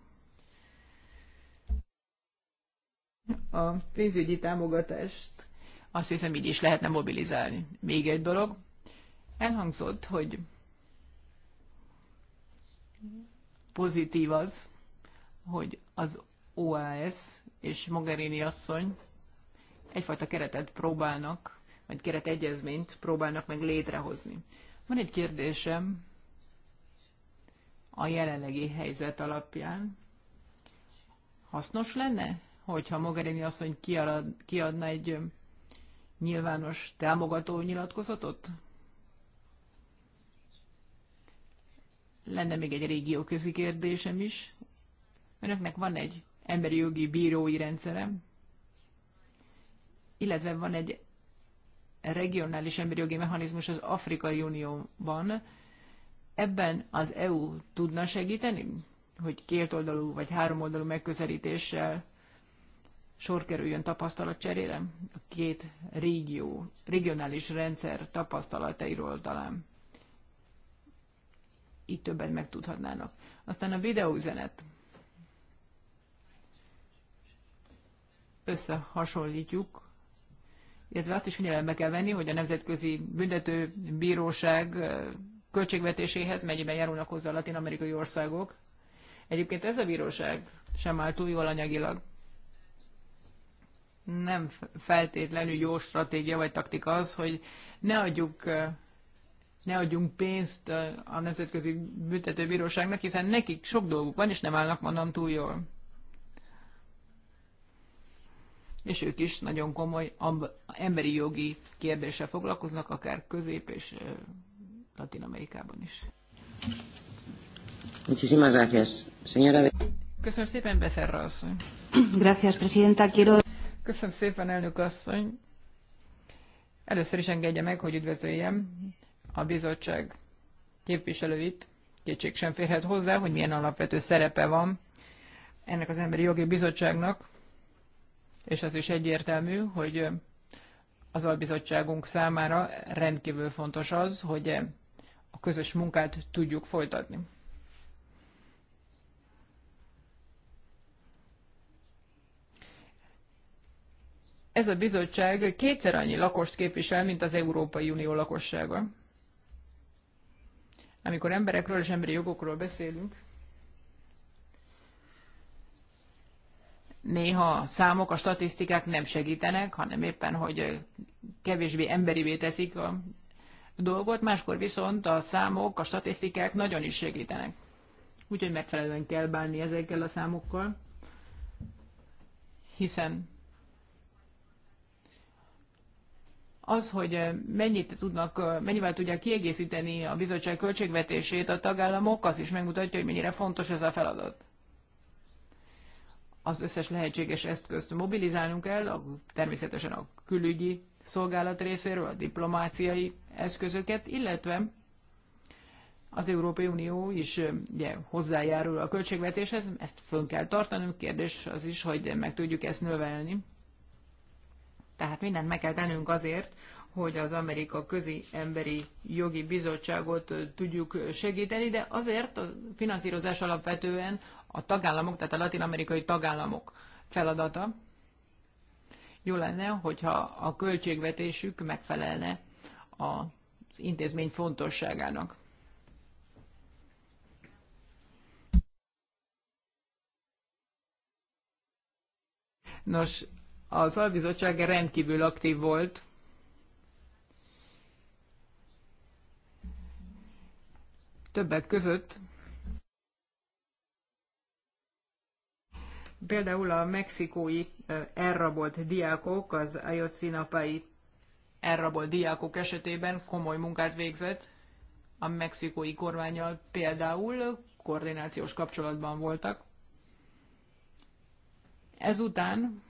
A pénzügyi támogatást azt hiszem, így is lehetne mobilizálni. Még egy dolog. Elhangzott, hogy pozitív az, hogy az OAS és Mogherini asszony egyfajta keretet próbálnak, vagy keretegyezményt próbálnak meg létrehozni. Van egy kérdésem a jelenlegi helyzet alapján. Hasznos lenne, hogyha Mogherini asszony kiadna egy nyilvános támogató nyilatkozatot? Lenne még egy régióközi kérdésem is. Önöknek van egy emberi jogi bírói rendszerem, illetve van egy regionális emberi jogi mechanizmus az Afrikai Unióban. Ebben az EU tudna segíteni, hogy kétoldalú vagy háromoldalú megközelítéssel sor kerüljön cserére a két régió, regionális rendszer tapasztalatairól talán. Így többet megtudhatnának. Aztán a videóüzenet. Összehasonlítjuk, illetve azt is figyelembe kell venni, hogy a Nemzetközi Büntető Bíróság költségvetéséhez mennyiben járulnak hozzá a latin-amerikai országok. Egyébként ez a bíróság sem áll túl jól anyagilag nem feltétlenül jó stratégia vagy taktika az, hogy ne adjuk ne adjunk pénzt a Nemzetközi Büntetőbíróságnak, hiszen nekik sok dolguk van, és nem állnak mondom túl jól. És ők is nagyon komoly emberi jogi kérdéssel foglalkoznak, akár Közép- és Latin Amerikában is. Köszönöm szépen, Becerra asszony. Gracias, presidenta. Quiero... Köszönöm szépen, elnök asszony. Először is engedje meg, hogy üdvözöljem a bizottság képviselőit. Kétség sem férhet hozzá, hogy milyen alapvető szerepe van ennek az Emberi Jogi Bizottságnak, és az is egyértelmű, hogy az albizottságunk számára rendkívül fontos az, hogy a közös munkát tudjuk folytatni. ez a bizottság kétszer annyi lakost képvisel, mint az Európai Unió lakossága. Amikor emberekről és emberi jogokról beszélünk, néha a számok, a statisztikák nem segítenek, hanem éppen, hogy kevésbé emberivé teszik a dolgot, máskor viszont a számok, a statisztikák nagyon is segítenek. Úgyhogy megfelelően kell bánni ezekkel a számokkal, hiszen az, hogy mennyit tudnak, mennyivel tudják kiegészíteni a bizottság költségvetését a tagállamok, az is megmutatja, hogy mennyire fontos ez a feladat. Az összes lehetséges eszközt mobilizálnunk kell, természetesen a külügyi szolgálat részéről, a diplomáciai eszközöket, illetve az Európai Unió is ugye, hozzájárul a költségvetéshez, ezt fönn kell tartanunk, kérdés az is, hogy meg tudjuk ezt növelni. Tehát mindent meg kell tennünk azért, hogy az Amerika Közi Emberi Jogi Bizottságot tudjuk segíteni, de azért a finanszírozás alapvetően a tagállamok, tehát a latin-amerikai tagállamok feladata. Jó lenne, hogyha a költségvetésük megfelelne az intézmény fontosságának. Nos, az albizottság rendkívül aktív volt. Többek között például a mexikói elrabolt diákok, az ayotzinapa elrabolt diákok esetében komoly munkát végzett. A mexikói kormányal például koordinációs kapcsolatban voltak. Ezután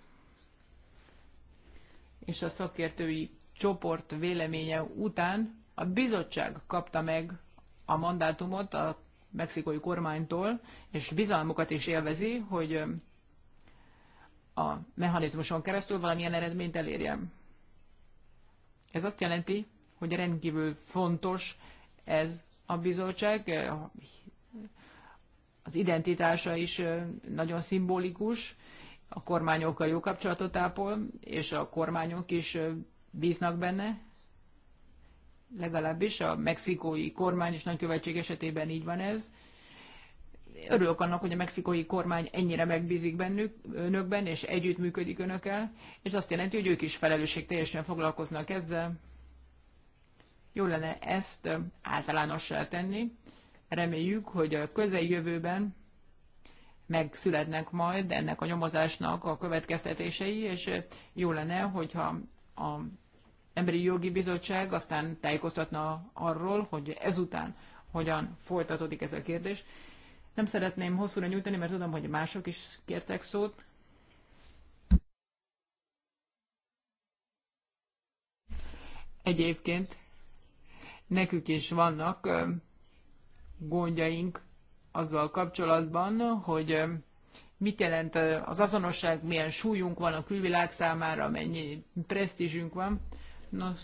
és a szakértői csoport véleménye után a bizottság kapta meg a mandátumot a mexikói kormánytól, és bizalmukat is élvezi, hogy a mechanizmuson keresztül valamilyen eredményt elérjem. Ez azt jelenti, hogy rendkívül fontos ez a bizottság, az identitása is nagyon szimbolikus, a kormányokkal jó kapcsolatot ápol, és a kormányok is bíznak benne, legalábbis a mexikói kormány és nagykövetség esetében így van ez. Örülök annak, hogy a mexikói kormány ennyire megbízik bennük, önökben, és együttműködik önökkel, és azt jelenti, hogy ők is felelősség teljesen foglalkoznak ezzel. Jó lenne ezt általánossá tenni. Reméljük, hogy a közeljövőben megszületnek majd ennek a nyomozásnak a következtetései, és jó lenne, hogyha a Emberi Jogi Bizottság aztán tájékoztatna arról, hogy ezután hogyan folytatódik ez a kérdés. Nem szeretném hosszúra nyújtani, mert tudom, hogy mások is kértek szót. Egyébként nekük is vannak gondjaink azzal kapcsolatban, hogy mit jelent az azonosság, milyen súlyunk van a külvilág számára, mennyi presztízsünk van. Nos,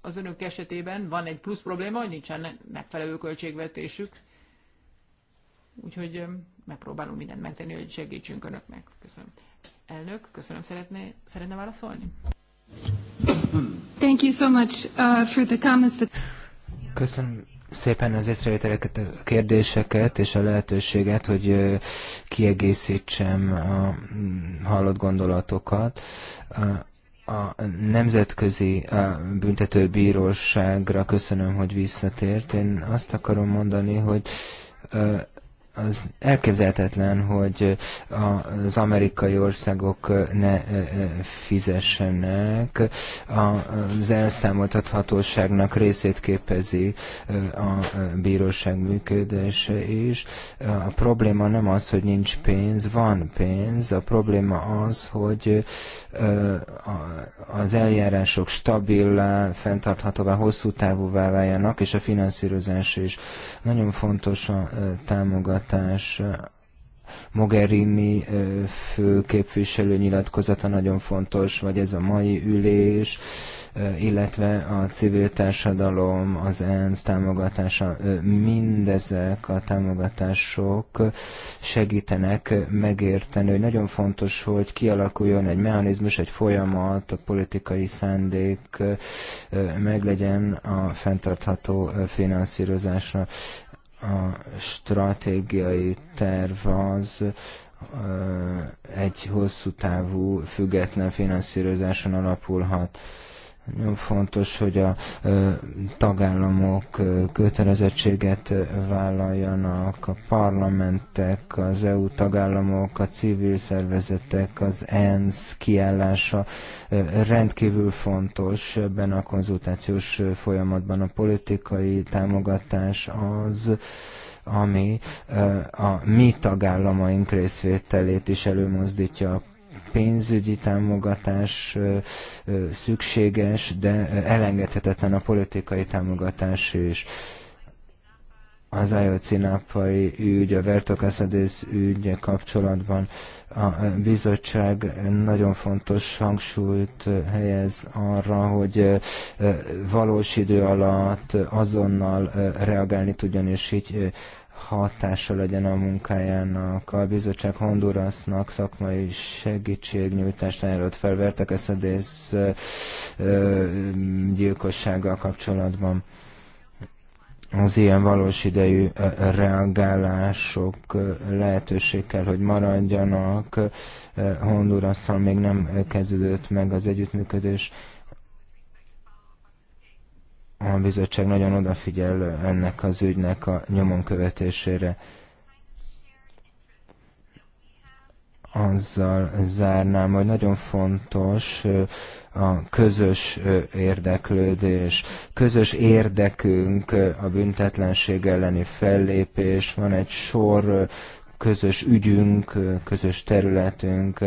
az önök esetében van egy plusz probléma, hogy nincsen megfelelő költségvetésük. Úgyhogy megpróbálunk mindent megtenni, hogy segítsünk önöknek. Köszönöm. Elnök, köszönöm, szeretné, szeretne válaszolni? Thank you so much uh, for the comments that... Köszönöm szépen az észrevételeket, a kérdéseket és a lehetőséget, hogy kiegészítsem a mm, hallott gondolatokat. A Nemzetközi Büntetőbíróságra köszönöm, hogy visszatért. Én azt akarom mondani, hogy az elképzelhetetlen, hogy az amerikai országok ne fizessenek. Az elszámoltathatóságnak részét képezi a bíróság működése is. A probléma nem az, hogy nincs pénz, van pénz, a probléma az, hogy az eljárások stabilá, fenntarthatóvá, hosszú távúvá váljanak, és a finanszírozás is nagyon fontos a támogatás támogatás. Mogherini főképviselő nyilatkozata nagyon fontos, vagy ez a mai ülés, illetve a civil társadalom, az ENSZ támogatása, mindezek a támogatások segítenek megérteni, hogy nagyon fontos, hogy kialakuljon egy mechanizmus, egy folyamat, a politikai szándék meglegyen a fenntartható finanszírozásra a stratégiai terv az egy hosszú távú független finanszírozáson alapulhat. Nagyon fontos, hogy a tagállamok kötelezettséget vállaljanak, a parlamentek, az EU tagállamok, a civil szervezetek, az ENSZ kiállása rendkívül fontos ebben a konzultációs folyamatban. A politikai támogatás az, ami a mi tagállamaink részvételét is előmozdítja a pénzügyi támogatás szükséges, de elengedhetetlen a politikai támogatás is az IOC-nápai ügy, a Vertokászadész ügye kapcsolatban a bizottság nagyon fontos hangsúlyt helyez arra, hogy valós idő alatt azonnal reagálni tudjon, és így hatása legyen a munkájának. A bizottság Hondurasnak szakmai segítségnyújtást ajánlott fel Vertekeszedész gyilkossággal kapcsolatban. Az ilyen valós idejű reagálások lehetőség kell, hogy maradjanak. Hondurasszal még nem kezdődött meg az együttműködés a bizottság nagyon odafigyel ennek az ügynek a nyomon követésére. Azzal zárnám, hogy nagyon fontos a közös érdeklődés. Közös érdekünk a büntetlenség elleni fellépés. Van egy sor közös ügyünk, közös területünk,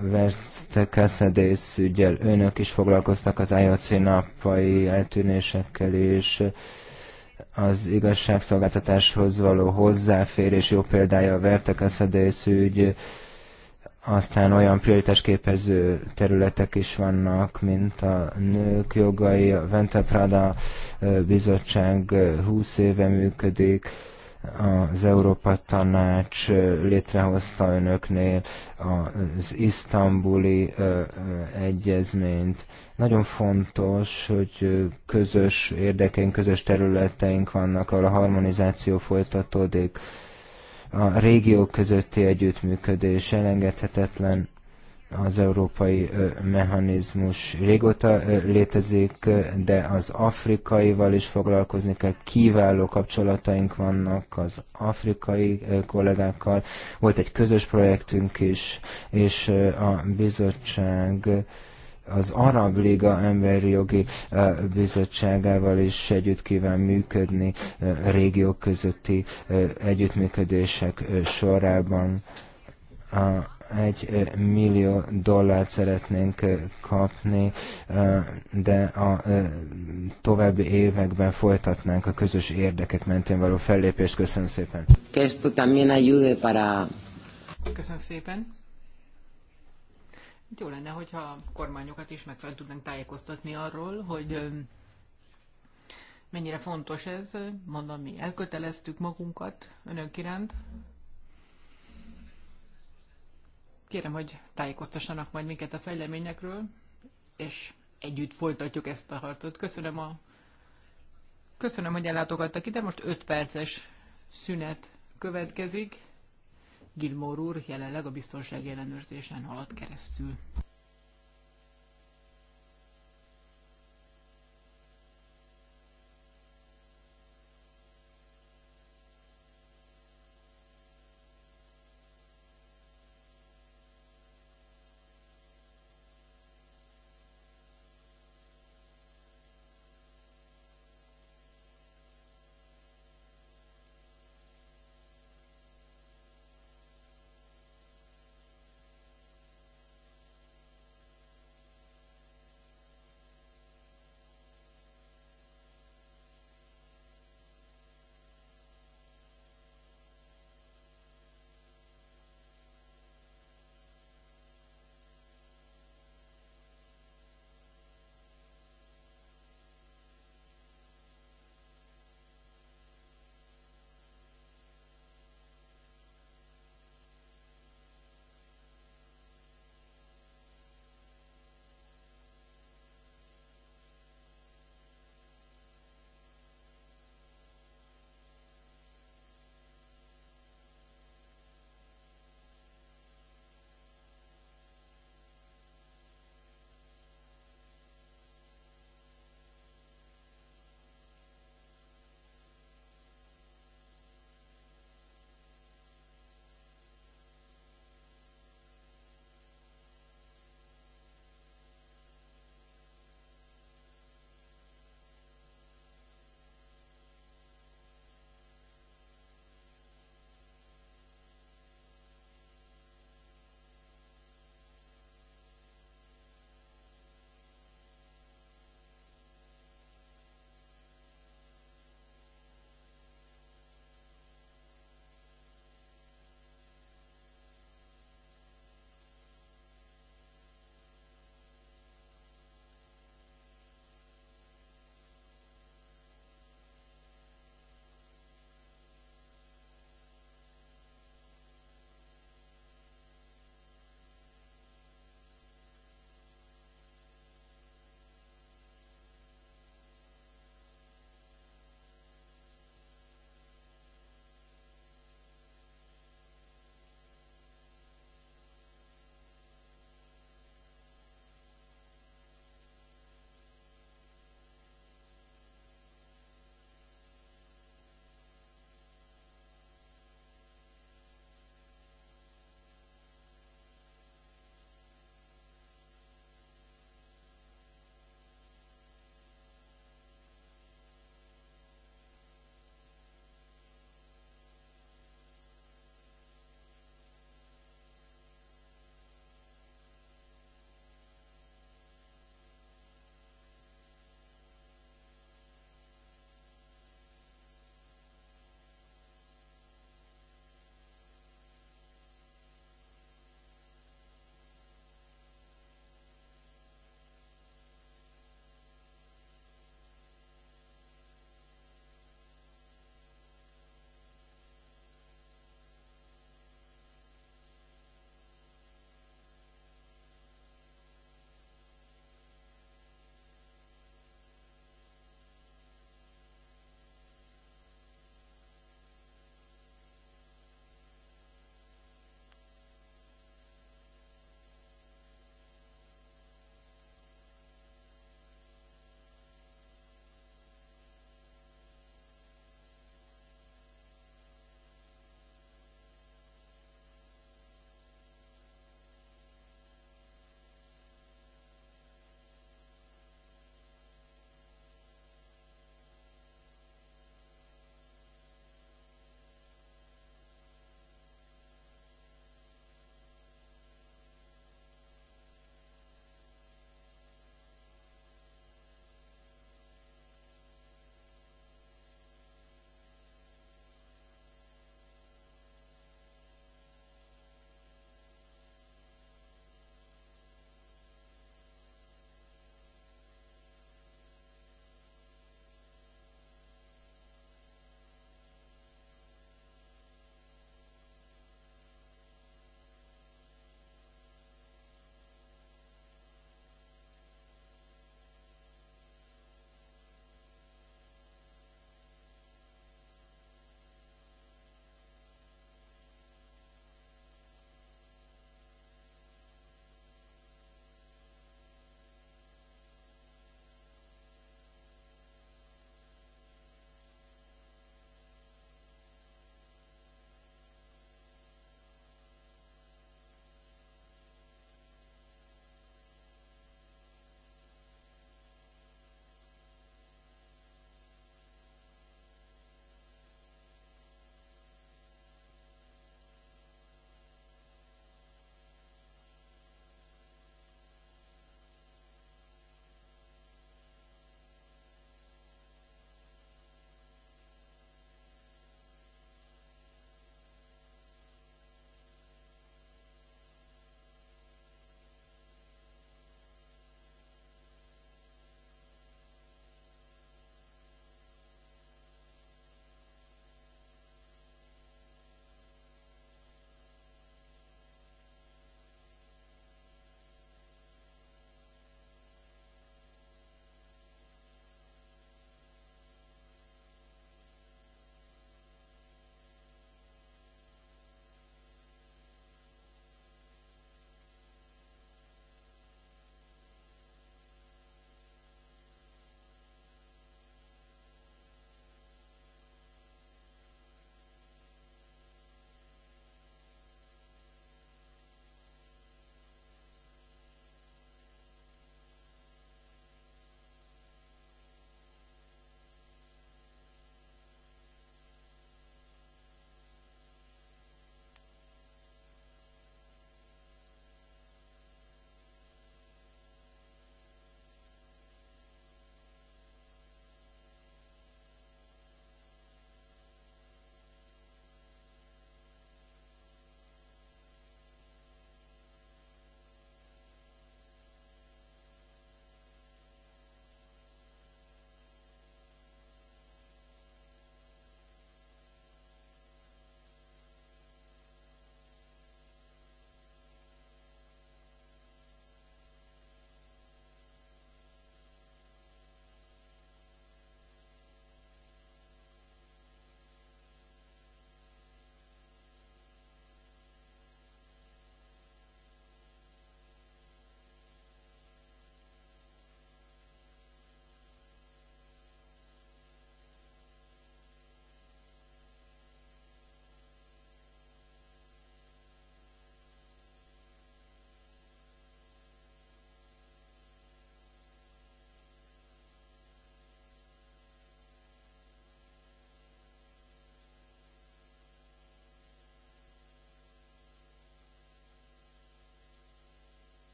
Verszkeszedész ügyel önök is foglalkoztak az IOC napai eltűnésekkel, és az igazságszolgáltatáshoz való hozzáférés jó példája a vertekeszedész ügy, aztán olyan prioritásképező területek is vannak, mint a nők jogai, a Vente Prada bizottság 20 éve működik, az Európa Tanács létrehozta önöknél az isztambuli egyezményt. Nagyon fontos, hogy közös érdekeink, közös területeink vannak, ahol a harmonizáció folytatódik. A régiók közötti együttműködés elengedhetetlen az európai mechanizmus régóta létezik, de az afrikaival is foglalkozni kell. Kiváló kapcsolataink vannak az afrikai kollégákkal. Volt egy közös projektünk is, és a bizottság az Arab Liga Emberi Jogi Bizottságával is együtt kíván működni régiók közötti együttműködések sorában egy millió dollárt szeretnénk kapni, de a további években folytatnánk a közös érdekek mentén való fellépést. Köszönöm szépen. Köszönöm szépen. Jó lenne, hogyha a kormányokat is megfelelően tudnánk tájékoztatni arról, hogy mennyire fontos ez. Mondom, mi elköteleztük magunkat önök iránt, Kérem, hogy tájékoztassanak majd minket a fejleményekről, és együtt folytatjuk ezt a harcot. Köszönöm, a... Köszönöm hogy ellátogattak ide. Most 5 perces szünet következik. Gilmore úr jelenleg a biztonsági ellenőrzésen halad keresztül.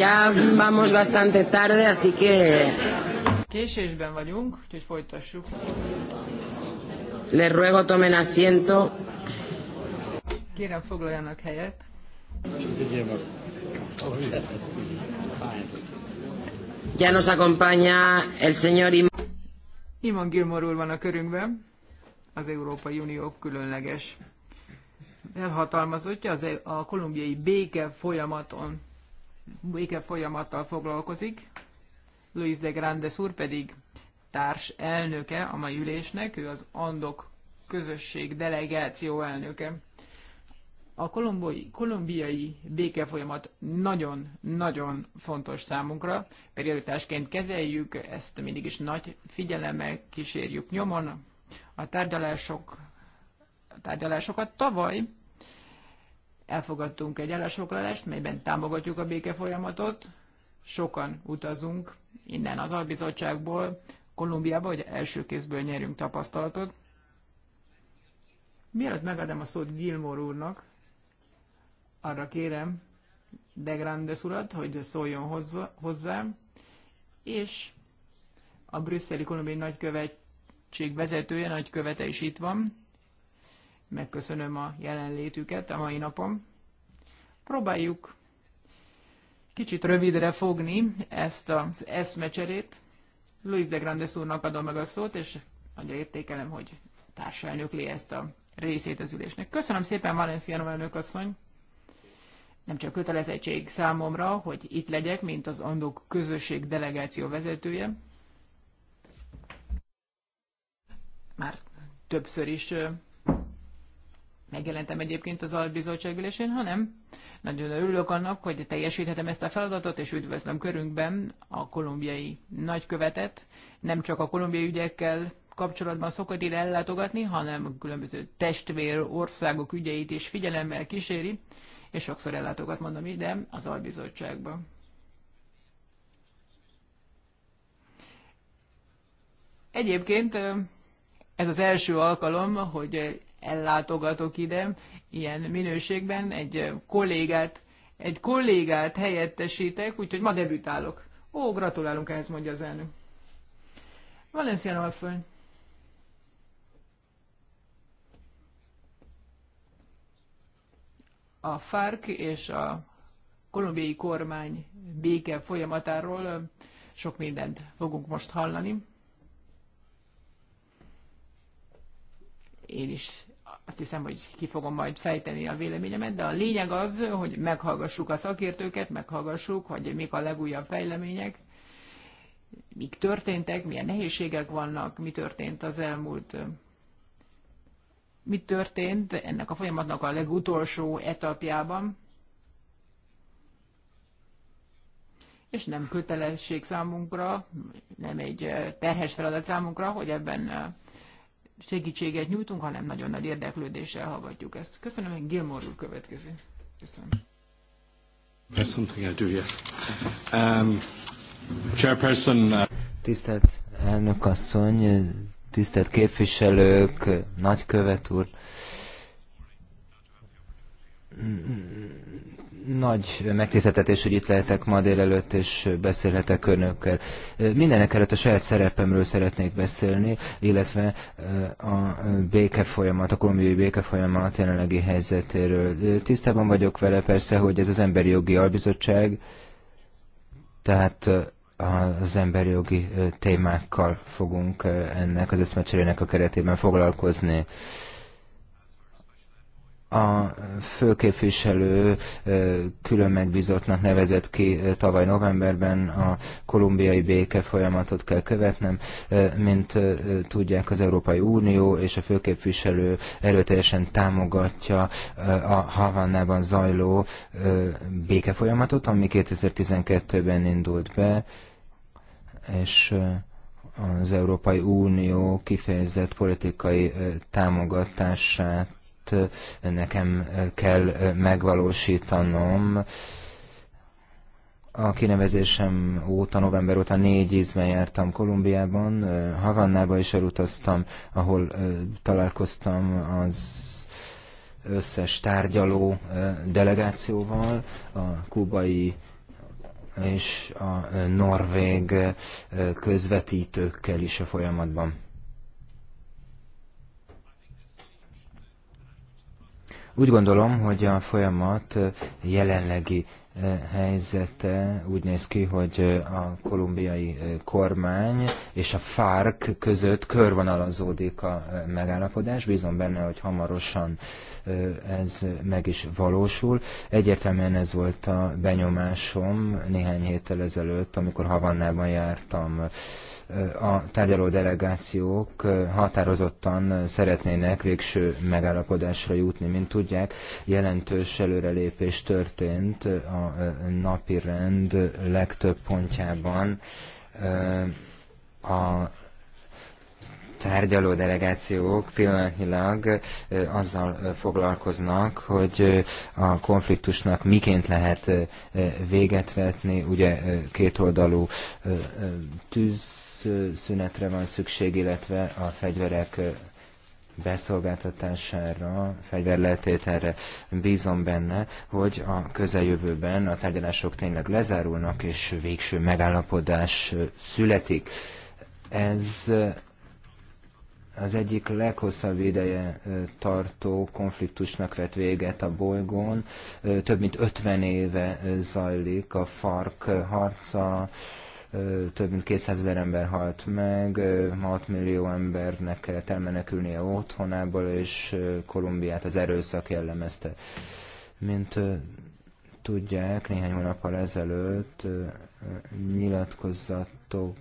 ya vamos bastante tarde, así que... Késésben vagyunk, úgyhogy folytassuk. Le ruego tomen asiento. Kérem foglaljanak helyet. Ya nos acompaña el señor Im Iman Gilmore úr van a körünkben, az Európai Unió különleges elhatalmazottja az, e- a kolumbiai béke folyamaton béke folyamattal foglalkozik, Luis de Grandes úr pedig társ elnöke a mai ülésnek, ő az Andok közösség delegáció elnöke. A kolombiai, kolumbiai békefolyamat nagyon-nagyon fontos számunkra. Prioritásként kezeljük, ezt mindig is nagy figyelemmel kísérjük nyomon. A tárgyalások, a tárgyalásokat tavaly elfogadtunk egy állásfoglalást, melyben támogatjuk a béke folyamatot. Sokan utazunk innen az albizottságból, Kolumbiába, hogy első kézből nyerjünk tapasztalatot. Mielőtt megadom a szót Gilmor úrnak, arra kérem De Grandes urat, hogy szóljon hozzá, hozzám, és a brüsszeli kolumbiai nagykövetség vezetője, nagykövete is itt van, megköszönöm a jelenlétüket a mai napon. Próbáljuk kicsit rövidre fogni ezt az eszmecserét. Luis de Grandes úrnak adom meg a szót, és nagyon értékelem, hogy társelnökli ezt a részét az ülésnek. Köszönöm szépen, Valencia elnök asszony! Nem csak kötelezettség számomra, hogy itt legyek, mint az Andok közösség delegáció vezetője. Már többször is megjelentem egyébként az albizottság ülésén, hanem nagyon örülök annak, hogy teljesíthetem ezt a feladatot, és üdvözlöm körünkben a kolumbiai nagykövetet. Nem csak a kolumbiai ügyekkel kapcsolatban szokott ide ellátogatni, hanem a különböző testvér országok ügyeit is figyelemmel kíséri, és sokszor ellátogat, mondom ide, az albizottságba. Egyébként ez az első alkalom, hogy ellátogatok ide ilyen minőségben, egy kollégát, egy kollégát helyettesítek, úgyhogy ma debütálok. Ó, gratulálunk ehhez, mondja az elnök. Valencián asszony. A FARC és a kolumbiai kormány béke folyamatáról sok mindent fogunk most hallani. Én is azt hiszem, hogy ki fogom majd fejteni a véleményemet, de a lényeg az, hogy meghallgassuk a szakértőket, meghallgassuk, hogy mik a legújabb fejlemények, mik történtek, milyen nehézségek vannak, mi történt az elmúlt mi történt ennek a folyamatnak a legutolsó etapjában, és nem kötelesség számunkra, nem egy terhes feladat számunkra, hogy ebben segítséget nyújtunk, hanem nagyon nagy érdeklődéssel hallgatjuk ezt. Köszönöm, hogy Gilmore úr következik. Köszönöm. There's something I do, yes. Um, chairperson, uh... Tisztelt elnök asszony, tisztelt képviselők, nagykövet úr nagy megtiszteltetés, hogy itt lehetek ma délelőtt, és beszélhetek önökkel. Mindenek előtt a saját szerepemről szeretnék beszélni, illetve eh, a béke folyamat, a kolumbiai béke folyamat jelenlegi helyzetéről. Tisztában vagyok vele persze, hogy ez az Emberi Jogi Albizottság, tehát eh, az emberi jogi eh, témákkal fogunk ennek az eszmecserének a keretében foglalkozni a főképviselő külön megbízottnak nevezett ki tavaly novemberben a kolumbiai béke folyamatot kell követnem, mint tudják az Európai Unió és a főképviselő erőteljesen támogatja a Havannában zajló béke folyamatot, ami 2012-ben indult be, és az Európai Unió kifejezett politikai támogatását nekem kell megvalósítanom. A kinevezésem óta, november óta négy ízben jártam Kolumbiában, Havannába is elutaztam, ahol találkoztam az összes tárgyaló delegációval, a kubai és a norvég közvetítőkkel is a folyamatban. Úgy gondolom, hogy a folyamat jelenlegi helyzete úgy néz ki, hogy a kolumbiai kormány és a FARC között körvonalazódik a megállapodás. Bízom benne, hogy hamarosan ez meg is valósul. Egyértelműen ez volt a benyomásom néhány héttel ezelőtt, amikor Havannában jártam a tárgyaló delegációk határozottan szeretnének végső megállapodásra jutni. Mint tudják, jelentős előrelépés történt a napi rend legtöbb pontjában. A tárgyaló delegációk pillanatnyilag azzal foglalkoznak, hogy a konfliktusnak miként lehet véget vetni, ugye kétoldalú tűz szünetre van szükség, illetve a fegyverek beszolgáltatására, fegyverletételre bízom benne, hogy a közeljövőben a tárgyalások tényleg lezárulnak, és végső megállapodás születik. Ez az egyik leghosszabb ideje tartó konfliktusnak vett véget a bolygón. Több mint 50 éve zajlik a fark harca, több mint 200 ezer ember halt meg, 6 millió embernek kellett elmenekülnie otthonából, és Kolumbiát az erőszak jellemezte. Mint tudják, néhány hónappal ezelőtt nyilatkozatok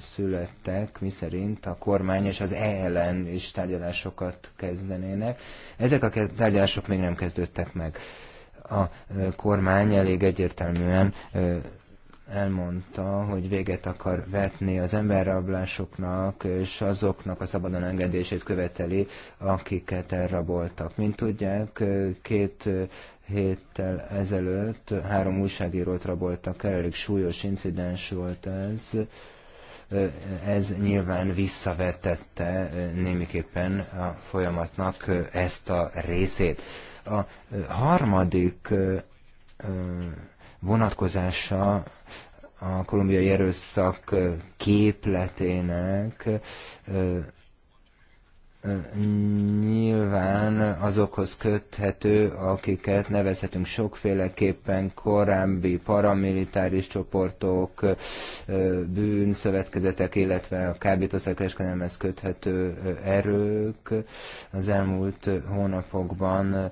születtek, miszerint a kormány és az ELN is tárgyalásokat kezdenének. Ezek a tárgyalások még nem kezdődtek meg. A kormány elég egyértelműen elmondta, hogy véget akar vetni az emberrablásoknak, és azoknak a szabadon engedését követeli, akiket elraboltak. Mint tudják, két héttel ezelőtt három újságírót raboltak el, elég súlyos incidens volt ez. Ez nyilván visszavetette némiképpen a folyamatnak ezt a részét. A harmadik vonatkozása a kolumbiai erőszak képletének nyilván azokhoz köthető, akiket nevezhetünk sokféleképpen korábbi paramilitáris csoportok, bűnszövetkezetek, illetve a kábítószerkereskedelemhez köthető erők. Az elmúlt hónapokban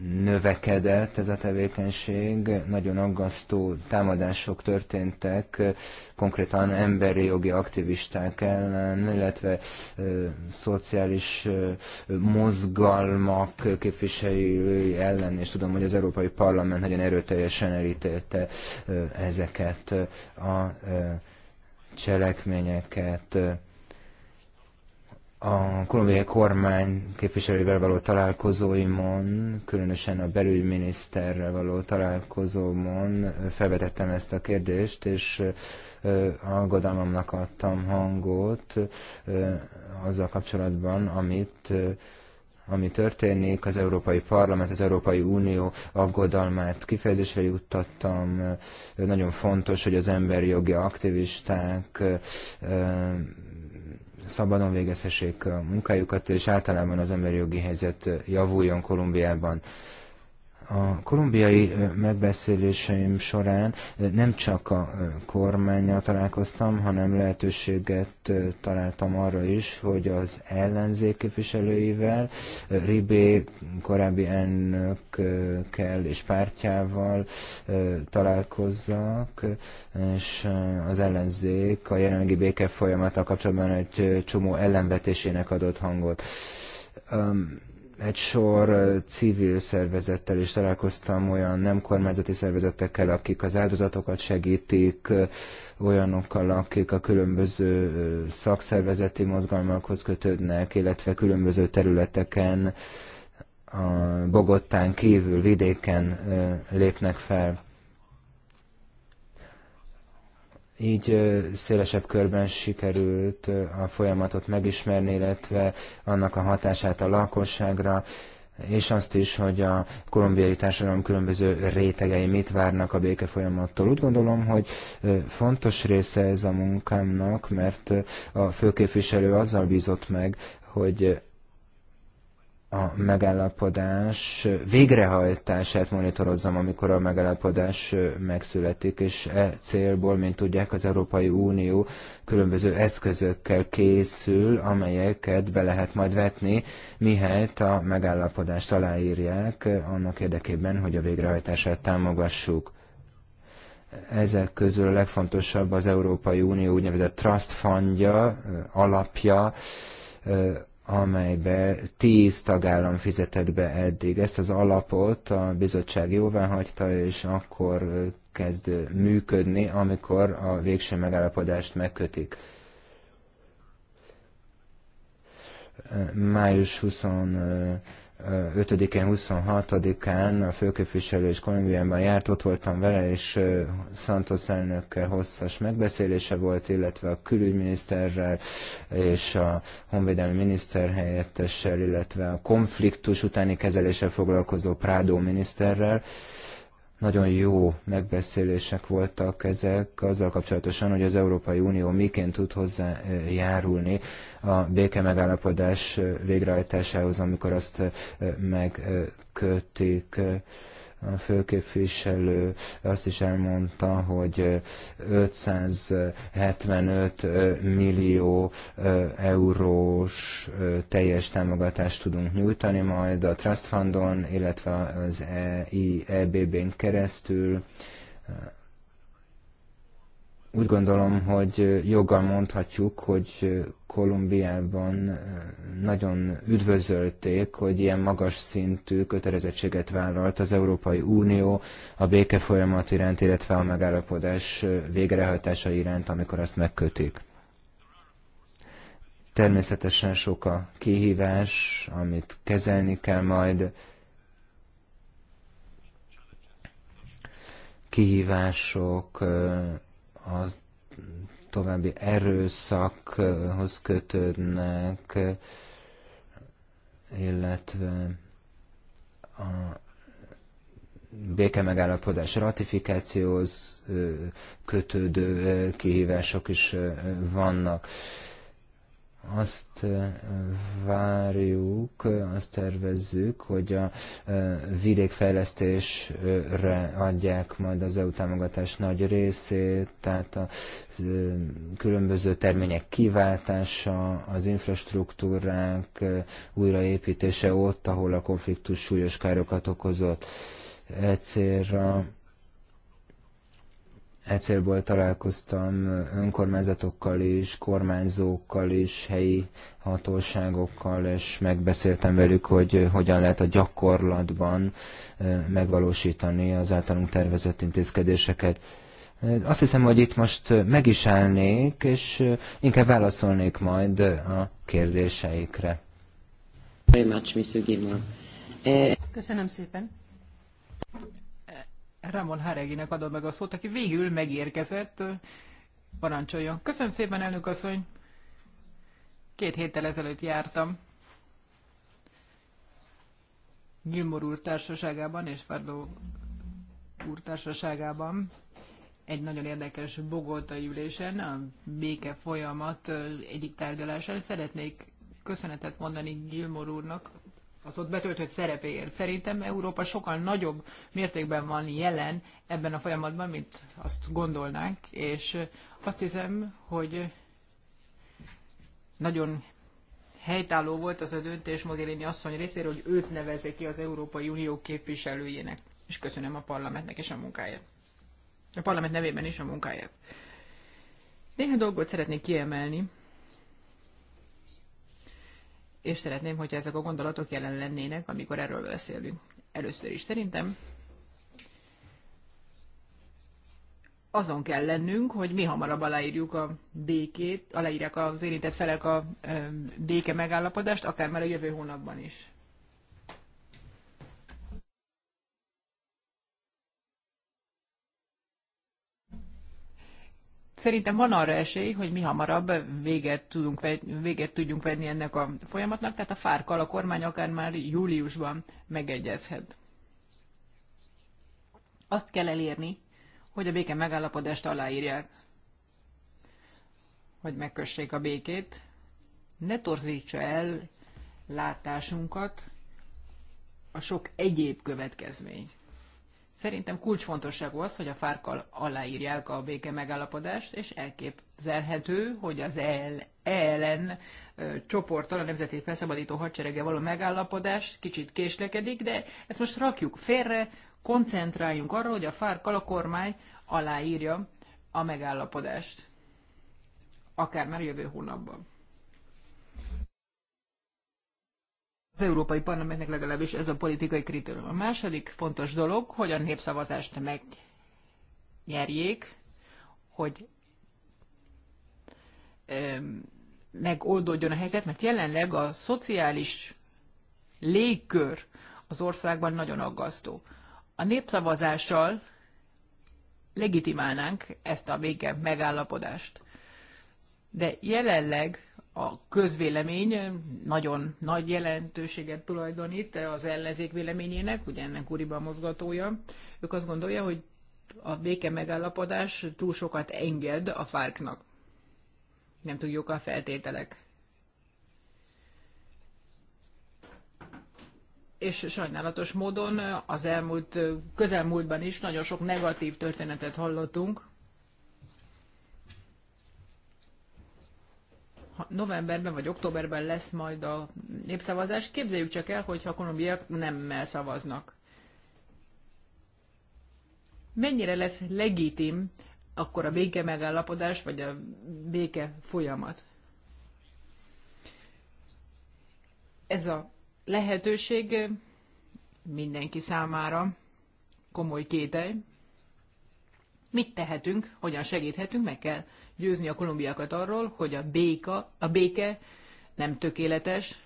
növekedett ez a tevékenység, nagyon aggasztó támadások történtek, konkrétan emberi jogi aktivisták ellen, illetve ö, szociális ö, mozgalmak képviselői ellen, és tudom, hogy az Európai Parlament nagyon erőteljesen elítélte ö, ezeket a ö, cselekményeket. Ö, a kolumbiai kormány képviselőivel való találkozóimon, különösen a belügyminiszterrel való találkozómon felvetettem ezt a kérdést, és aggodalmamnak adtam hangot azzal kapcsolatban, amit ami történik, az Európai Parlament, az Európai Unió aggodalmát kifejezésre juttattam. Nagyon fontos, hogy az emberi jogi aktivisták szabadon végezhessék munkájukat, és általában az emberi jogi helyzet javuljon Kolumbiában. A kolumbiai megbeszéléseim során nem csak a kormányjal találkoztam, hanem lehetőséget találtam arra is, hogy az ellenzék képviselőivel, Ribé korábbi elnökkel és pártjával találkozzak, és az ellenzék a jelenlegi béke folyamattal kapcsolatban egy csomó ellenvetésének adott hangot egy sor civil szervezettel is találkoztam, olyan nem kormányzati szervezetekkel, akik az áldozatokat segítik, olyanokkal, akik a különböző szakszervezeti mozgalmakhoz kötődnek, illetve különböző területeken, a Bogottán kívül vidéken lépnek fel. így szélesebb körben sikerült a folyamatot megismerni, illetve annak a hatását a lakosságra, és azt is, hogy a kolumbiai társadalom különböző rétegei mit várnak a béke folyamattól. Úgy gondolom, hogy fontos része ez a munkámnak, mert a főképviselő azzal bízott meg, hogy a megállapodás végrehajtását monitorozzam, amikor a megállapodás megszületik, és e célból, mint tudják, az Európai Unió különböző eszközökkel készül, amelyeket be lehet majd vetni, mihelyt a megállapodást aláírják, annak érdekében, hogy a végrehajtását támogassuk. Ezek közül a legfontosabb az Európai Unió úgynevezett Trust Fundja, alapja, amelybe tíz tagállam fizetett be eddig. Ezt az alapot a bizottság jóvá hagyta, és akkor kezd működni, amikor a végső megállapodást megkötik. Május 20 5-én, 26-án a főképviselő és Kolumbiában járt, ott voltam vele, és Santos elnökkel hosszas megbeszélése volt, illetve a külügyminiszterrel és a honvédelmi miniszter helyettessel, illetve a konfliktus utáni kezeléssel foglalkozó Prádó miniszterrel. Nagyon jó megbeszélések voltak ezek azzal kapcsolatosan, hogy az Európai Unió miként tud hozzájárulni a béke megállapodás végrehajtásához, amikor azt megkötik a főképviselő azt is elmondta, hogy 575 millió eurós teljes támogatást tudunk nyújtani majd a Trust Fundon, illetve az EIEBB-n keresztül úgy gondolom, hogy joggal mondhatjuk, hogy Kolumbiában nagyon üdvözölték, hogy ilyen magas szintű kötelezettséget vállalt az Európai Unió a béke folyamat iránt, illetve a megállapodás végrehajtása iránt, amikor azt megkötik. Természetesen sok a kihívás, amit kezelni kell majd. Kihívások, a további erőszakhoz kötődnek, illetve a béke megállapodás ratifikációhoz kötődő kihívások is vannak azt várjuk, azt tervezzük, hogy a vidékfejlesztésre adják majd az EU támogatás nagy részét, tehát a különböző termények kiváltása, az infrastruktúrák újraépítése ott, ahol a konfliktus súlyos károkat okozott. Egyszerre egyszer célból találkoztam önkormányzatokkal is, kormányzókkal is, helyi hatóságokkal, és megbeszéltem velük, hogy hogyan lehet a gyakorlatban megvalósítani az általunk tervezett intézkedéseket. Azt hiszem, hogy itt most meg is állnék, és inkább válaszolnék majd a kérdéseikre. Köszönöm szépen. Ramon Hareginek adom meg a szót, aki végül megérkezett. Parancsoljon. Köszönöm szépen, elnök asszony. Két héttel ezelőtt jártam. Gilmor úr társaságában és Fardó úr társaságában egy nagyon érdekes bogoltai ülésen, a béke folyamat egyik tárgyalásán. Szeretnék köszönetet mondani Gilmor úrnak az ott betöltött szerepéért. Szerintem Európa sokkal nagyobb mértékben van jelen ebben a folyamatban, mint azt gondolnánk, és azt hiszem, hogy nagyon helytálló volt az a döntés Mogherini asszony részéről, hogy őt nevezik ki az Európai Unió képviselőjének. És köszönöm a parlamentnek és a munkáját. A parlament nevében is a munkáját. Néhány dolgot szeretnék kiemelni és szeretném, hogyha ezek a gondolatok jelen lennének, amikor erről beszélünk. Először is szerintem azon kell lennünk, hogy mi hamarabb aláírjuk a békét, aláírják az érintett felek a béke megállapodást, akár már a jövő hónapban is. szerintem van arra esély, hogy mi hamarabb véget, tudunk, véget tudjunk venni ennek a folyamatnak, tehát a fárkal a kormány akár már júliusban megegyezhet. Azt kell elérni, hogy a béke megállapodást aláírják, hogy megkössék a békét, ne torzítsa el látásunkat a sok egyéb következmény. Szerintem kulcsfontosságú az, hogy a fárkal aláírják a béke megállapodást, és elképzelhető, hogy az ELN e csoporttal, a Nemzeti Felszabadító Hadserege való megállapodás kicsit késlekedik, de ezt most rakjuk félre, koncentráljunk arra, hogy a fárkal a kormány aláírja a megállapodást. Akár már jövő hónapban. az Európai Parlamentnek legalábbis ez a politikai kritérium. A második fontos dolog, hogy a népszavazást megnyerjék, hogy megoldódjon a helyzet, mert jelenleg a szociális légkör az országban nagyon aggasztó. A népszavazással legitimálnánk ezt a vége megállapodást. De jelenleg a közvélemény nagyon nagy jelentőséget tulajdonít az ellenzék véleményének, ugye ennek úriban mozgatója. Ők azt gondolja, hogy a béke megállapodás túl sokat enged a fárknak. Nem tudjuk a feltételek. És sajnálatos módon az elmúlt, közelmúltban is nagyon sok negatív történetet hallottunk novemberben vagy októberben lesz majd a népszavazás. Képzeljük csak el, hogyha a kolumbiak nem szavaznak. Mennyire lesz legitim akkor a béke megállapodás, vagy a béke folyamat? Ez a lehetőség mindenki számára komoly kételj. Mit tehetünk, hogyan segíthetünk, meg kell győzni a kolumbiákat arról, hogy a, béka, a béke nem tökéletes,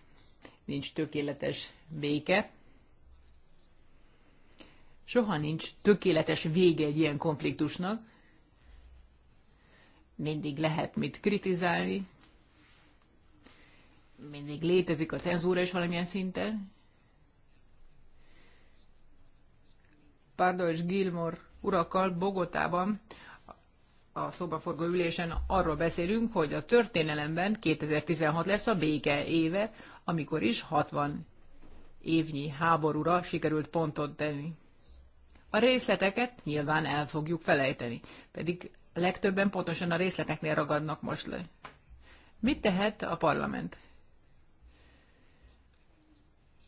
nincs tökéletes béke, soha nincs tökéletes vége egy ilyen konfliktusnak, mindig lehet mit kritizálni, mindig létezik a cenzúra is valamilyen szinten. Pardo és Gilmore urakkal Bogotában a szobaforgó ülésen arról beszélünk, hogy a történelemben 2016 lesz a béke éve, amikor is 60 évnyi háborúra sikerült pontot tenni. A részleteket nyilván el fogjuk felejteni, pedig legtöbben pontosan a részleteknél ragadnak most le. Mit tehet a parlament?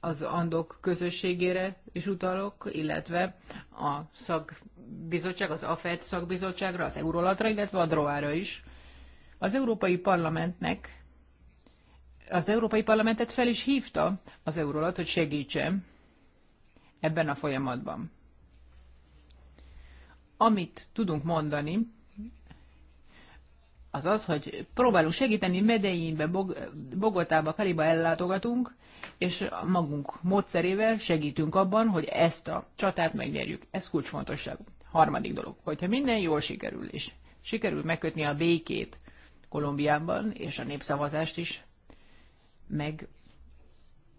az andok közösségére is utalok, illetve a szakbizottság, az AFET szakbizottságra, az Eurolatra, illetve a Droára is. Az Európai Parlamentnek az Európai Parlamentet fel is hívta az Eurolat, hogy segítsen ebben a folyamatban. Amit tudunk mondani, az az, hogy próbálunk segíteni, Medellínbe, Bog- Bogotába, Kaliba ellátogatunk, és magunk módszerével segítünk abban, hogy ezt a csatát megnyerjük. Ez kulcsfontosság. Harmadik dolog, hogyha minden jól sikerül, és sikerül megkötni a békét Kolumbiában, és a népszavazást is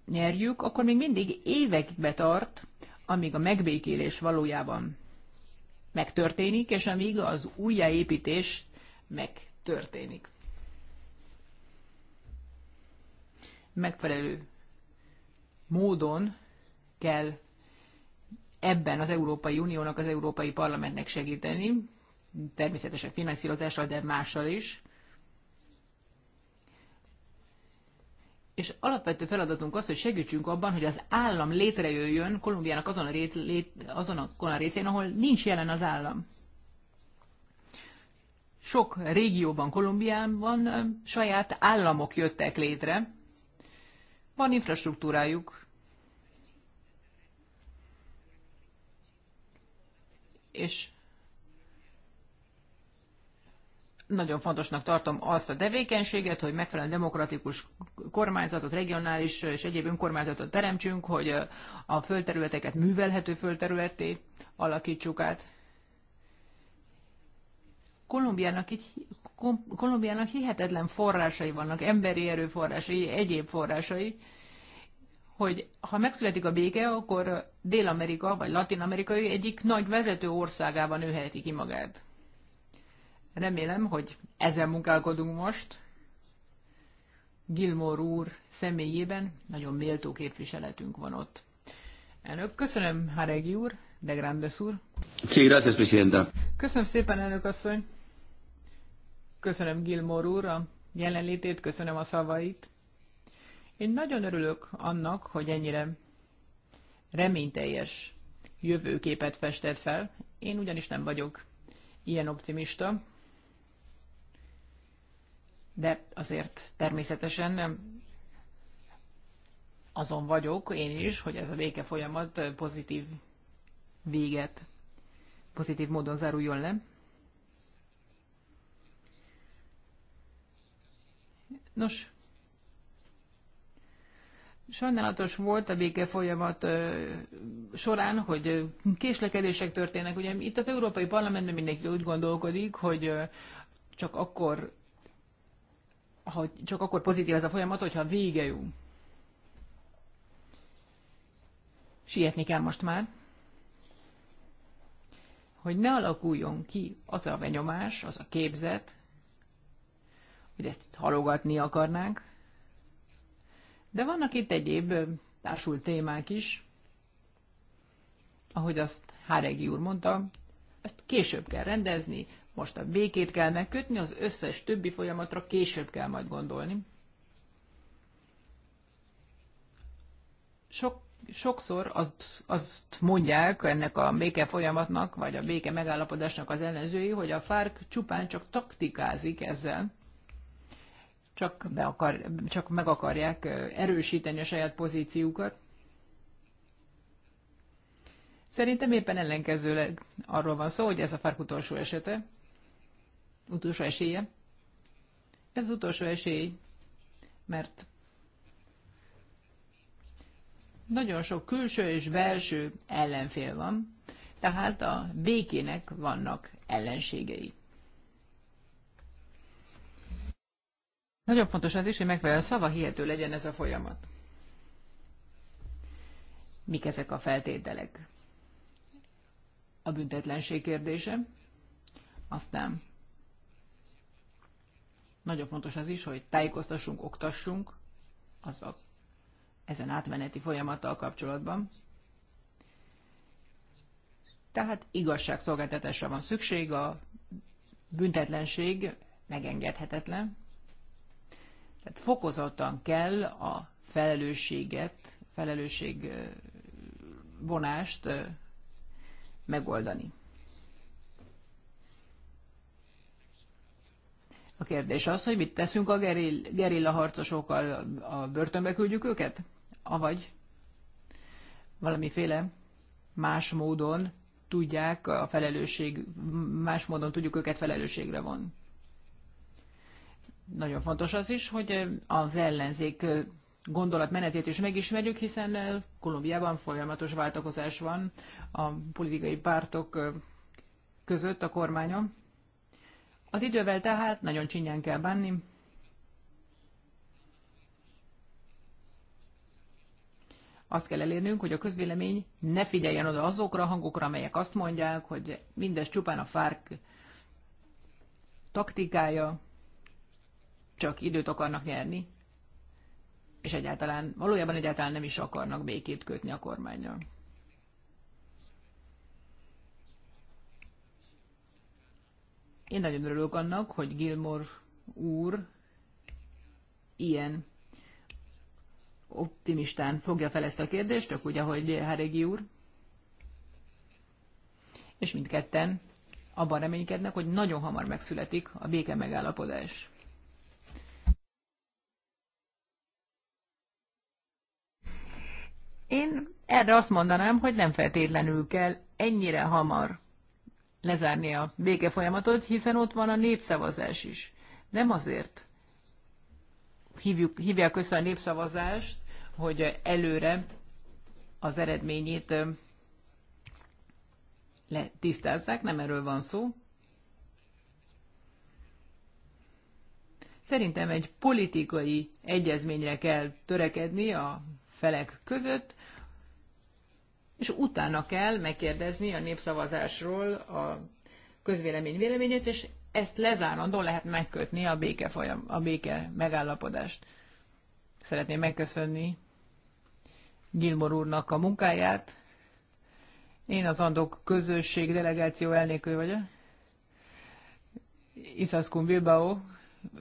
megnyerjük, akkor még mindig évekbe tart, amíg a megbékélés valójában megtörténik, és amíg az újjáépítés meg történik. Megfelelő módon kell ebben az Európai Uniónak, az Európai Parlamentnek segíteni, természetesen finanszírozással, de mással is. És alapvető feladatunk az, hogy segítsünk abban, hogy az állam létrejöjjön Kolumbiának azon a, rét, lét, azon a, a részén, ahol nincs jelen az állam. Sok régióban, Kolumbiában saját államok jöttek létre. Van infrastruktúrájuk. És nagyon fontosnak tartom azt a tevékenységet, hogy megfelelően demokratikus kormányzatot, regionális és egyéb önkormányzatot teremtsünk, hogy a földterületeket művelhető földterületté alakítsuk át. Kolumbiának, egy, Kolumbiának hihetetlen forrásai vannak, emberi erőforrásai, egyéb forrásai, hogy ha megszületik a béke, akkor Dél-Amerika vagy latin amerika egyik nagy vezető országában nőheti ki magát. Remélem, hogy ezzel munkálkodunk most. Gilmore úr személyében nagyon méltó képviseletünk van ott. Elnök, köszönöm, Haregi úr, de Grandes úr. Sí, gracias, presidenta. Köszönöm szépen, elnök asszony. Köszönöm Gilmore úr a jelenlétét, köszönöm a szavait. Én nagyon örülök annak, hogy ennyire reményteljes jövőképet festett fel. Én ugyanis nem vagyok ilyen optimista, de azért természetesen nem azon vagyok én is, hogy ez a béke folyamat pozitív véget, pozitív módon záruljon le. Nos, sajnálatos volt a béke folyamat során, hogy késlekedések történnek. Ugye itt az Európai Parlamentben mindenki úgy gondolkodik, hogy csak akkor hogy csak akkor pozitív ez a folyamat, hogyha vége jó. Sietni kell most már, hogy ne alakuljon ki az a benyomás, az a képzet, hogy ezt halogatni akarnánk. De vannak itt egyéb társult témák is, ahogy azt Háregi úr mondta, ezt később kell rendezni, most a békét kell megkötni, az összes többi folyamatra később kell majd gondolni. Sok, sokszor azt, azt mondják ennek a béke folyamatnak, vagy a béke megállapodásnak az ellenzői, hogy a FARC csupán csak taktikázik ezzel csak, be akar, csak meg akarják erősíteni a saját pozíciukat. Szerintem éppen ellenkezőleg arról van szó, hogy ez a FARC utolsó esete, utolsó esélye. Ez utolsó esély, mert nagyon sok külső és belső ellenfél van, tehát a békének vannak ellenségei. Nagyon fontos az is, hogy szava hihető legyen ez a folyamat. Mik ezek a feltételek? A büntetlenség kérdése. Aztán nagyon fontos az is, hogy tájékoztassunk, oktassunk az a, ezen átmeneti folyamattal kapcsolatban. Tehát igazságszolgáltatásra van szükség, a büntetlenség megengedhetetlen, tehát fokozottan kell a felelősséget, felelősség vonást megoldani. A kérdés az, hogy mit teszünk a gerill, gerilla harcosokkal, a börtönbe küldjük őket? Avagy valamiféle más módon tudják a felelősség, más módon tudjuk őket felelősségre vonni nagyon fontos az is, hogy az ellenzék gondolatmenetét is megismerjük, hiszen Kolumbiában folyamatos váltakozás van a politikai pártok között a kormányon. Az idővel tehát nagyon csinyán kell bánni. Azt kell elérnünk, hogy a közvélemény ne figyeljen oda azokra a hangokra, amelyek azt mondják, hogy mindez csupán a fárk taktikája, csak időt akarnak nyerni, és egyáltalán, valójában egyáltalán nem is akarnak békét kötni a kormányjal. Én nagyon örülök annak, hogy Gilmore úr ilyen optimistán fogja fel ezt a kérdést, csak úgy, ahogy Haregi úr. És mindketten abban reménykednek, hogy nagyon hamar megszületik a béke megállapodás. Én erre azt mondanám, hogy nem feltétlenül kell ennyire hamar lezárni a béke folyamatot, hiszen ott van a népszavazás is. Nem azért hívjuk, hívják össze a népszavazást, hogy előre az eredményét letisztázzák, nem erről van szó. Szerintem egy politikai egyezményre kell törekedni a felek között, és utána kell megkérdezni a népszavazásról a közvélemény véleményét, és ezt lezárandó lehet megkötni a béke, folyam, a béke megállapodást. Szeretném megköszönni Gilmor úrnak a munkáját. Én az Andok közösség delegáció elnékő vagyok. Iszaszkun Bilbao,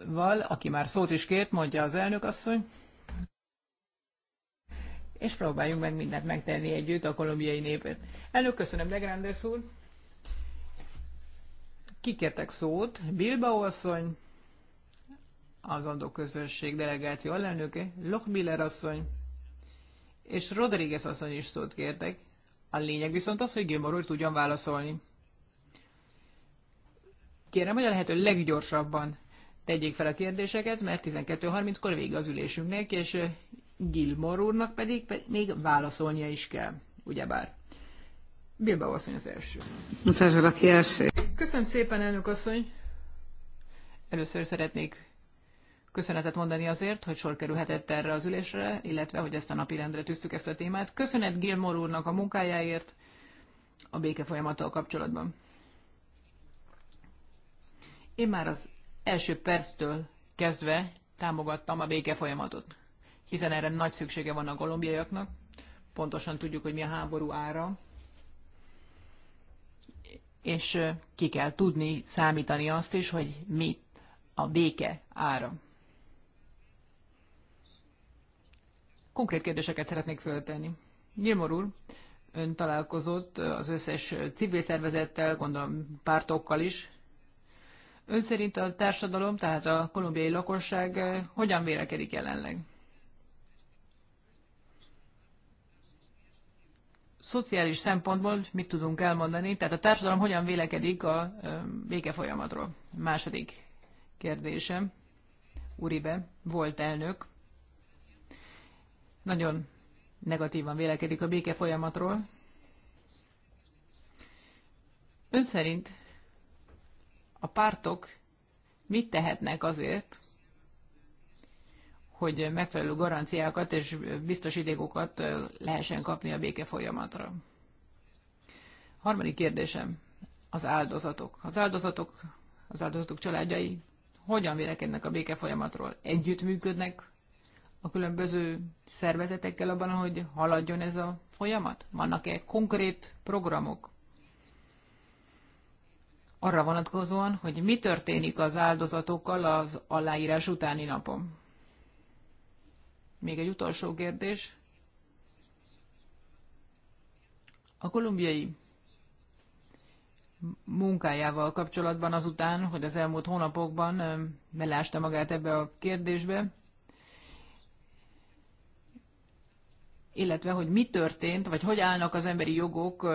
val, aki már szót is kért, mondja az elnök asszony és próbáljunk meg mindent megtenni együtt a kolumbiai népet. Elnök, köszönöm, Legrandes úr. Kikértek szót, Bilbao asszony, az Andó közösség delegáció alelnöke, Miller asszony, és Rodriguez asszony is szót kértek. A lényeg viszont az, hogy Gilmar úr tudjon válaszolni. Kérem, hogy a lehető leggyorsabban tegyék fel a kérdéseket, mert 12.30-kor vége az ülésünknek, és Gilmore úrnak pedig, pedig még válaszolnia is kell, ugyebár. Bilba asszony az első. Köszönöm szépen, elnök asszony. Először szeretnék köszönetet mondani azért, hogy sor kerülhetett erre az ülésre, illetve hogy ezt a napi rendre tűztük ezt a témát. Köszönet Gilmore úrnak a munkájáért a béke folyamattal kapcsolatban. Én már az első perctől kezdve támogattam a béke folyamatot hiszen erre nagy szüksége van a kolumbiaiaknak. Pontosan tudjuk, hogy mi a háború ára, és ki kell tudni számítani azt is, hogy mi a béke ára. Konkrét kérdéseket szeretnék föltenni. Gilmor úr, ön találkozott az összes civil szervezettel, gondolom pártokkal is. Ön szerint a társadalom, tehát a kolumbiai lakosság hogyan vélekedik jelenleg? szociális szempontból mit tudunk elmondani, tehát a társadalom hogyan vélekedik a béke folyamatról. Második kérdésem. Uribe volt elnök. Nagyon negatívan vélekedik a béke folyamatról. Ön szerint a pártok mit tehetnek azért, hogy megfelelő garanciákat és biztosítékokat lehessen kapni a béke folyamatra. Harmadik kérdésem, az áldozatok. Az áldozatok, az áldozatok családjai hogyan vélekednek a béke folyamatról? Együttműködnek a különböző szervezetekkel abban, hogy haladjon ez a folyamat? Vannak-e konkrét programok arra vonatkozóan, hogy mi történik az áldozatokkal az aláírás utáni napon? Még egy utolsó kérdés. A kolumbiai munkájával kapcsolatban azután, hogy az elmúlt hónapokban belásta magát ebbe a kérdésbe, illetve hogy mi történt, vagy hogy állnak az emberi jogok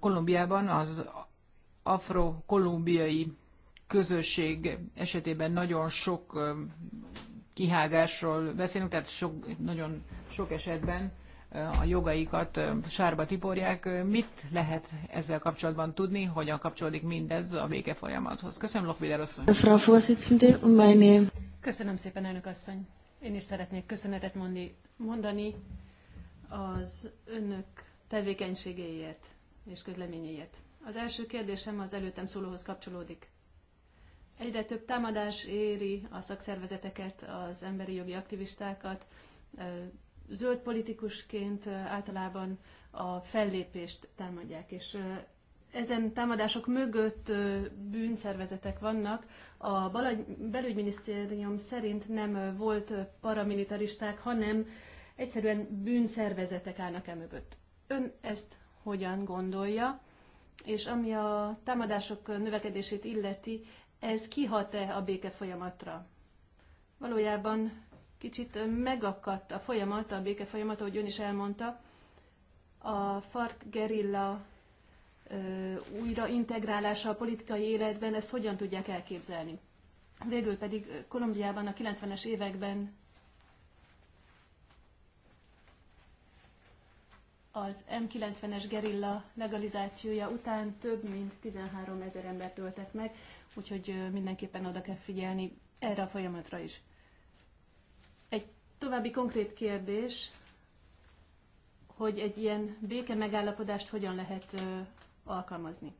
Kolumbiában, az afro-kolumbiai közösség esetében nagyon sok kihágásról beszélünk, tehát sok, nagyon sok esetben a jogaikat sárba tiporják. Mit lehet ezzel kapcsolatban tudni, hogyan kapcsolódik mindez a béke folyamathoz? Köszönöm, Lochwider asszony. Köszönöm szépen, elnök asszony. Én is szeretnék köszönetet mondani, mondani az önök tevékenységéért és közleményéért. Az első kérdésem az előttem szólóhoz kapcsolódik. Egyre több támadás éri a szakszervezeteket, az emberi jogi aktivistákat. Zöld politikusként általában a fellépést támadják, és ezen támadások mögött bűnszervezetek vannak. A belügyminisztérium szerint nem volt paramilitaristák, hanem egyszerűen bűnszervezetek állnak e mögött. Ön ezt hogyan gondolja? És ami a támadások növekedését illeti, ez kihat-e a béke folyamatra? Valójában kicsit megakadt a folyamat, a béke folyamat, ahogy ön is elmondta. A FARC gerilla újra integrálása a politikai életben, ezt hogyan tudják elképzelni? Végül pedig Kolumbiában a 90-es években az M90-es gerilla legalizációja után több mint 13 ezer ember töltett meg, úgyhogy mindenképpen oda kell figyelni erre a folyamatra is. Egy további konkrét kérdés, hogy egy ilyen béke megállapodást hogyan lehet ö, alkalmazni.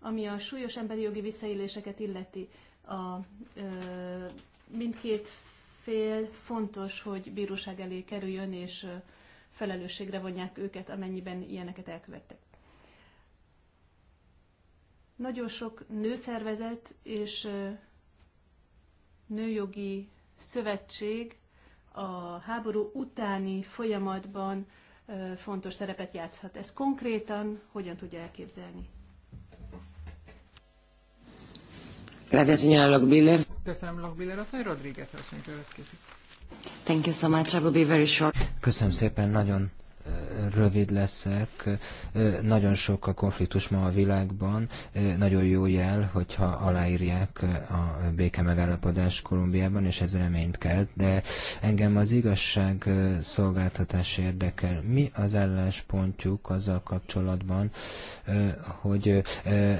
Ami a súlyos emberi jogi visszaéléseket illeti, a, ö, mindkét fél fontos, hogy bíróság elé kerüljön, és ö, felelősségre vonják őket, amennyiben ilyeneket elkövettek. Nagyon sok nőszervezet és nőjogi szövetség a háború utáni folyamatban fontos szerepet játszhat. Ez konkrétan hogyan tudja elképzelni? Köszönöm, Lochbiller hogy Rodríguez asszony Thank you so much. I will be very short. Köszönöm szépen, nagyon rövid leszek. Nagyon sok a konfliktus ma a világban. Nagyon jó jel, hogyha aláírják a béke megállapodás Kolumbiában, és ez reményt kelt. De engem az igazság szolgáltatás érdekel. Mi az álláspontjuk azzal kapcsolatban, hogy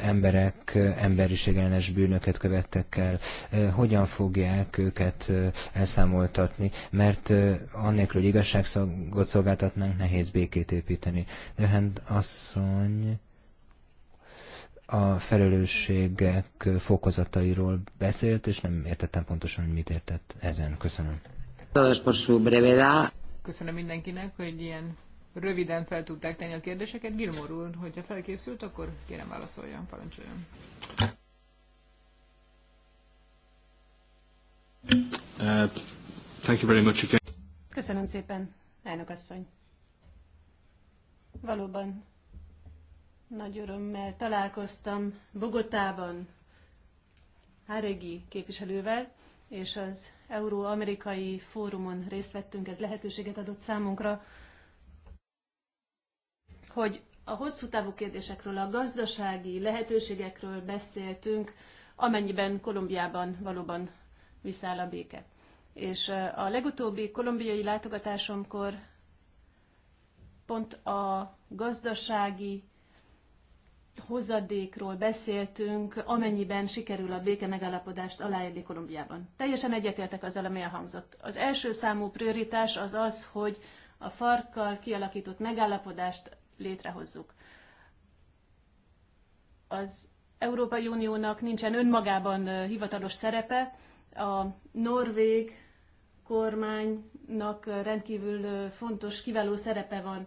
emberek emberiségellenes bűnöket követtek el? Hogyan fogják őket elszámoltatni? Mert annélkül, hogy szolgáltatnánk, nehéz béke térképét építeni. De hát asszony a felelősségek fokozatairól beszélt, és nem értettem pontosan, hogy mit értett ezen. Köszönöm. Köszönöm mindenkinek, hogy ilyen röviden fel tudták tenni a kérdéseket. Gilmor úr, hogyha felkészült, akkor kérem válaszoljon, parancsoljon. Uh, thank you very much again. Köszönöm szépen, elnök asszony. Valóban nagy örömmel találkoztam Bogotában Háregi képviselővel, és az Euró-Amerikai Fórumon részt vettünk, ez lehetőséget adott számunkra, hogy a hosszú távú kérdésekről, a gazdasági lehetőségekről beszéltünk, amennyiben Kolumbiában valóban visszáll a béke. És a legutóbbi kolumbiai látogatásomkor pont a gazdasági hozadékról beszéltünk, amennyiben sikerül a béke megállapodást aláírni Kolumbiában. Teljesen egyetértek azzal, ami elhangzott. Az első számú prioritás az az, hogy a farkkal kialakított megállapodást létrehozzuk. Az Európai Uniónak nincsen önmagában hivatalos szerepe. A norvég kormány nak rendkívül fontos, kiváló szerepe van,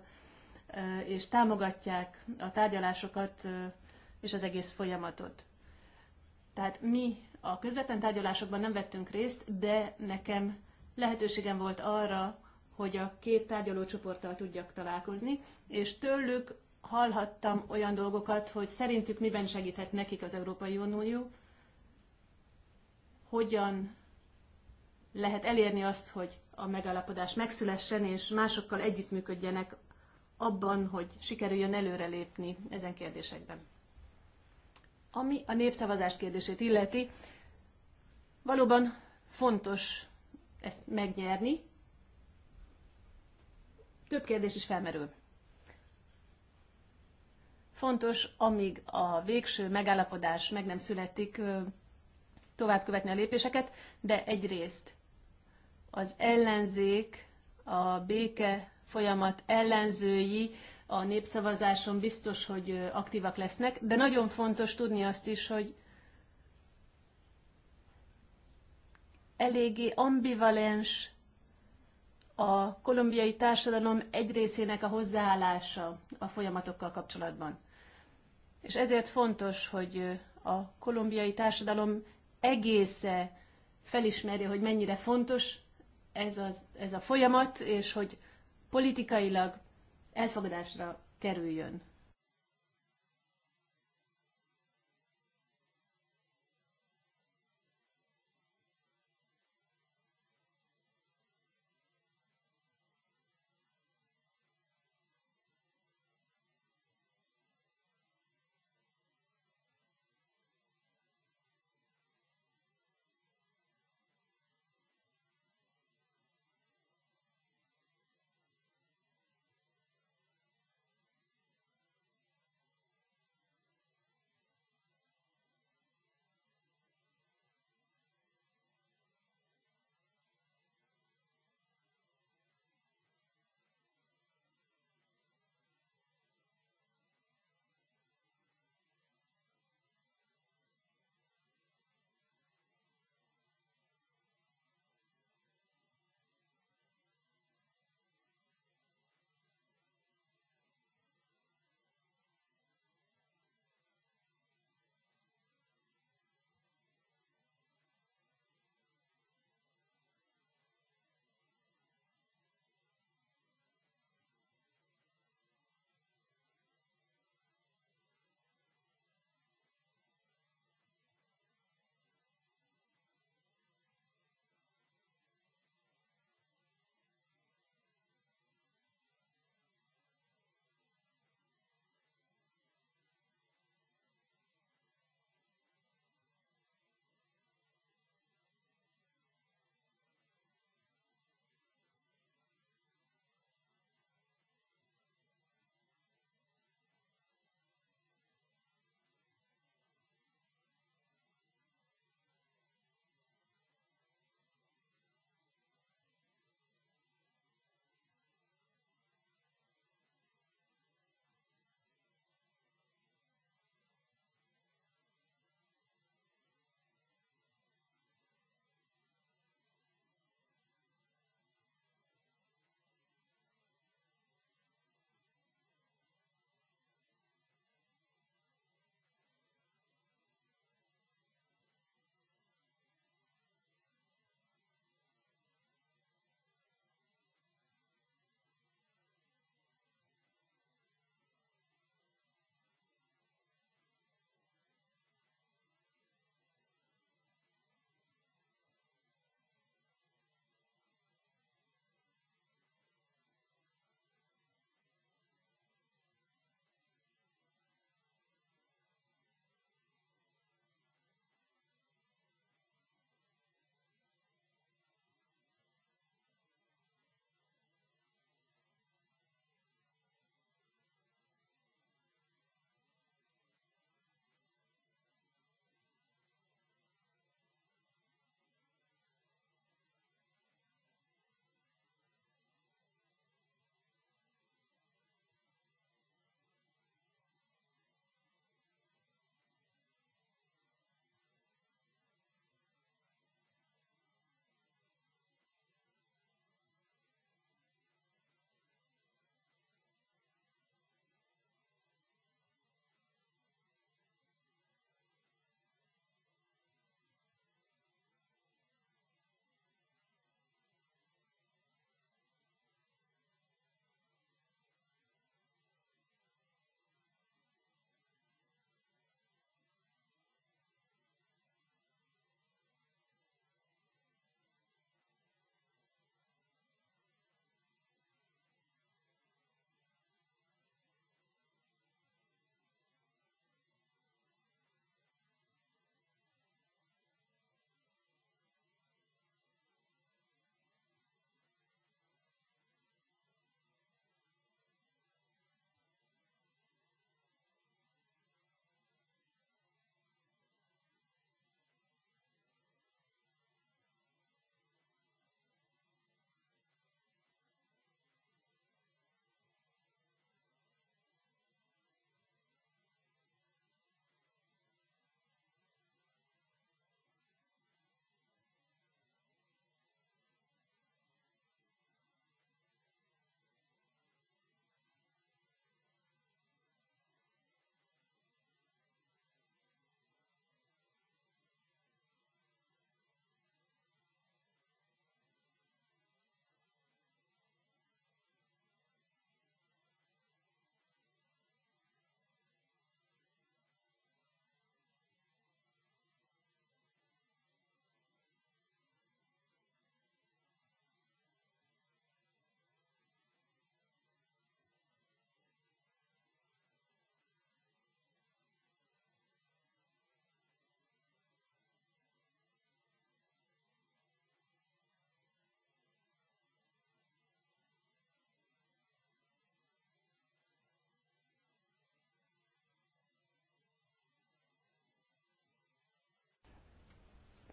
és támogatják a tárgyalásokat és az egész folyamatot. Tehát mi a közvetlen tárgyalásokban nem vettünk részt, de nekem lehetőségem volt arra, hogy a két tárgyalócsoporttal tudjak találkozni, és tőlük hallhattam olyan dolgokat, hogy szerintük miben segíthet nekik az Európai Unió, hogyan lehet elérni azt, hogy a megállapodás megszülessen, és másokkal együttműködjenek abban, hogy sikerüljön előrelépni ezen kérdésekben. Ami a népszavazás kérdését illeti, valóban fontos ezt megnyerni. Több kérdés is felmerül. Fontos, amíg a végső megállapodás meg nem születik, tovább követni a lépéseket, de egyrészt az ellenzék, a béke folyamat ellenzői a népszavazáson biztos, hogy aktívak lesznek, de nagyon fontos tudni azt is, hogy eléggé ambivalens a kolumbiai társadalom egy részének a hozzáállása a folyamatokkal kapcsolatban. És ezért fontos, hogy a kolumbiai társadalom egésze felismerje, hogy mennyire fontos ez, az, ez a folyamat, és hogy politikailag elfogadásra kerüljön.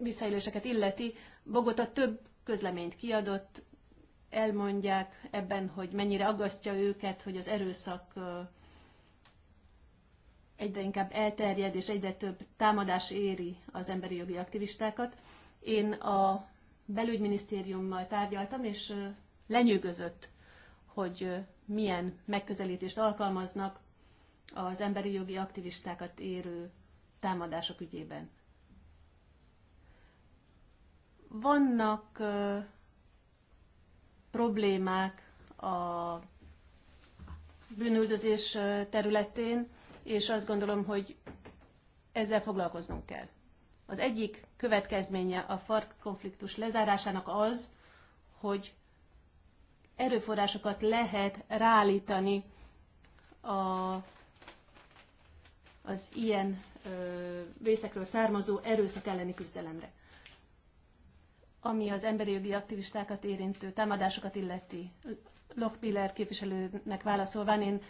visszaéléseket illeti, Bogota több közleményt kiadott, elmondják ebben, hogy mennyire aggasztja őket, hogy az erőszak egyre inkább elterjed, és egyre több támadás éri az emberi jogi aktivistákat. Én a belügyminisztériummal tárgyaltam, és lenyűgözött, hogy milyen megközelítést alkalmaznak az emberi jogi aktivistákat érő támadások ügyében. Vannak ö, problémák a bűnüldözés területén, és azt gondolom, hogy ezzel foglalkoznunk kell. Az egyik következménye a FARC konfliktus lezárásának az, hogy erőforrásokat lehet ráállítani a, az ilyen ö, vészekről származó erőszak elleni küzdelemre ami az emberi jogi aktivistákat érintő támadásokat illeti. Lochbiller képviselőnek válaszolván én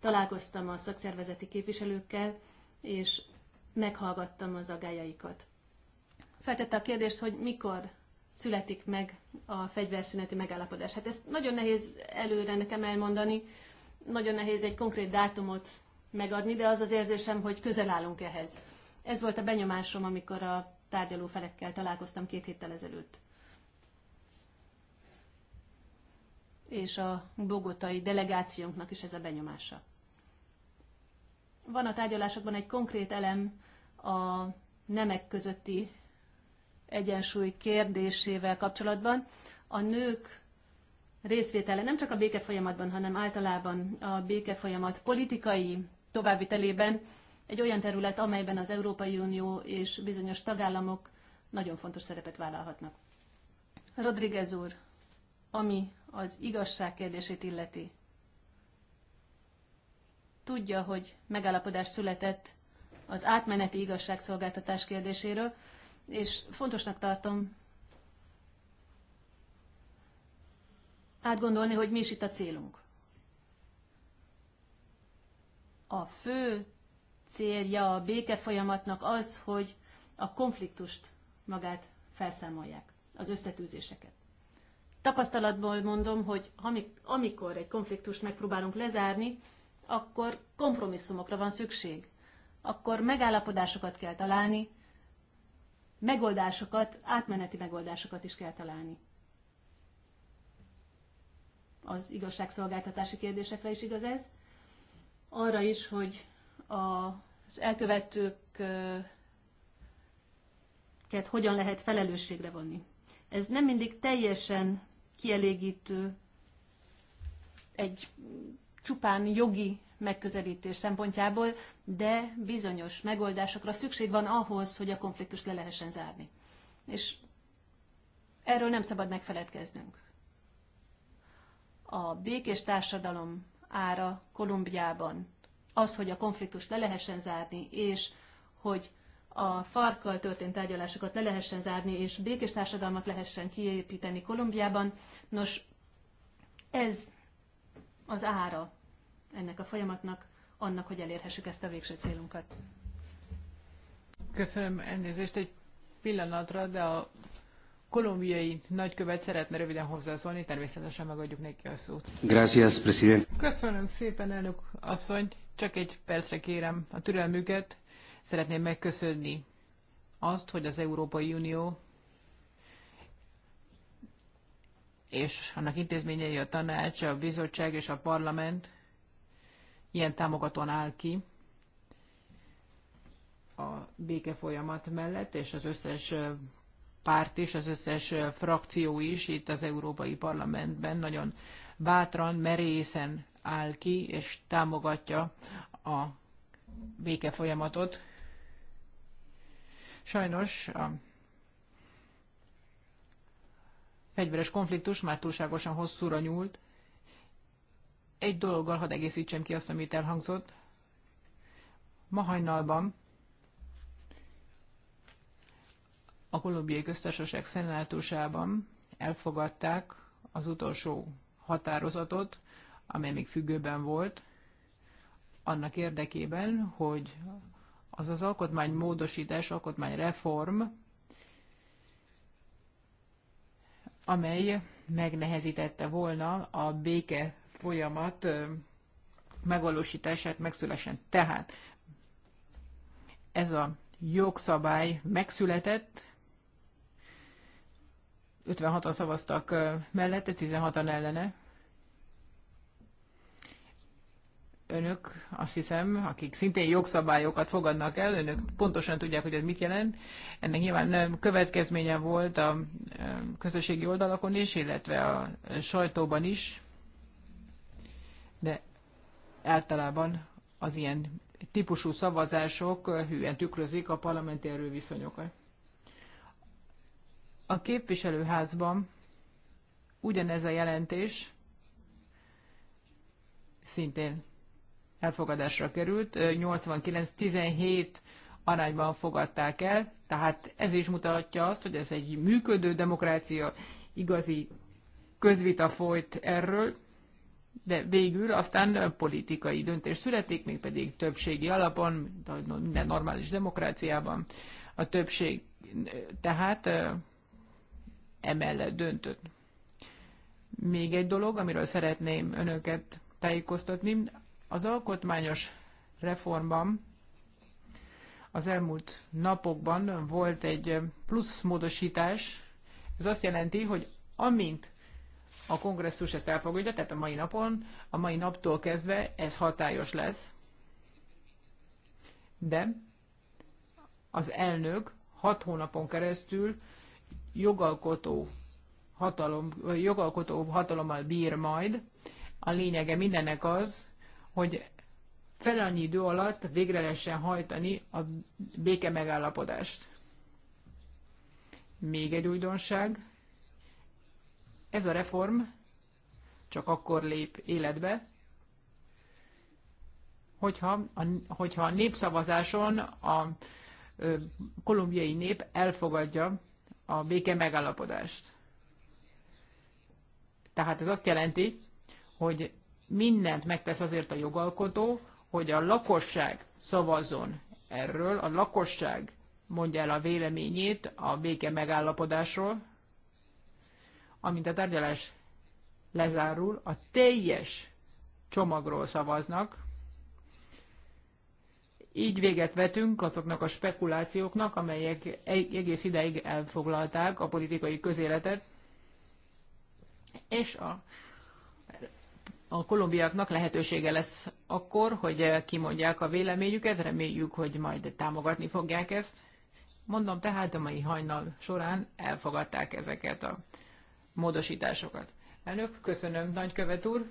találkoztam a szakszervezeti képviselőkkel, és meghallgattam az agájaikat. Feltette a kérdést, hogy mikor születik meg a fegyverszüneti megállapodás. Hát ezt nagyon nehéz előre nekem elmondani, nagyon nehéz egy konkrét dátumot megadni, de az az érzésem, hogy közel állunk ehhez. Ez volt a benyomásom, amikor a tárgyaló felekkel találkoztam két héttel ezelőtt. És a bogotai delegációnknak is ez a benyomása. Van a tárgyalásokban egy konkrét elem a nemek közötti egyensúly kérdésével kapcsolatban. A nők részvétele nem csak a béke folyamatban, hanem általában a béke folyamat politikai továbbitelében egy olyan terület, amelyben az Európai Unió és bizonyos tagállamok nagyon fontos szerepet vállalhatnak. Rodriguez úr, ami az igazság kérdését illeti, tudja, hogy megállapodás született az átmeneti igazságszolgáltatás kérdéséről, és fontosnak tartom átgondolni, hogy mi is itt a célunk. A fő célja a béke folyamatnak az, hogy a konfliktust magát felszámolják, az összetűzéseket. Tapasztalatból mondom, hogy amikor egy konfliktust megpróbálunk lezárni, akkor kompromisszumokra van szükség. Akkor megállapodásokat kell találni, megoldásokat, átmeneti megoldásokat is kell találni. Az igazságszolgáltatási kérdésekre is igaz ez. Arra is, hogy az elkövetőket hogyan lehet felelősségre vonni. Ez nem mindig teljesen kielégítő egy csupán jogi megközelítés szempontjából, de bizonyos megoldásokra szükség van ahhoz, hogy a konfliktust le lehessen zárni. És erről nem szabad megfeledkeznünk. A békés társadalom ára Kolumbiában az, hogy a konfliktust le lehessen zárni, és hogy a farkkal történt tárgyalásokat le lehessen zárni, és békés társadalmat lehessen kiépíteni Kolumbiában. Nos, ez az ára ennek a folyamatnak, annak, hogy elérhessük ezt a végső célunkat. Köszönöm elnézést egy pillanatra, de a kolumbiai nagykövet szeretne röviden hozzászólni, természetesen megadjuk neki a szót. Gracias, president. Köszönöm szépen, elnök asszony. Csak egy percre kérem a türelmüket. Szeretném megköszönni azt, hogy az Európai Unió és annak intézményei a tanács, a bizottság és a parlament ilyen támogatón áll ki a béke folyamat mellett, és az összes párt is, az összes frakció is itt az Európai Parlamentben nagyon bátran, merészen áll ki és támogatja a béke folyamatot. Sajnos a fegyveres konfliktus már túlságosan hosszúra nyúlt. Egy dologgal hadd egészítsem ki azt, amit elhangzott. Ma hajnalban a kolumbiai köztársaság szenátusában elfogadták az utolsó határozatot, amely még függőben volt, annak érdekében, hogy az az alkotmány alkotmány alkotmányreform, amely megnehezítette volna a béke folyamat megvalósítását megszülesen. Tehát ez a jogszabály megszületett, 56-an szavaztak mellette, 16-an ellene, önök, azt hiszem, akik szintén jogszabályokat fogadnak el, önök pontosan tudják, hogy ez mit jelent. Ennek nyilván következménye volt a közösségi oldalakon is, illetve a sajtóban is, de általában az ilyen típusú szavazások hűen tükrözik a parlamenti erőviszonyokat. A képviselőházban ugyanez a jelentés szintén elfogadásra került, 89-17 arányban fogadták el, tehát ez is mutatja azt, hogy ez egy működő demokrácia, igazi közvita folyt erről, de végül aztán politikai döntés születik, mégpedig többségi alapon, minden normális demokráciában a többség tehát emellett döntött. Még egy dolog, amiről szeretném önöket tájékoztatni, az alkotmányos reformban az elmúlt napokban volt egy plusz módosítás. Ez azt jelenti, hogy amint a kongresszus ezt elfogadja, tehát a mai napon, a mai naptól kezdve ez hatályos lesz. De az elnök hat hónapon keresztül jogalkotó, hatalom, jogalkotó hatalommal bír majd. A lényege mindennek az, hogy fel annyi idő alatt végre lehessen hajtani a béke megállapodást. Még egy újdonság. Ez a reform csak akkor lép életbe, hogyha a, hogyha a népszavazáson a ö, kolumbiai nép elfogadja a béke megállapodást. Tehát ez azt jelenti, hogy mindent megtesz azért a jogalkotó, hogy a lakosság szavazzon erről, a lakosság mondja el a véleményét a béke megállapodásról, amint a tárgyalás lezárul, a teljes csomagról szavaznak, így véget vetünk azoknak a spekulációknak, amelyek e- egész ideig elfoglalták a politikai közéletet, és a a kolumbiaknak lehetősége lesz akkor, hogy eh, kimondják a véleményüket, reméljük, hogy majd támogatni fogják ezt. Mondom tehát, a mai hajnal során elfogadták ezeket a módosításokat. Elnök, köszönöm, nagykövet úr.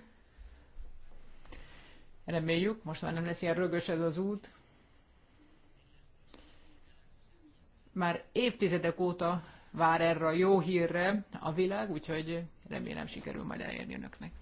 Reméljük, most már nem lesz ilyen rögös ez az út. Már évtizedek óta vár erre a jó hírre a világ, úgyhogy remélem sikerül majd elérni önöknek.